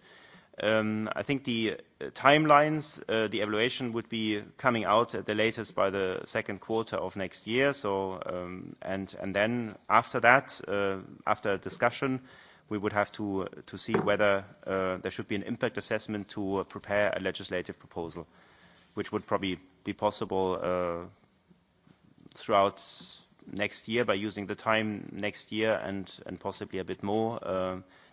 Um, I think the uh, timelines, uh, the evaluation would be coming out at the latest by the second quarter of next year. So, um, and, and then after that, uh, after discussion, uh, we would have to, uh, to see whether uh, there should be an impact assessment to uh, prepare a legislative proposal, which would probably be possible throughout next year by using the time next year and, and possibly a bit more.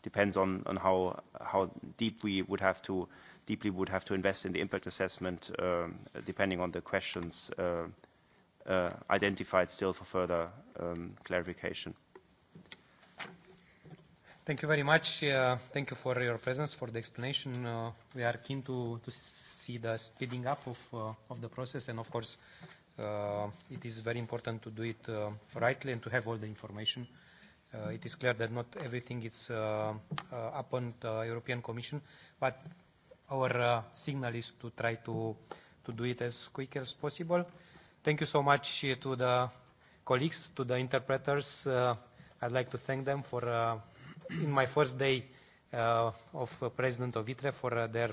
Depends on, on how, how deep we would have to deeply would have to invest in the impact assessment, uh, depending on the questions uh, uh, identified still for further um, clarification. Thank you very much. Uh, thank you for your presence, for the explanation. Uh, we are keen to, to see the speeding up of, uh, of the process, and of course, uh, it is very important to do it uh, rightly and to have all the information. Uh, it is clear that not everything is uh, uh, up on the European Commission, but our uh, signal is to try to, to do it as quick as possible. Thank you so much uh, to the colleagues, to the interpreters. Uh, I'd like to thank them for uh, in my first day uh, of uh, President of ITRE for uh, their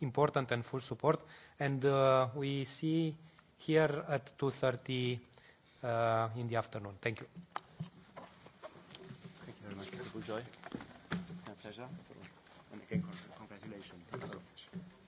important and full support. And uh, we see here at 2.30 uh, in the afternoon. Thank you. Thank you very much, Mr. Bujoy. It's my pleasure. And again, congratulations. Thank you so much.